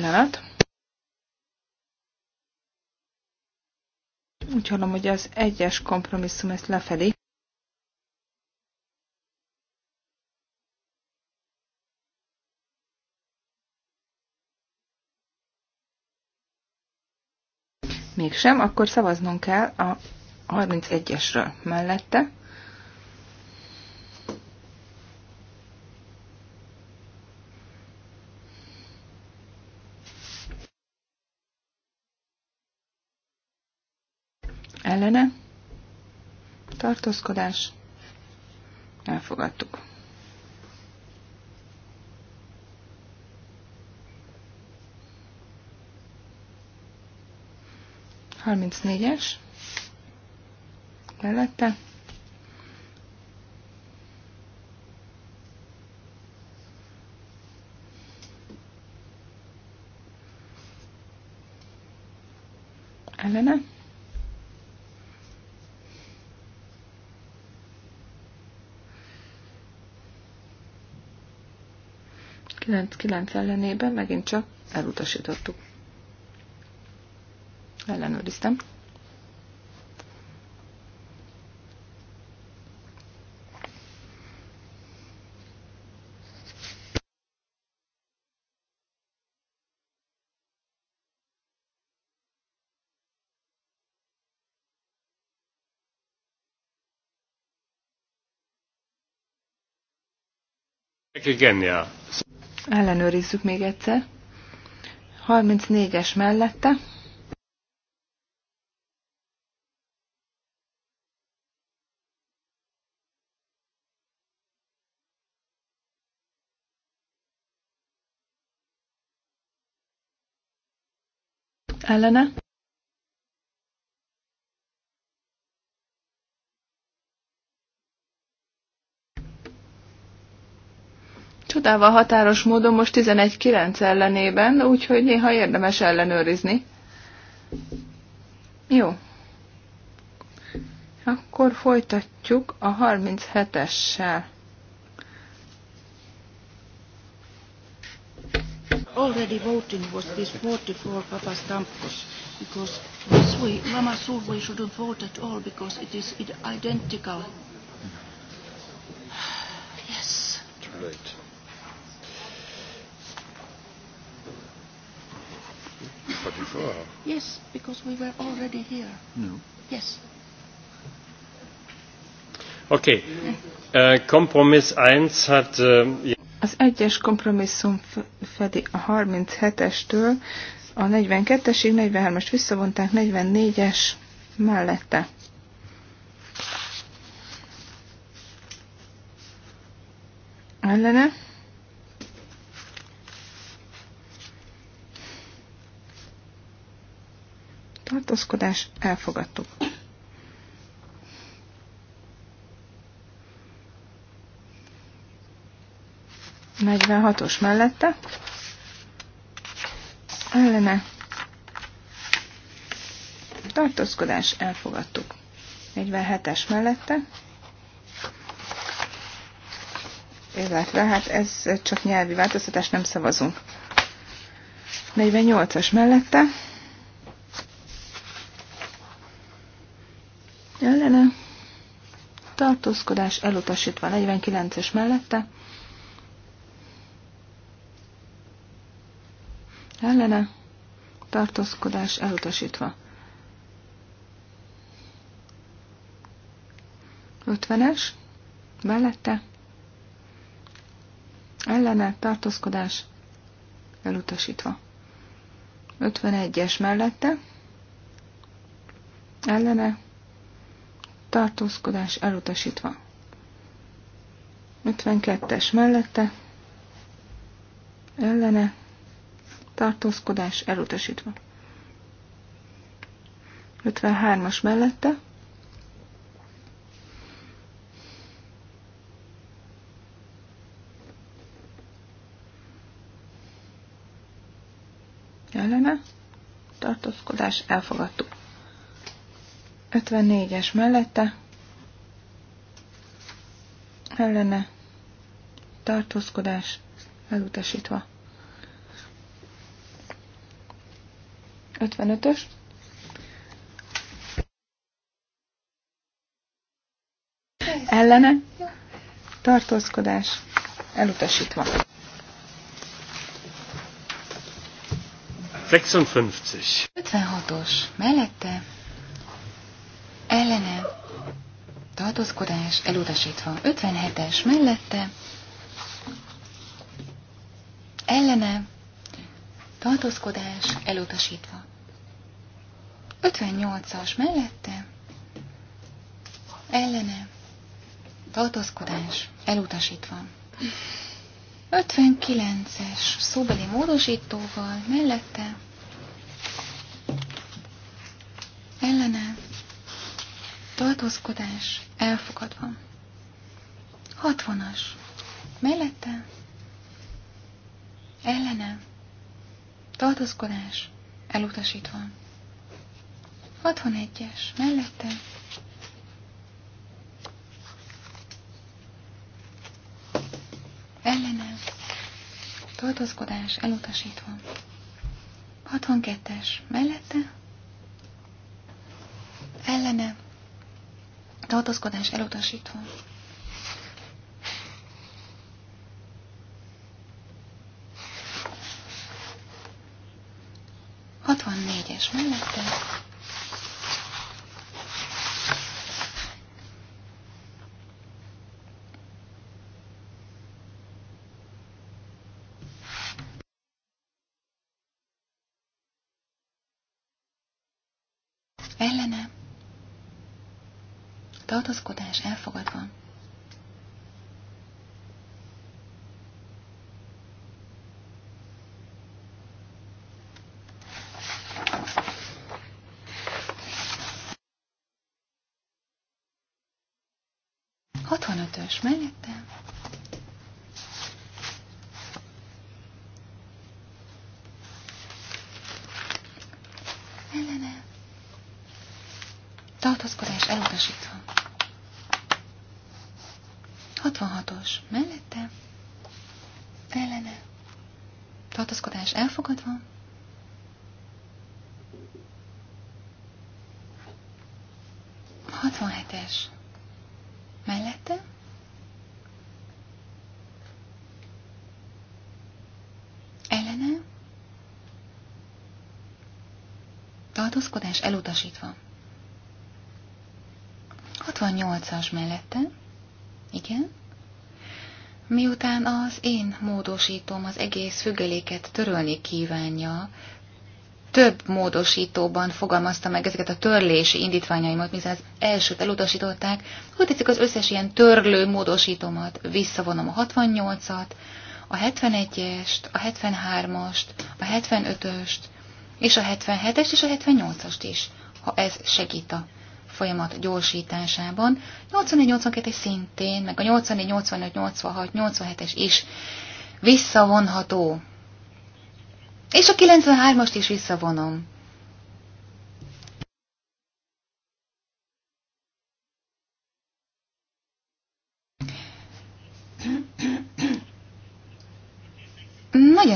pillanat. Úgy hallom, hogy az egyes kompromisszum ezt lefedi. Mégsem, akkor szavaznunk kell a 31-esről mellette. tartózkodás, elfogadtuk. Harmincnégyes, mellette, 99 ellenében megint csak elutasítottuk. Ellenőriztem. Genial. Ellenőrizzük még egyszer. 34-es mellette. Ellene. csodával határos módon most 11-9 ellenében, úgyhogy néha érdemes ellenőrizni. Jó. Akkor folytatjuk a 37-essel. Already voting was this 44 Stampos, because this way Lama Survey shouldn't vote at all because it is identical. Yes. Too late. But before? Yes, because we were already here. No. Yes. Okay. Uh, kompromiss 1 hat... Uh, az egyes kompromisszum fedi a 37-estől a 42-esig, 43-est visszavonták, 44-es mellette. Ellene? tartózkodás elfogadtuk. hatos mellette ellene tartózkodás elfogadtuk. 47-es mellette illetve hát ez csak nyelvi változtatás, nem szavazunk. 48-as mellette tartózkodás elutasítva 49-es mellette, ellene, tartózkodás elutasítva. 50-es, mellette, ellene, tartózkodás elutasítva. 51-es mellette, ellene, tartózkodás elutasítva. 52-es mellette, ellene, tartózkodás elutasítva. 53-as mellette, ellene, tartózkodás elfogadtuk. 54-es mellette ellene tartózkodás elutasítva. 55-ös. Ellene tartózkodás elutasítva. 56. 56-os mellette ellene tartózkodás elutasítva. 57-es mellette ellene tartózkodás elutasítva. 58-as mellette ellene tartózkodás elutasítva. 59-es szóbeli módosítóval mellette tartózkodás elfogadva. 60-as. Mellette ellene tartózkodás elutasítva. 61-es. Mellette ellene tartózkodás elutasítva. 62-es. Mellette tartózkodás elutasítva. Hatvannégyes mellette es mellette. Ellene. Tartózkodás elutasítva. 66-os mellette. Ellene. Tartózkodás elfogadva. Hatvanhetes. panaszkodás elutasítva. 68-as mellette, igen, miután az én módosítom az egész függeléket törölni kívánja, több módosítóban fogalmazta meg ezeket a törlési indítványaimat, mivel az elsőt elutasították, hogy tetszik az összes ilyen törlő módosítomat, visszavonom a 68-at, a 71-est, a 73-ast, a 75-öst, és a 77 es és a 78-ast is, ha ez segít a folyamat gyorsításában. 84-82-es szintén, meg a 84-85-86-87-es is visszavonható. És a 93-ast is visszavonom.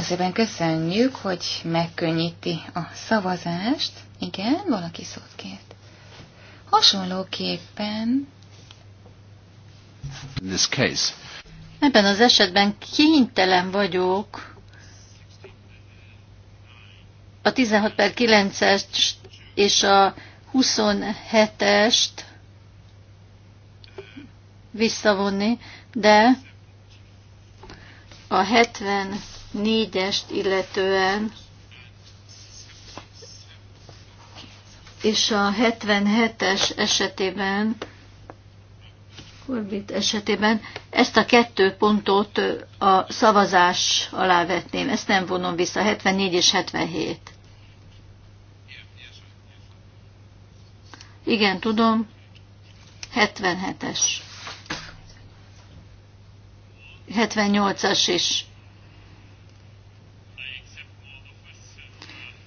Nagyon szépen köszönjük, hogy megkönnyíti a szavazást. Igen, valaki szót kért. Hasonlóképpen... In this case. Ebben az esetben kénytelen vagyok a 16 per 9 és a 27-est visszavonni, de a 70 négyest illetően, és a 77-es esetében, Korbit esetében ezt a kettő pontot a szavazás alá vetném. Ezt nem vonom vissza, 74 és 77. Igen, tudom, 77-es. 78-as is.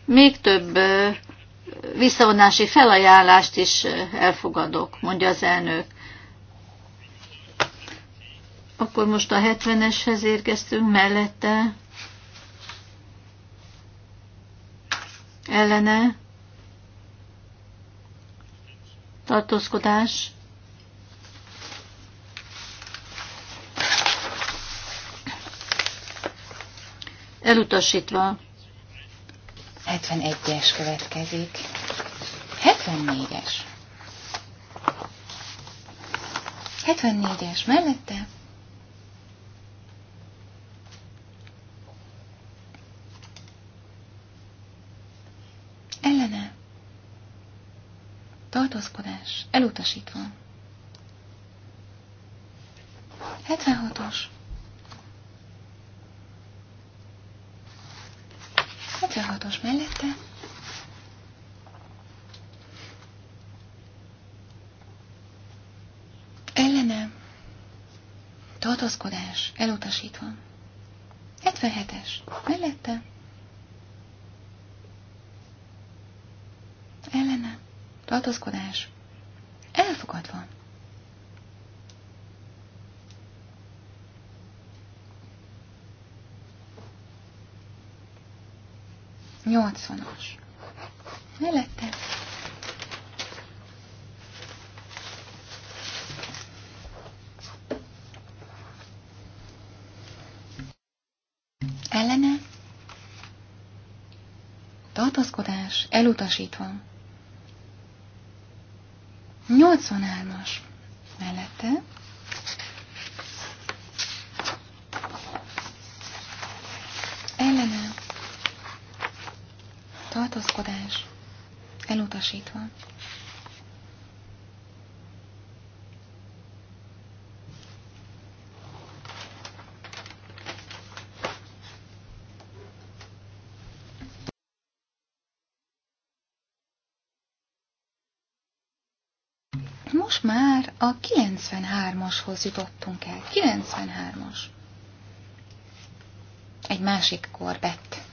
még több visszavonási felajánlást is elfogadok, mondja az elnök. Akkor most a 70-eshez érkeztünk mellette. Ellene. Tartózkodás. Elutasítva. 71-es következik. 74-es. 74-es mellette. Ellene. Tartózkodás. Elutasítva. 76-os. 56-os mellette. Ellene. Tartozkodás, Elutasítva. 77-es. Mellette. Ellene. Tartozkodás. Elfogadva. 80-as. Mellette. Ellene. Tartozkodás elutasítva. 83-as. Mellette. tartózkodás elutasítva. Most már a 93-ashoz jutottunk el. 93-as. Egy másik korbett.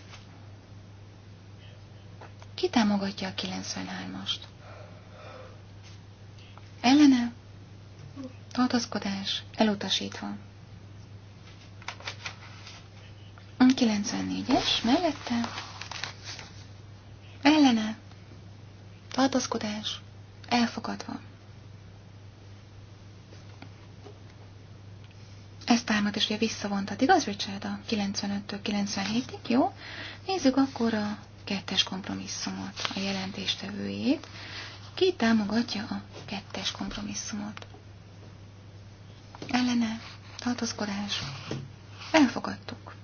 Ki támogatja a 93-ast? Ellene? Tartozkodás elutasítva. 94-es mellette. Ellene. Tartozkodás elfogadva. Ezt támad is ugye visszavontad, igaz, Richard? A 95-től 97-ig, jó? Nézzük akkor a kettes kompromisszumot, a jelentéstevőjét. Ki támogatja a kettes kompromisszumot? Ellene, tartozkodás, elfogadtuk.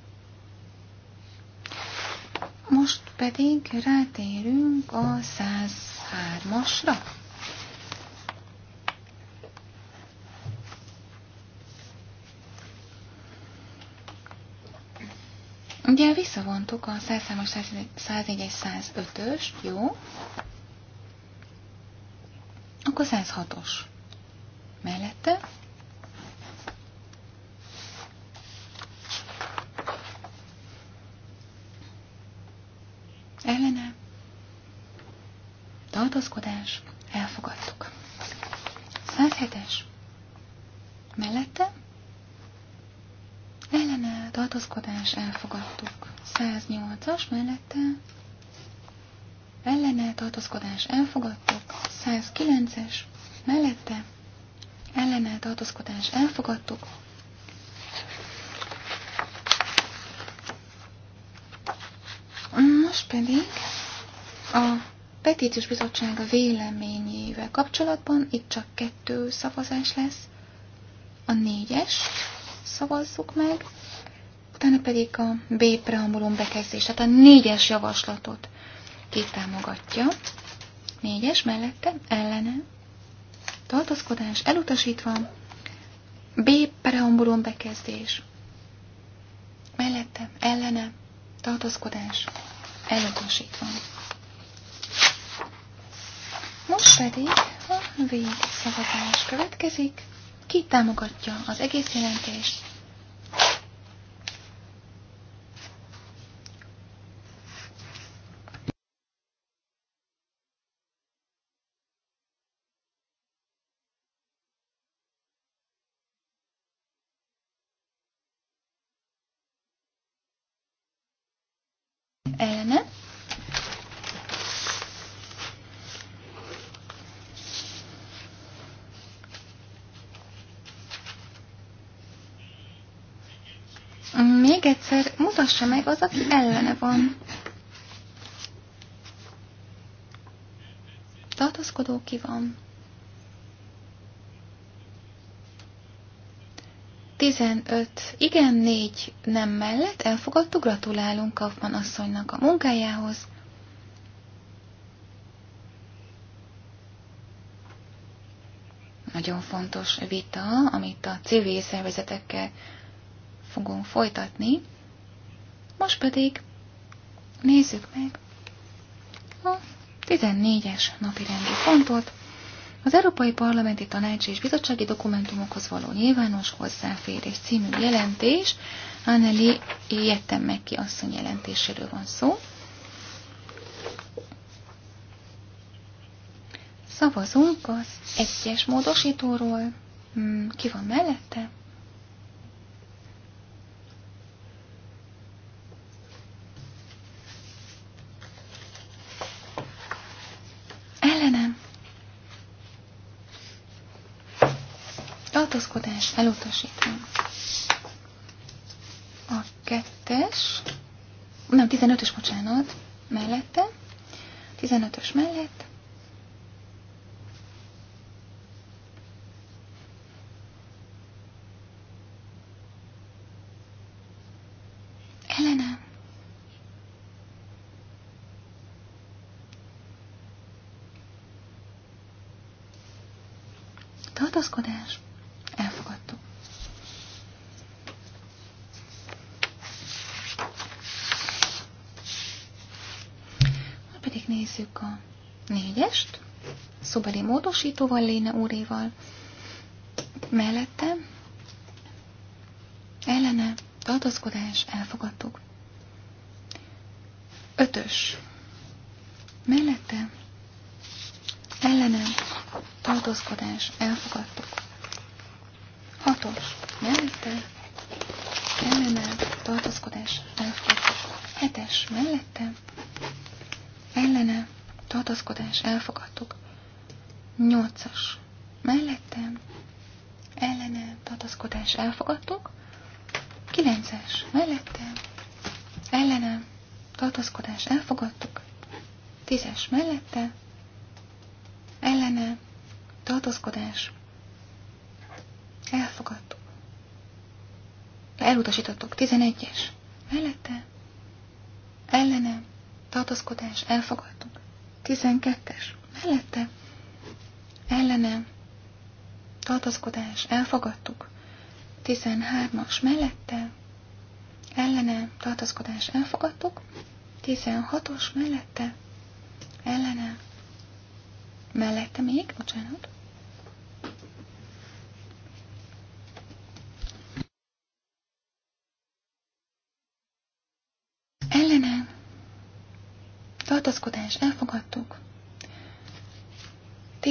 Most pedig rátérünk a 103-asra. Ugye visszavontuk a 103-as, 101, 105-ös, jó? Akkor 106-os. Mellette. Ellene. Tartózkodás. és elfogadtuk. 108-as mellette ellene tartózkodás elfogadtuk. 109-es mellette ellene tartózkodás elfogadtuk. Most pedig a petíciós bizottság véleményével kapcsolatban itt csak kettő szavazás lesz. A négyes szavazzuk meg, Utána pedig a B preambulum bekezdés, tehát a négyes javaslatot kitámogatja. Négyes mellette ellene tartózkodás elutasítva. B preambulum bekezdés mellette ellene tartózkodás elutasítva. Most pedig a végszavazás következik. Ki támogatja az egész jelentést? támogassa meg az, aki ellene van. Tartózkodó ki van. 15. Igen, négy nem mellett elfogadtuk, gratulálunk Kaufman asszonynak a munkájához. Nagyon fontos vita, amit a civil szervezetekkel fogunk folytatni. Most pedig nézzük meg a 14-es napi rendi pontot, az Európai Parlamenti Tanács és Bizottsági Dokumentumokhoz való nyilvános hozzáférés című jelentés, Anneli Jettem meg ki asszony jelentéséről van szó. Szavazunk az egyes módosítóról. Hmm, ki van mellette? tartózkodás elutasítom. A kettes, nem, 15-ös, bocsánat, mellette, 15-ös mellett, ellene. Tartózkodás. Nézzük a négyest. Szobeli módosítóval, Léne úréval. Mellette ellene tartozkodás elfogadtuk. Ötös. Mellette ellene tartozkodás elfogadtuk. Hatos. tartózkodás elfogadtuk. Nyolcas mellettem, ellene tartózkodás elfogadtuk. Kilences mellettem, ellene tartózkodás elfogadtuk. Tízes mellette, ellene tartózkodás elfogadtuk. Elutasítottuk. Tizenegyes mellette, ellene tartózkodás elfogadtuk. 12-es mellette ellene tartozkodás, elfogadtuk. 13-as mellette ellene tartozkodás, elfogadtuk. 16-os mellette ellene mellette még, bocsánat,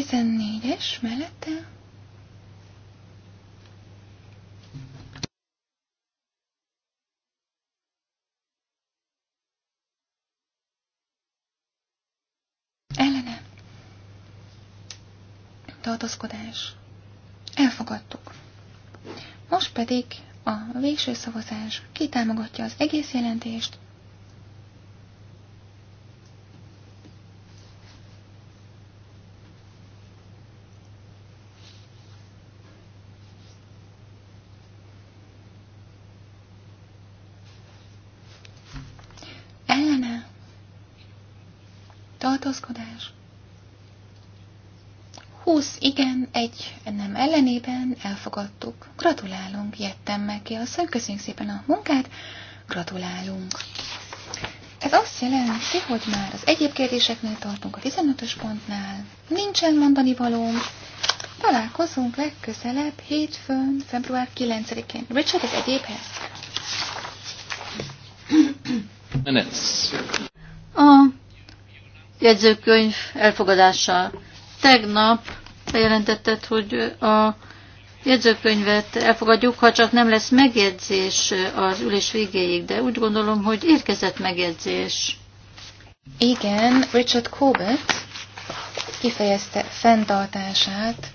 14-es mellette. Ellene. Tartozkodás. Elfogadtuk. Most pedig a végső szavazás. kitámogatja az egész jelentést? tartózkodás. Húsz igen, egy nem ellenében elfogadtuk. Gratulálunk, jettem meg ki asszony, köszönjük szépen a munkát, gratulálunk. Ez azt jelenti, hogy már az egyéb kérdéseknél tartunk a 15-ös pontnál. Nincsen mondani valóm. Találkozunk legközelebb hétfőn, február 9-én. Richard, az egyébhez. Minutes. A jegyzőkönyv elfogadása. Tegnap bejelentetted, hogy a jegyzőkönyvet elfogadjuk, ha csak nem lesz megjegyzés az ülés végéig, de úgy gondolom, hogy érkezett megjegyzés. Igen, Richard Corbett kifejezte fenntartását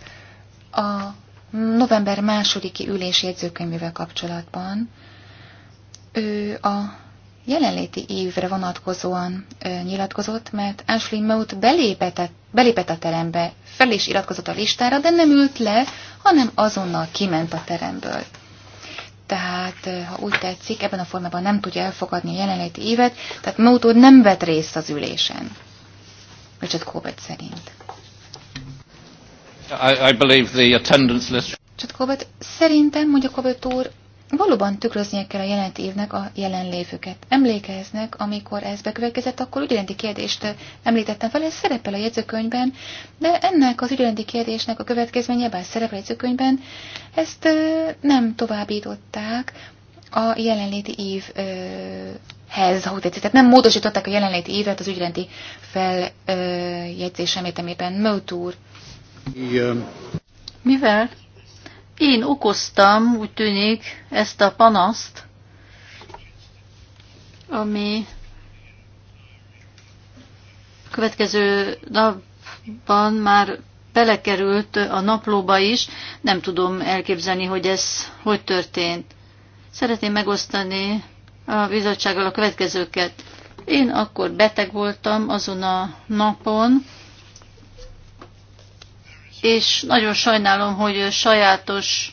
a november másodiki ülés jegyzőkönyvével kapcsolatban. Ő a jelenléti évre vonatkozóan ö, nyilatkozott, mert Ashley Mout belépett, belépett a terembe, fel is iratkozott a listára, de nem ült le, hanem azonnal kiment a teremből. Tehát, ha úgy tetszik, ebben a formában nem tudja elfogadni a jelenléti évet, tehát Mout nem vett részt az ülésen. Richard Corbett szerint. I, I believe the attendance list... Csak Corbett, szerintem, mondja Corbett úr, valóban tükröznie kell a jelent évnek a jelenlévőket. Emlékeznek, amikor ez bekövetkezett, akkor ügyrendi kérdést eh, említettem fel, ez szerepel a jegyzőkönyvben, de ennek az ügyrendi kérdésnek a következménye, bár szerepel a jegyzőkönyvben, ezt eh, nem továbbították a jelenléti évhez, ha úgy Tehát nem módosították a jelenléti évet az ügyrendi feljegyzésem eh, értelmében. Mötúr. Mivel én okoztam, úgy tűnik, ezt a panaszt, ami következő napban már belekerült a naplóba is. Nem tudom elképzelni, hogy ez hogy történt. Szeretném megosztani a bizottsággal a következőket. Én akkor beteg voltam azon a napon, és nagyon sajnálom, hogy sajátos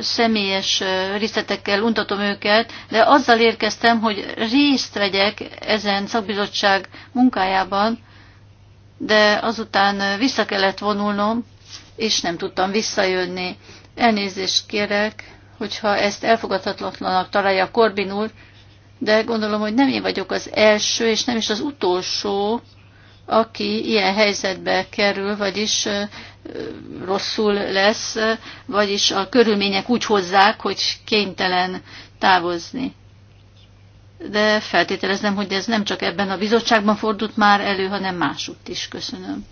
személyes részletekkel untatom őket, de azzal érkeztem, hogy részt vegyek ezen szakbizottság munkájában, de azután vissza kellett vonulnom, és nem tudtam visszajönni. Elnézést kérek, hogyha ezt elfogadhatatlanak találja Korbin úr, de gondolom, hogy nem én vagyok az első, és nem is az utolsó, aki ilyen helyzetbe kerül, vagyis rosszul lesz, vagyis a körülmények úgy hozzák, hogy kénytelen távozni. De feltételezem, hogy ez nem csak ebben a bizottságban fordult már elő, hanem másutt is. Köszönöm.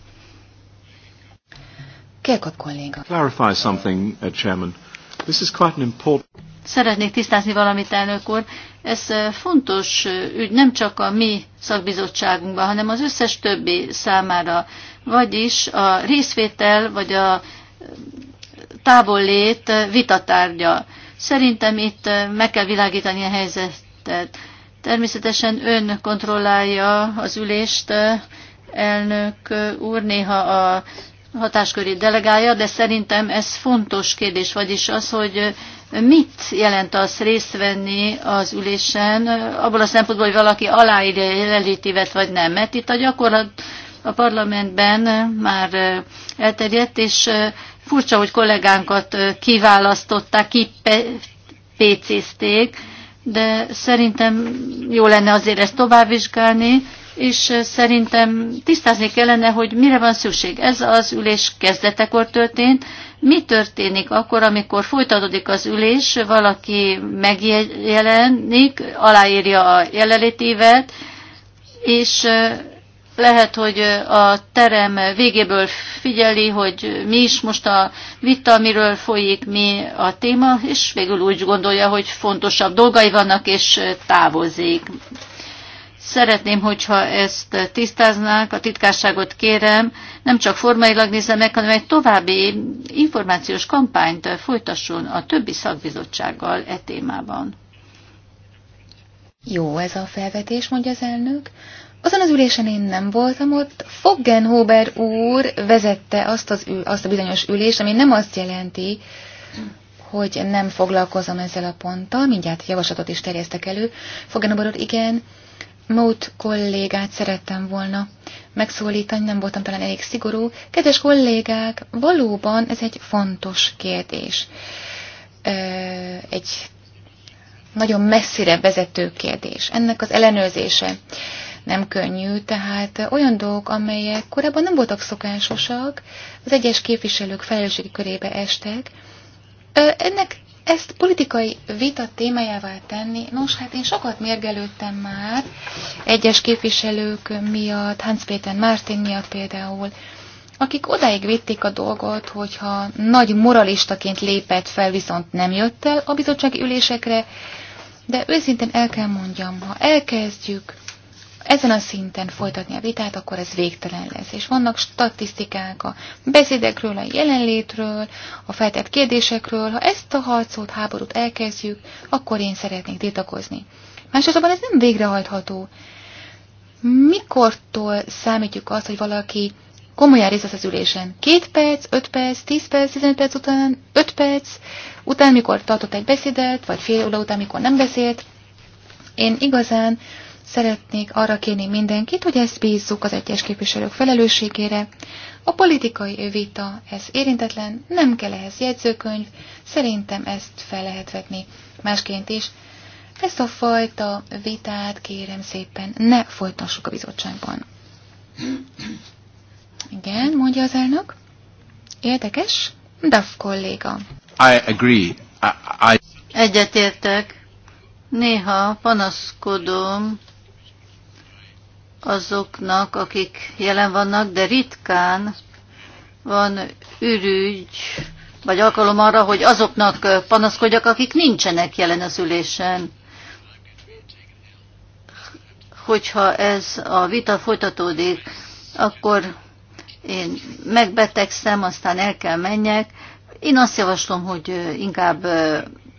Kérkod, kolléga. Clarify something, uh, Chairman. This is quite an important... Szeretnék tisztázni valamit, elnök úr. Ez uh, fontos uh, ügy nem csak a mi szakbizottságunkban, hanem az összes többi számára vagyis a részvétel vagy a távollét vitatárgya. Szerintem itt meg kell világítani a helyzetet. Természetesen ön kontrollálja az ülést, elnök úr, néha a hatáskörét delegálja, de szerintem ez fontos kérdés, vagyis az, hogy mit jelent az részt venni az ülésen, abból a szempontból, hogy valaki aláírja a vagy nem, mert itt a gyakorlat a parlamentben már elterjedt, és furcsa, hogy kollégánkat kiválasztották, kipécézték, de szerintem jó lenne azért ezt továbbvizsgálni, és szerintem tisztázni kellene, hogy mire van szükség. Ez az ülés kezdetekor történt. Mi történik akkor, amikor folytatódik az ülés, valaki megjelenik, aláírja a jelenlétévet, és lehet, hogy a terem végéből figyeli, hogy mi is most a vita, miről folyik, mi a téma, és végül úgy gondolja, hogy fontosabb dolgai vannak, és távozik. Szeretném, hogyha ezt tisztáznák, a titkárságot kérem, nem csak formailag nézze meg, hanem egy további információs kampányt folytasson a többi szakbizottsággal e témában. Jó ez a felvetés, mondja az elnök. Azon az ülésen én nem voltam ott. Foggenhuber úr vezette azt, az, azt a bizonyos ülést, ami nem azt jelenti, hogy nem foglalkozom ezzel a ponttal, mindjárt javaslatot is terjesztek elő. Foggenhuber úr, igen, Mout kollégát szerettem volna megszólítani, nem voltam talán elég szigorú. Kedves kollégák, valóban ez egy fontos kérdés. Egy nagyon messzire vezető kérdés. Ennek az ellenőrzése nem könnyű, tehát olyan dolgok, amelyek korábban nem voltak szokásosak, az egyes képviselők felelősségi körébe estek. Ennek ezt politikai vita témájává tenni, nos, hát én sokat mérgelődtem már egyes képviselők miatt, Hans Péter Mártin miatt például, akik odáig vitték a dolgot, hogyha nagy moralistaként lépett fel, viszont nem jött el a bizottsági ülésekre, de őszintén el kell mondjam, ha elkezdjük ezen a szinten folytatni a vitát, akkor ez végtelen lesz. És vannak statisztikák a beszédekről, a jelenlétről, a feltett kérdésekről. Ha ezt a harcot, háborút elkezdjük, akkor én szeretnék tiltakozni. Másodszorban ez nem végrehajtható. Mikortól számítjuk azt, hogy valaki komolyan részt vesz az ülésen? Két perc, öt perc, tíz perc, tizenöt perc után, öt perc, után mikor tartott egy beszédet, vagy fél óra után, mikor nem beszélt. Én igazán Szeretnék arra kérni mindenkit, hogy ezt bízzuk az egyes képviselők felelősségére. A politikai vita ez érintetlen, nem kell ehhez jegyzőkönyv, szerintem ezt fel lehet vetni. Másként is, ezt a fajta vitát kérem szépen ne folytassuk a bizottságban. Igen, mondja az elnök. Érdekes? Duff kolléga. I agree. I, I... Egyetértek. Néha panaszkodom azoknak, akik jelen vannak, de ritkán van ürügy, vagy alkalom arra, hogy azoknak panaszkodjak, akik nincsenek jelen az ülésen. Hogyha ez a vita folytatódik, akkor én megbetegszem, aztán el kell menjek. Én azt javaslom, hogy inkább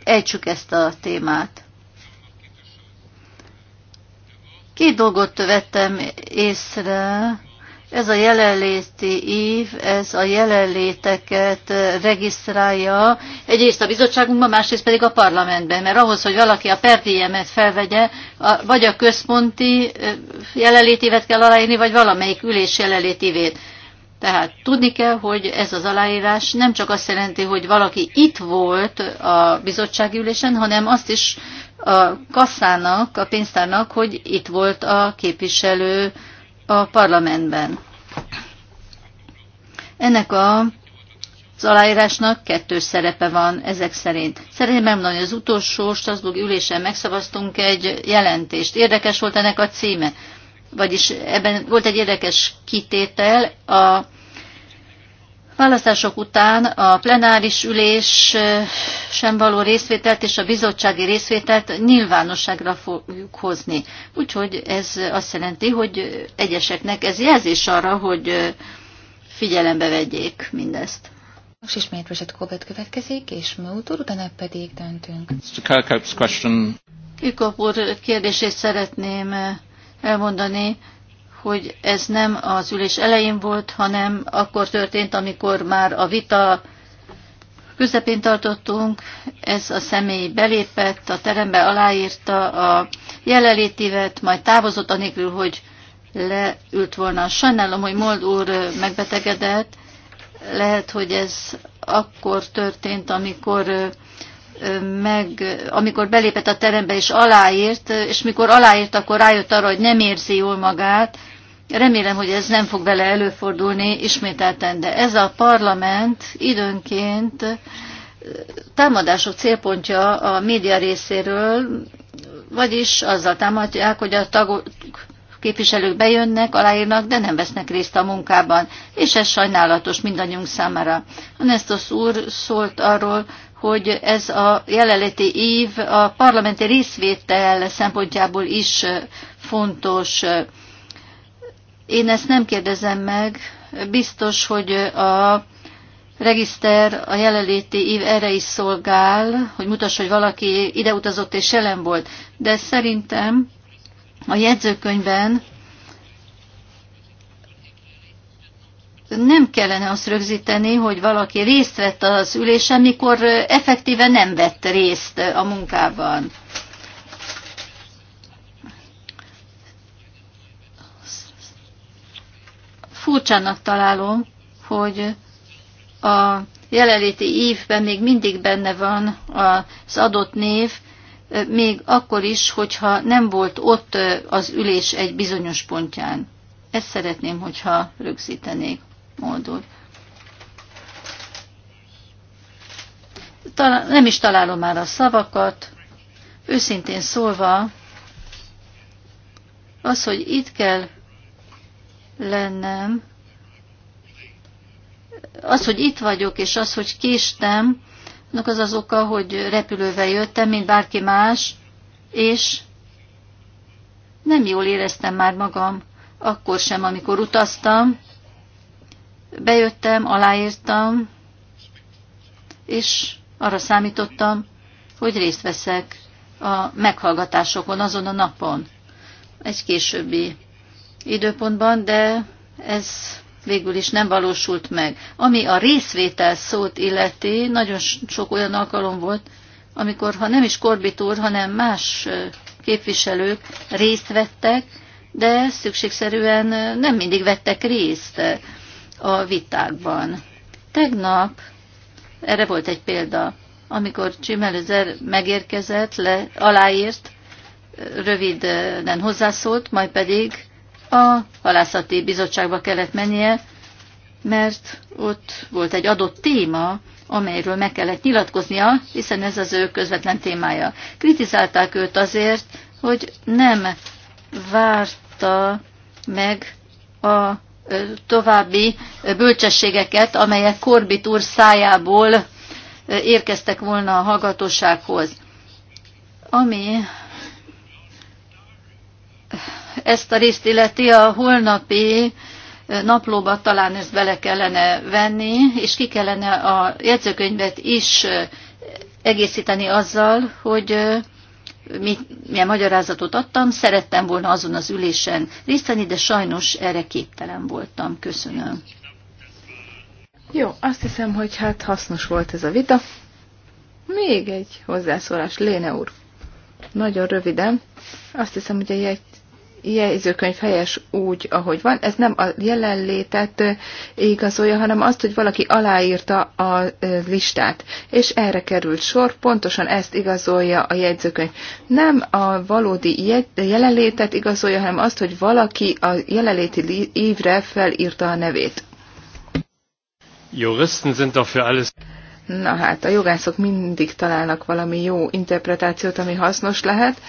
ejtsük ezt a témát. Két dolgot vettem észre. Ez a jelenléti ív, ez a jelenléteket regisztrálja egyrészt a bizottságunkban, másrészt pedig a parlamentben, mert ahhoz, hogy valaki a perdiemet felvegye, vagy a központi jelenlétévet kell aláírni, vagy valamelyik ülés jelenlétévét. Tehát tudni kell, hogy ez az aláírás nem csak azt jelenti, hogy valaki itt volt a bizottsági ülésen, hanem azt is a kasszának, a pénztárnak, hogy itt volt a képviselő a parlamentben. Ennek a, az aláírásnak kettős szerepe van ezek szerint. Szerintem nagyon az utolsó Strasbourg ülésen megszavaztunk egy jelentést. Érdekes volt ennek a címe. Vagyis ebben volt egy érdekes kitétel, a választások után a plenáris ülés sem való részvételt és a bizottsági részvételt nyilvánosságra fogjuk hozni. Úgyhogy ez azt jelenti, hogy egyeseknek ez jelzés arra, hogy figyelembe vegyék mindezt. Most ismét Richard Colbert következik, és Mautor, utána pedig döntünk. Kirkhope's question. Kirkhope úr kérdését szeretném elmondani hogy ez nem az ülés elején volt, hanem akkor történt, amikor már a vita közepén tartottunk, ez a személy belépett a terembe, aláírta a jelenlétívet, majd távozott anélkül, hogy leült volna. Sajnálom, hogy Mold úr megbetegedett, lehet, hogy ez akkor történt, amikor meg, amikor belépett a terembe és aláírt, és mikor aláírt, akkor rájött arra, hogy nem érzi jól magát, Remélem, hogy ez nem fog vele előfordulni ismételten, de ez a parlament időnként támadások célpontja a média részéről, vagyis azzal támadják, hogy a tagok, képviselők bejönnek, aláírnak, de nem vesznek részt a munkában, és ez sajnálatos mindannyiunk számára. A úr szólt arról, hogy ez a jelenleti év a parlamenti részvétel szempontjából is fontos én ezt nem kérdezem meg, biztos, hogy a regiszter a jelenléti év erre is szolgál, hogy mutassa, hogy valaki ide utazott és jelen volt. De szerintem a jegyzőkönyvben nem kellene azt rögzíteni, hogy valaki részt vett az ülésen, mikor effektíve nem vett részt a munkában. Furcsának találom, hogy a jelenléti ívben még mindig benne van az adott név, még akkor is, hogyha nem volt ott az ülés egy bizonyos pontján. Ezt szeretném, hogyha rögzítenék, Moldor. nem is találom már a szavakat. Őszintén szólva, az, hogy itt kell lennem. Az, hogy itt vagyok, és az, hogy késtem, annak az az oka, hogy repülővel jöttem, mint bárki más, és nem jól éreztem már magam, akkor sem, amikor utaztam. Bejöttem, aláírtam, és arra számítottam, hogy részt veszek a meghallgatásokon azon a napon, egy későbbi időpontban, de ez végül is nem valósult meg. Ami a részvétel szót illeti, nagyon sok olyan alkalom volt, amikor ha nem is Korbit úr, hanem más képviselők részt vettek, de szükségszerűen nem mindig vettek részt a vitákban. Tegnap, erre volt egy példa, amikor Csimelőzer megérkezett, le, aláírt, röviden hozzászólt, majd pedig a halászati bizottságba kellett mennie, mert ott volt egy adott téma, amelyről meg kellett nyilatkoznia, hiszen ez az ő közvetlen témája. Kritizálták őt azért, hogy nem várta meg a további bölcsességeket, amelyek Korbit úr szájából érkeztek volna a hallgatósághoz. Ami ezt a részt illeti a holnapi naplóba talán ezt bele kellene venni, és ki kellene a jegyzőkönyvet is egészíteni azzal, hogy mit, milyen magyarázatot adtam, szerettem volna azon az ülésen részt venni, de sajnos erre képtelen voltam. Köszönöm. Jó, azt hiszem, hogy hát hasznos volt ez a vita. Még egy hozzászólás, Léne úr. Nagyon röviden. Azt hiszem, hogy egy jegyzőkönyv helyes úgy, ahogy van. Ez nem a jelenlétet igazolja, hanem azt, hogy valaki aláírta a listát, és erre került sor, pontosan ezt igazolja a jegyzőkönyv. Nem a valódi jelenlétet igazolja, hanem azt, hogy valaki a jelenléti évre felírta a nevét. Juristen sind dafür alles. Na hát, a jogászok mindig találnak valami jó interpretációt, ami hasznos lehet.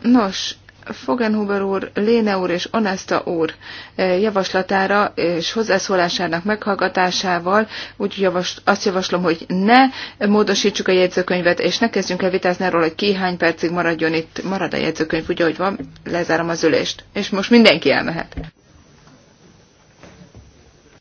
Nos, Fogenhuber úr, Léne úr és Onesta úr eh, javaslatára és hozzászólásának meghallgatásával úgy javasl- azt javaslom, hogy ne módosítsuk a jegyzőkönyvet, és ne kezdjünk el vitázni arról, hogy ki hány percig maradjon itt, marad a jegyzőkönyv, úgy ahogy van, lezárom az ülést. És most mindenki elmehet.